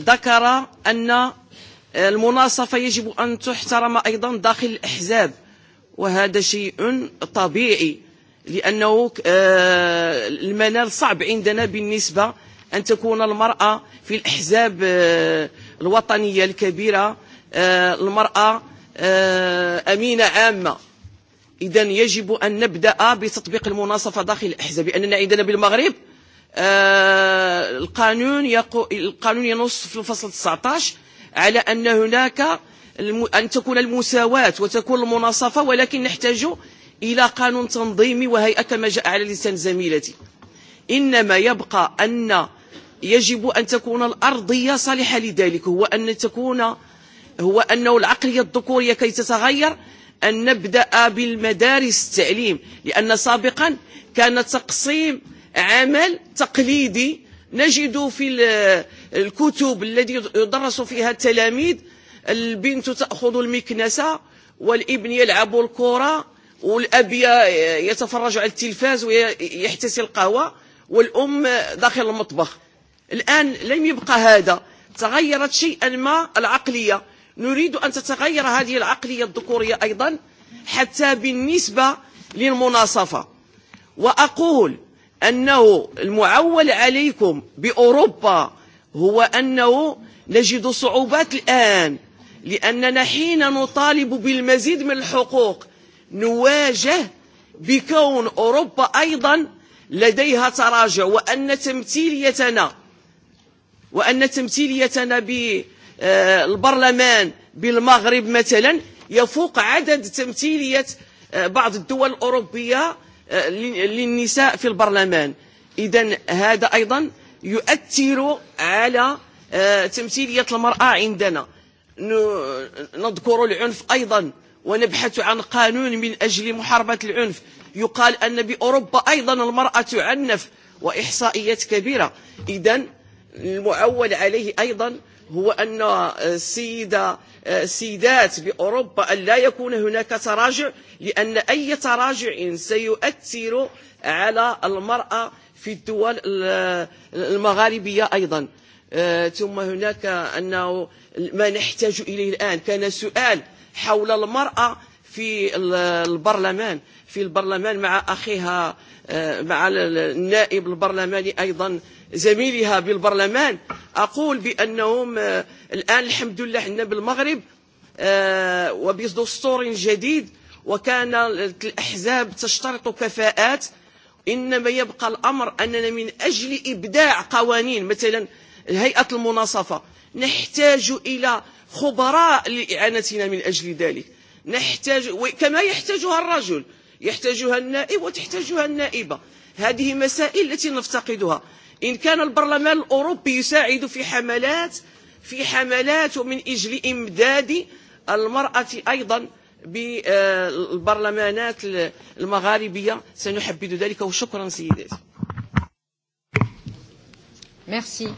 X: ذكر أن المناصفة يجب أن تحترم أيضا داخل الأحزاب وهذا شيء طبيعي لأنه المنال صعب عندنا بالنسبة أن تكون المرأة في الأحزاب الوطنية الكبيرة المرأة أمينة عامة إذا يجب أن نبدأ بتطبيق المناصفة داخل الأحزاب لأننا عندنا بالمغرب القانون يقو القانون ينص في الفصل 19 على أن هناك أن تكون المساواة وتكون المناصفة ولكن نحتاج إلى قانون تنظيمي وهيئة كما جاء على لسان زميلتي إنما يبقى أن يجب أن تكون الأرضية صالحة لذلك هو أن تكون هو أنه العقلية الذكورية كي تتغير أن نبدأ بالمدارس التعليم لأن سابقا كان تقسيم عمل تقليدي نجد في الكتب التي يدرس فيها التلاميذ البنت تأخذ المكنسة والابن يلعب الكرة والأب يتفرج على التلفاز ويحتسي القهوة والأم داخل المطبخ الآن لم يبقى هذا تغيرت شيئا ما العقلية نريد أن تتغير هذه العقلية الذكورية أيضا حتى بالنسبة للمناصفة وأقول أنه المعول عليكم بأوروبا هو أنه نجد صعوبات الآن لأننا حين نطالب بالمزيد من الحقوق نواجه بكون أوروبا أيضا لديها تراجع وأن تمثيليتنا وأن تمثيليتنا ب البرلمان بالمغرب مثلا يفوق عدد تمثيلية بعض الدول الأوروبية للنساء في البرلمان إذا هذا أيضا يؤثر على تمثيلية المرأة عندنا نذكر العنف أيضا ونبحث عن قانون من أجل محاربة العنف يقال أن بأوروبا أيضا المرأة تعنف وإحصائيات كبيرة إذا المعول عليه أيضا هو أن سيدة سيدات بأوروبا أن لا يكون هناك تراجع لأن أي تراجع سيؤثر على المرأة في الدول المغاربية أيضا ثم هناك أنه ما نحتاج إليه الآن كان سؤال حول المرأة في البرلمان في البرلمان مع أخيها مع النائب البرلماني أيضا زميلها بالبرلمان أقول بأنهم الآن الحمد لله حنا بالمغرب وبدستور جديد وكان الأحزاب تشترط كفاءات إنما يبقى الأمر أننا من أجل إبداع قوانين مثلا هيئة المناصفة نحتاج إلى خبراء لإعانتنا من أجل ذلك نحتاج كما يحتاجها الرجل يحتاجها النائب وتحتاجها النائبة هذه مسائل التي نفتقدها إن كان البرلمان الأوروبي يساعد في حملات في حملات ومن أجل إمداد المرأة أيضا بالبرلمانات المغاربية سنحبذ ذلك وشكرا سيداتي
D: Merci.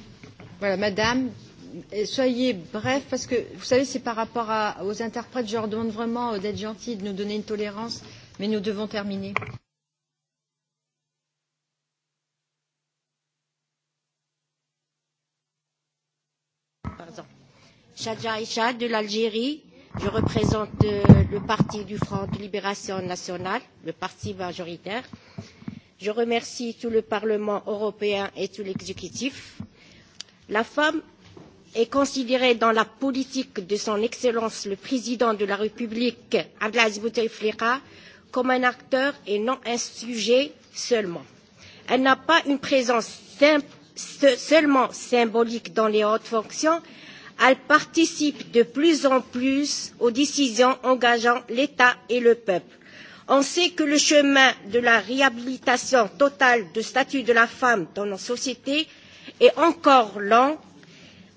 D: Voilà, madame, soyez bref parce que vous savez, c'est par rapport à, aux interprètes, je leur demande vraiment d'être gentils, de nous donner une tolérance, mais nous devons terminer.
Y: Chadja Isha de l'Algérie. Je représente le parti du Front de Libération Nationale, le parti majoritaire. Je remercie tout le Parlement européen et tout l'exécutif. La femme est considérée dans la politique de son Excellence le Président de la République, Abdelaziz Bouteflika, comme un acteur et non un sujet seulement. Elle n'a pas une présence seulement symbolique dans les hautes fonctions, elle participe de plus en plus aux décisions engageant l'État et le peuple. On sait que le chemin de la réhabilitation totale du statut de la femme dans nos sociétés est encore long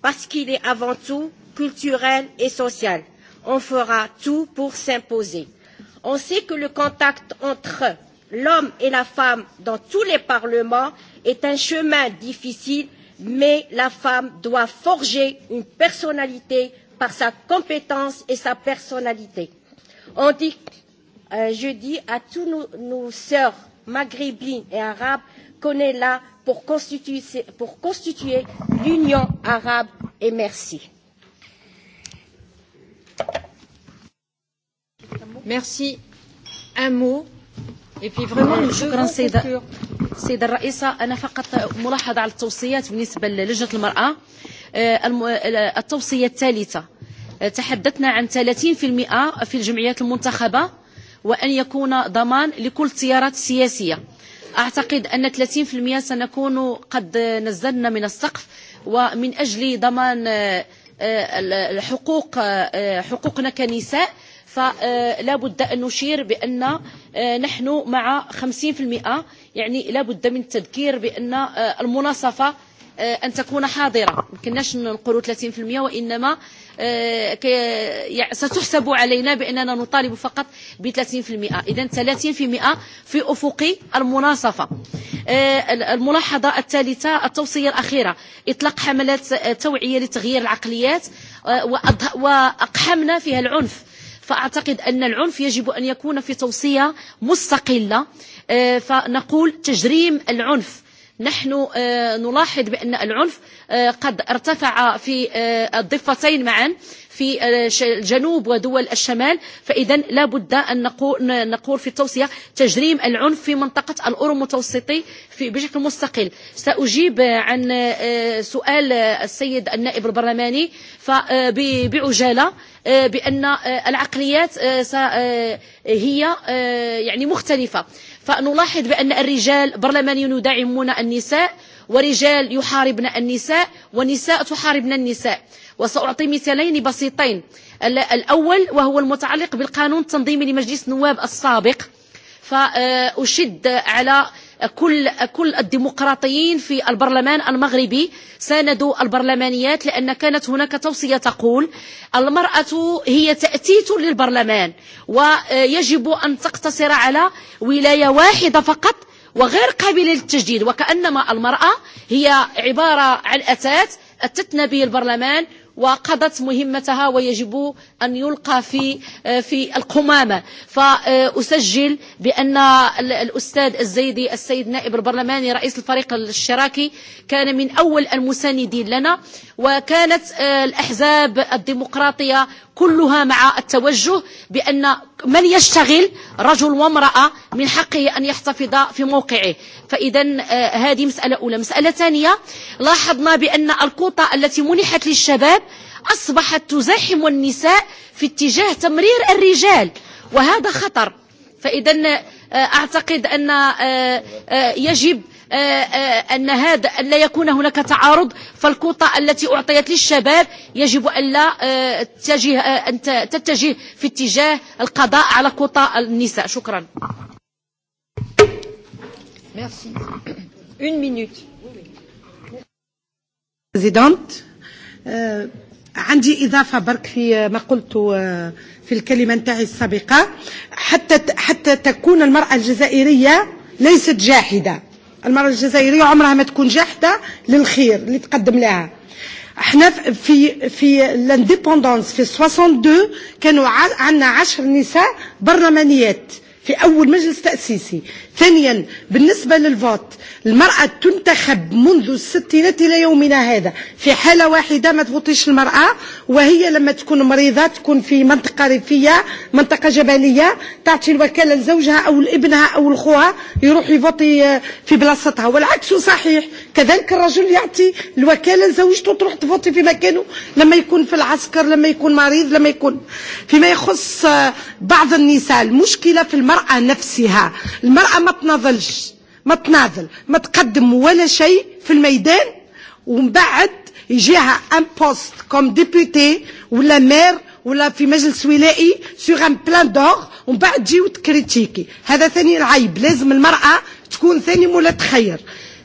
Y: parce qu'il est avant tout culturel et social. On fera tout pour s'imposer. On sait que le contact entre l'homme et la femme dans tous les parlements est un chemin difficile mais la femme doit forger une personnalité par sa compétence et sa personnalité. On dit, euh, je dis à tous nos, nos sœurs maghrébines et arabes qu'on est là pour constituer, pour constituer l'Union arabe et merci.
H: Merci. Un mot شكرا سيدة الرئيسة أنا فقط ملاحظة على التوصيات بالنسبة للجنة المرأة التوصية الثالثة تحدثنا عن 30% في الجمعيات المنتخبة وأن يكون ضمان لكل التيارات السياسية أعتقد أن 30% سنكون قد نزلنا من السقف ومن أجل ضمان حقوق حقوقنا كنساء فلا بد أن نشير بأن نحن مع 50% يعني لا بد من التذكير بأن المناصفة أن تكون حاضرة يمكنناش نقولوا 30% وإنما ستحسب علينا بأننا نطالب فقط ب 30% إذا 30% في أفق المناصفة الملاحظة الثالثة التوصية الأخيرة إطلاق حملات توعية لتغيير العقليات وأقحمنا فيها العنف فأعتقد أن العنف يجب أن يكون في توصية مستقلة فنقول تجريم العنف نحن نلاحظ بأن العنف قد ارتفع في الضفتين معا في الجنوب ودول الشمال فإذا لا بد أن نقول في التوصية تجريم العنف في منطقة الأورو المتوسطي في بشكل مستقل سأجيب عن سؤال السيد النائب البرلماني بعجالة بأن العقليات هي يعني مختلفة فنلاحظ بأن الرجال برلمانيون يدعمون النساء ورجال يحاربن النساء ونساء تحاربن النساء وسأعطي مثالين بسيطين الأول وهو المتعلق بالقانون التنظيمي لمجلس النواب السابق فأشد على كل كل الديمقراطيين في البرلمان المغربي ساندوا البرلمانيات لان كانت هناك توصيه تقول المراه هي تاتيت للبرلمان ويجب ان تقتصر على ولايه واحده فقط وغير قابله للتجديد وكانما المراه هي عباره عن اتات اتتنا به البرلمان وقضت مهمتها ويجب أن يلقى في في القمامة فأسجل بأن الأستاذ الزيدي السيد نائب البرلماني رئيس الفريق الاشتراكي كان من أول المساندين لنا وكانت الأحزاب الديمقراطية كلها مع التوجه بأن من يشتغل رجل وامرأة من حقه أن يحتفظ في موقعه فإذا هذه مسألة أولى مسألة ثانية لاحظنا بأن الكوطة التي منحت للشباب أصبحت تزاحم النساء في اتجاه تمرير الرجال وهذا خطر فإذا أعتقد أن يجب أن هذا أن لا يكون هناك تعارض فالكوطة التي أعطيت للشباب يجب أن لا تتجه أن تتجه في اتجاه القضاء على كوطة النساء شكرا
G: عندي إضافة برك في ما قلت في الكلمة نتاعي السابقة حتى حتى تكون المرأة الجزائرية ليست جاحدة المرأة الجزائرية عمرها ما تكون جاحده للخير اللي تقدم لها احنا في في لانديبوندونس في 62 كانوا عندنا 10 نساء برلمانيات في اول مجلس تاسيسي ثانيا بالنسبة للفوت المرأة تنتخب منذ الستينات إلى يومنا هذا في حالة واحدة ما تفوتيش المرأة وهي لما تكون مريضة تكون في منطقة ريفية منطقة جبلية تعطي الوكالة لزوجها أو لابنها أو لخوها يروح يفوتي في بلاصتها والعكس صحيح كذلك الرجل يعطي الوكالة لزوجته تروح تفوتي في مكانه لما يكون في العسكر لما يكون مريض لما يكون فيما يخص بعض النساء المشكلة في المرأة نفسها المرأة ما تناضلش ما تناضل ما تقدم ولا شيء في الميدان ومن بعد يجيها ان بوست كوم ديبوتي ولا مير ولا في مجلس ولائي سوغ ان بلان دور ومن بعد تجي وتكريتيكي هذا ثاني العيب لازم المراه تكون ثاني مولا تخير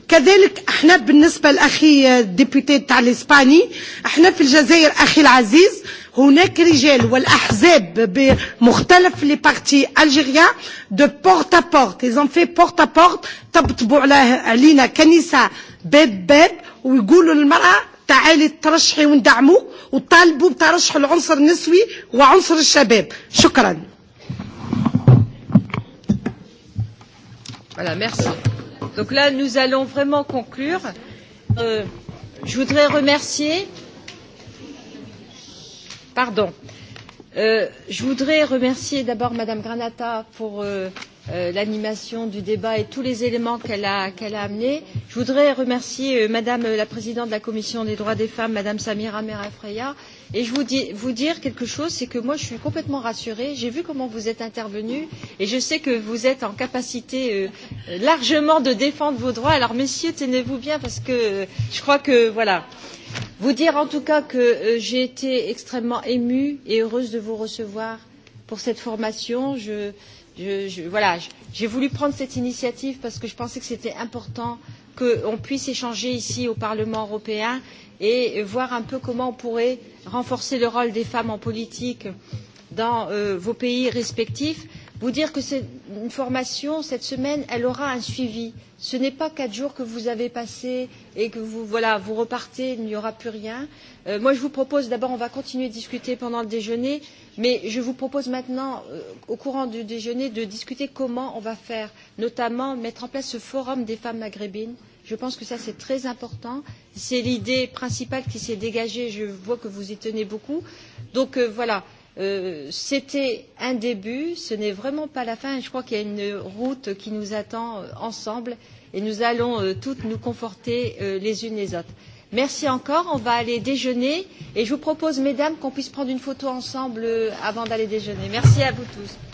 G: كذلك احنا بالنسبه لاخي ديبوتي تاع الاسباني احنا في الجزائر اخي العزيز هناك رجال والاحزاب بمختلف لي بارتي الجيريا دو بورت ا بورت ils ont fait porte بورت porte على علينا كنيسه باب باب ويقولوا للمراه تعالي ترشحي وندعموك وطالبوا بترشح العنصر النسوي وعنصر الشباب شكرا
D: Voilà, merci. Donc là, nous allons vraiment conclure. Euh, je voudrais remercier euh, Pardon. je voudrais remercier d'abord Madame Granata pour l'animation du débat et tous les éléments qu'elle a, amenés. Je voudrais remercier Madame la Présidente de la Commission des droits des femmes, Madame Samira Merafreya, et je vous, dire quelque chose, c'est que moi je suis complètement rassurée, j'ai vu comment vous êtes intervenue et je sais que vous êtes en capacité largement de défendre vos droits. Alors messieurs, tenez-vous bien parce que je crois que voilà. Euh, vous dire en tout cas que j'ai été extrêmement émue et heureuse de vous recevoir pour cette formation. j'ai voulu prendre cette initiative parce que je pensais que c'était important qu'on puisse échanger ici au Parlement européen et voir un peu comment on pourrait renforcer le rôle des femmes en politique dans vos pays respectifs vous dire que c'est une formation, cette semaine, elle aura un suivi. Ce n'est pas quatre jours que vous avez passé et que vous, voilà, vous repartez, il n'y aura plus rien. Euh, moi, je vous propose, d'abord, on va continuer de discuter pendant le déjeuner, mais je vous propose maintenant, euh, au courant du déjeuner, de discuter comment on va faire, notamment mettre en place ce forum des femmes maghrébines je pense que c'est très important. C'est l'idée principale qui s'est dégagée. Je vois que vous y tenez beaucoup. Donc voilà, C'était un début, ce n'est vraiment pas la fin. Je crois qu'il y a une route qui nous attend ensemble et nous allons toutes nous conforter les unes les autres. Merci encore. On va aller déjeuner et je vous propose, mesdames, qu'on puisse prendre une photo ensemble avant d'aller déjeuner. Merci à vous tous.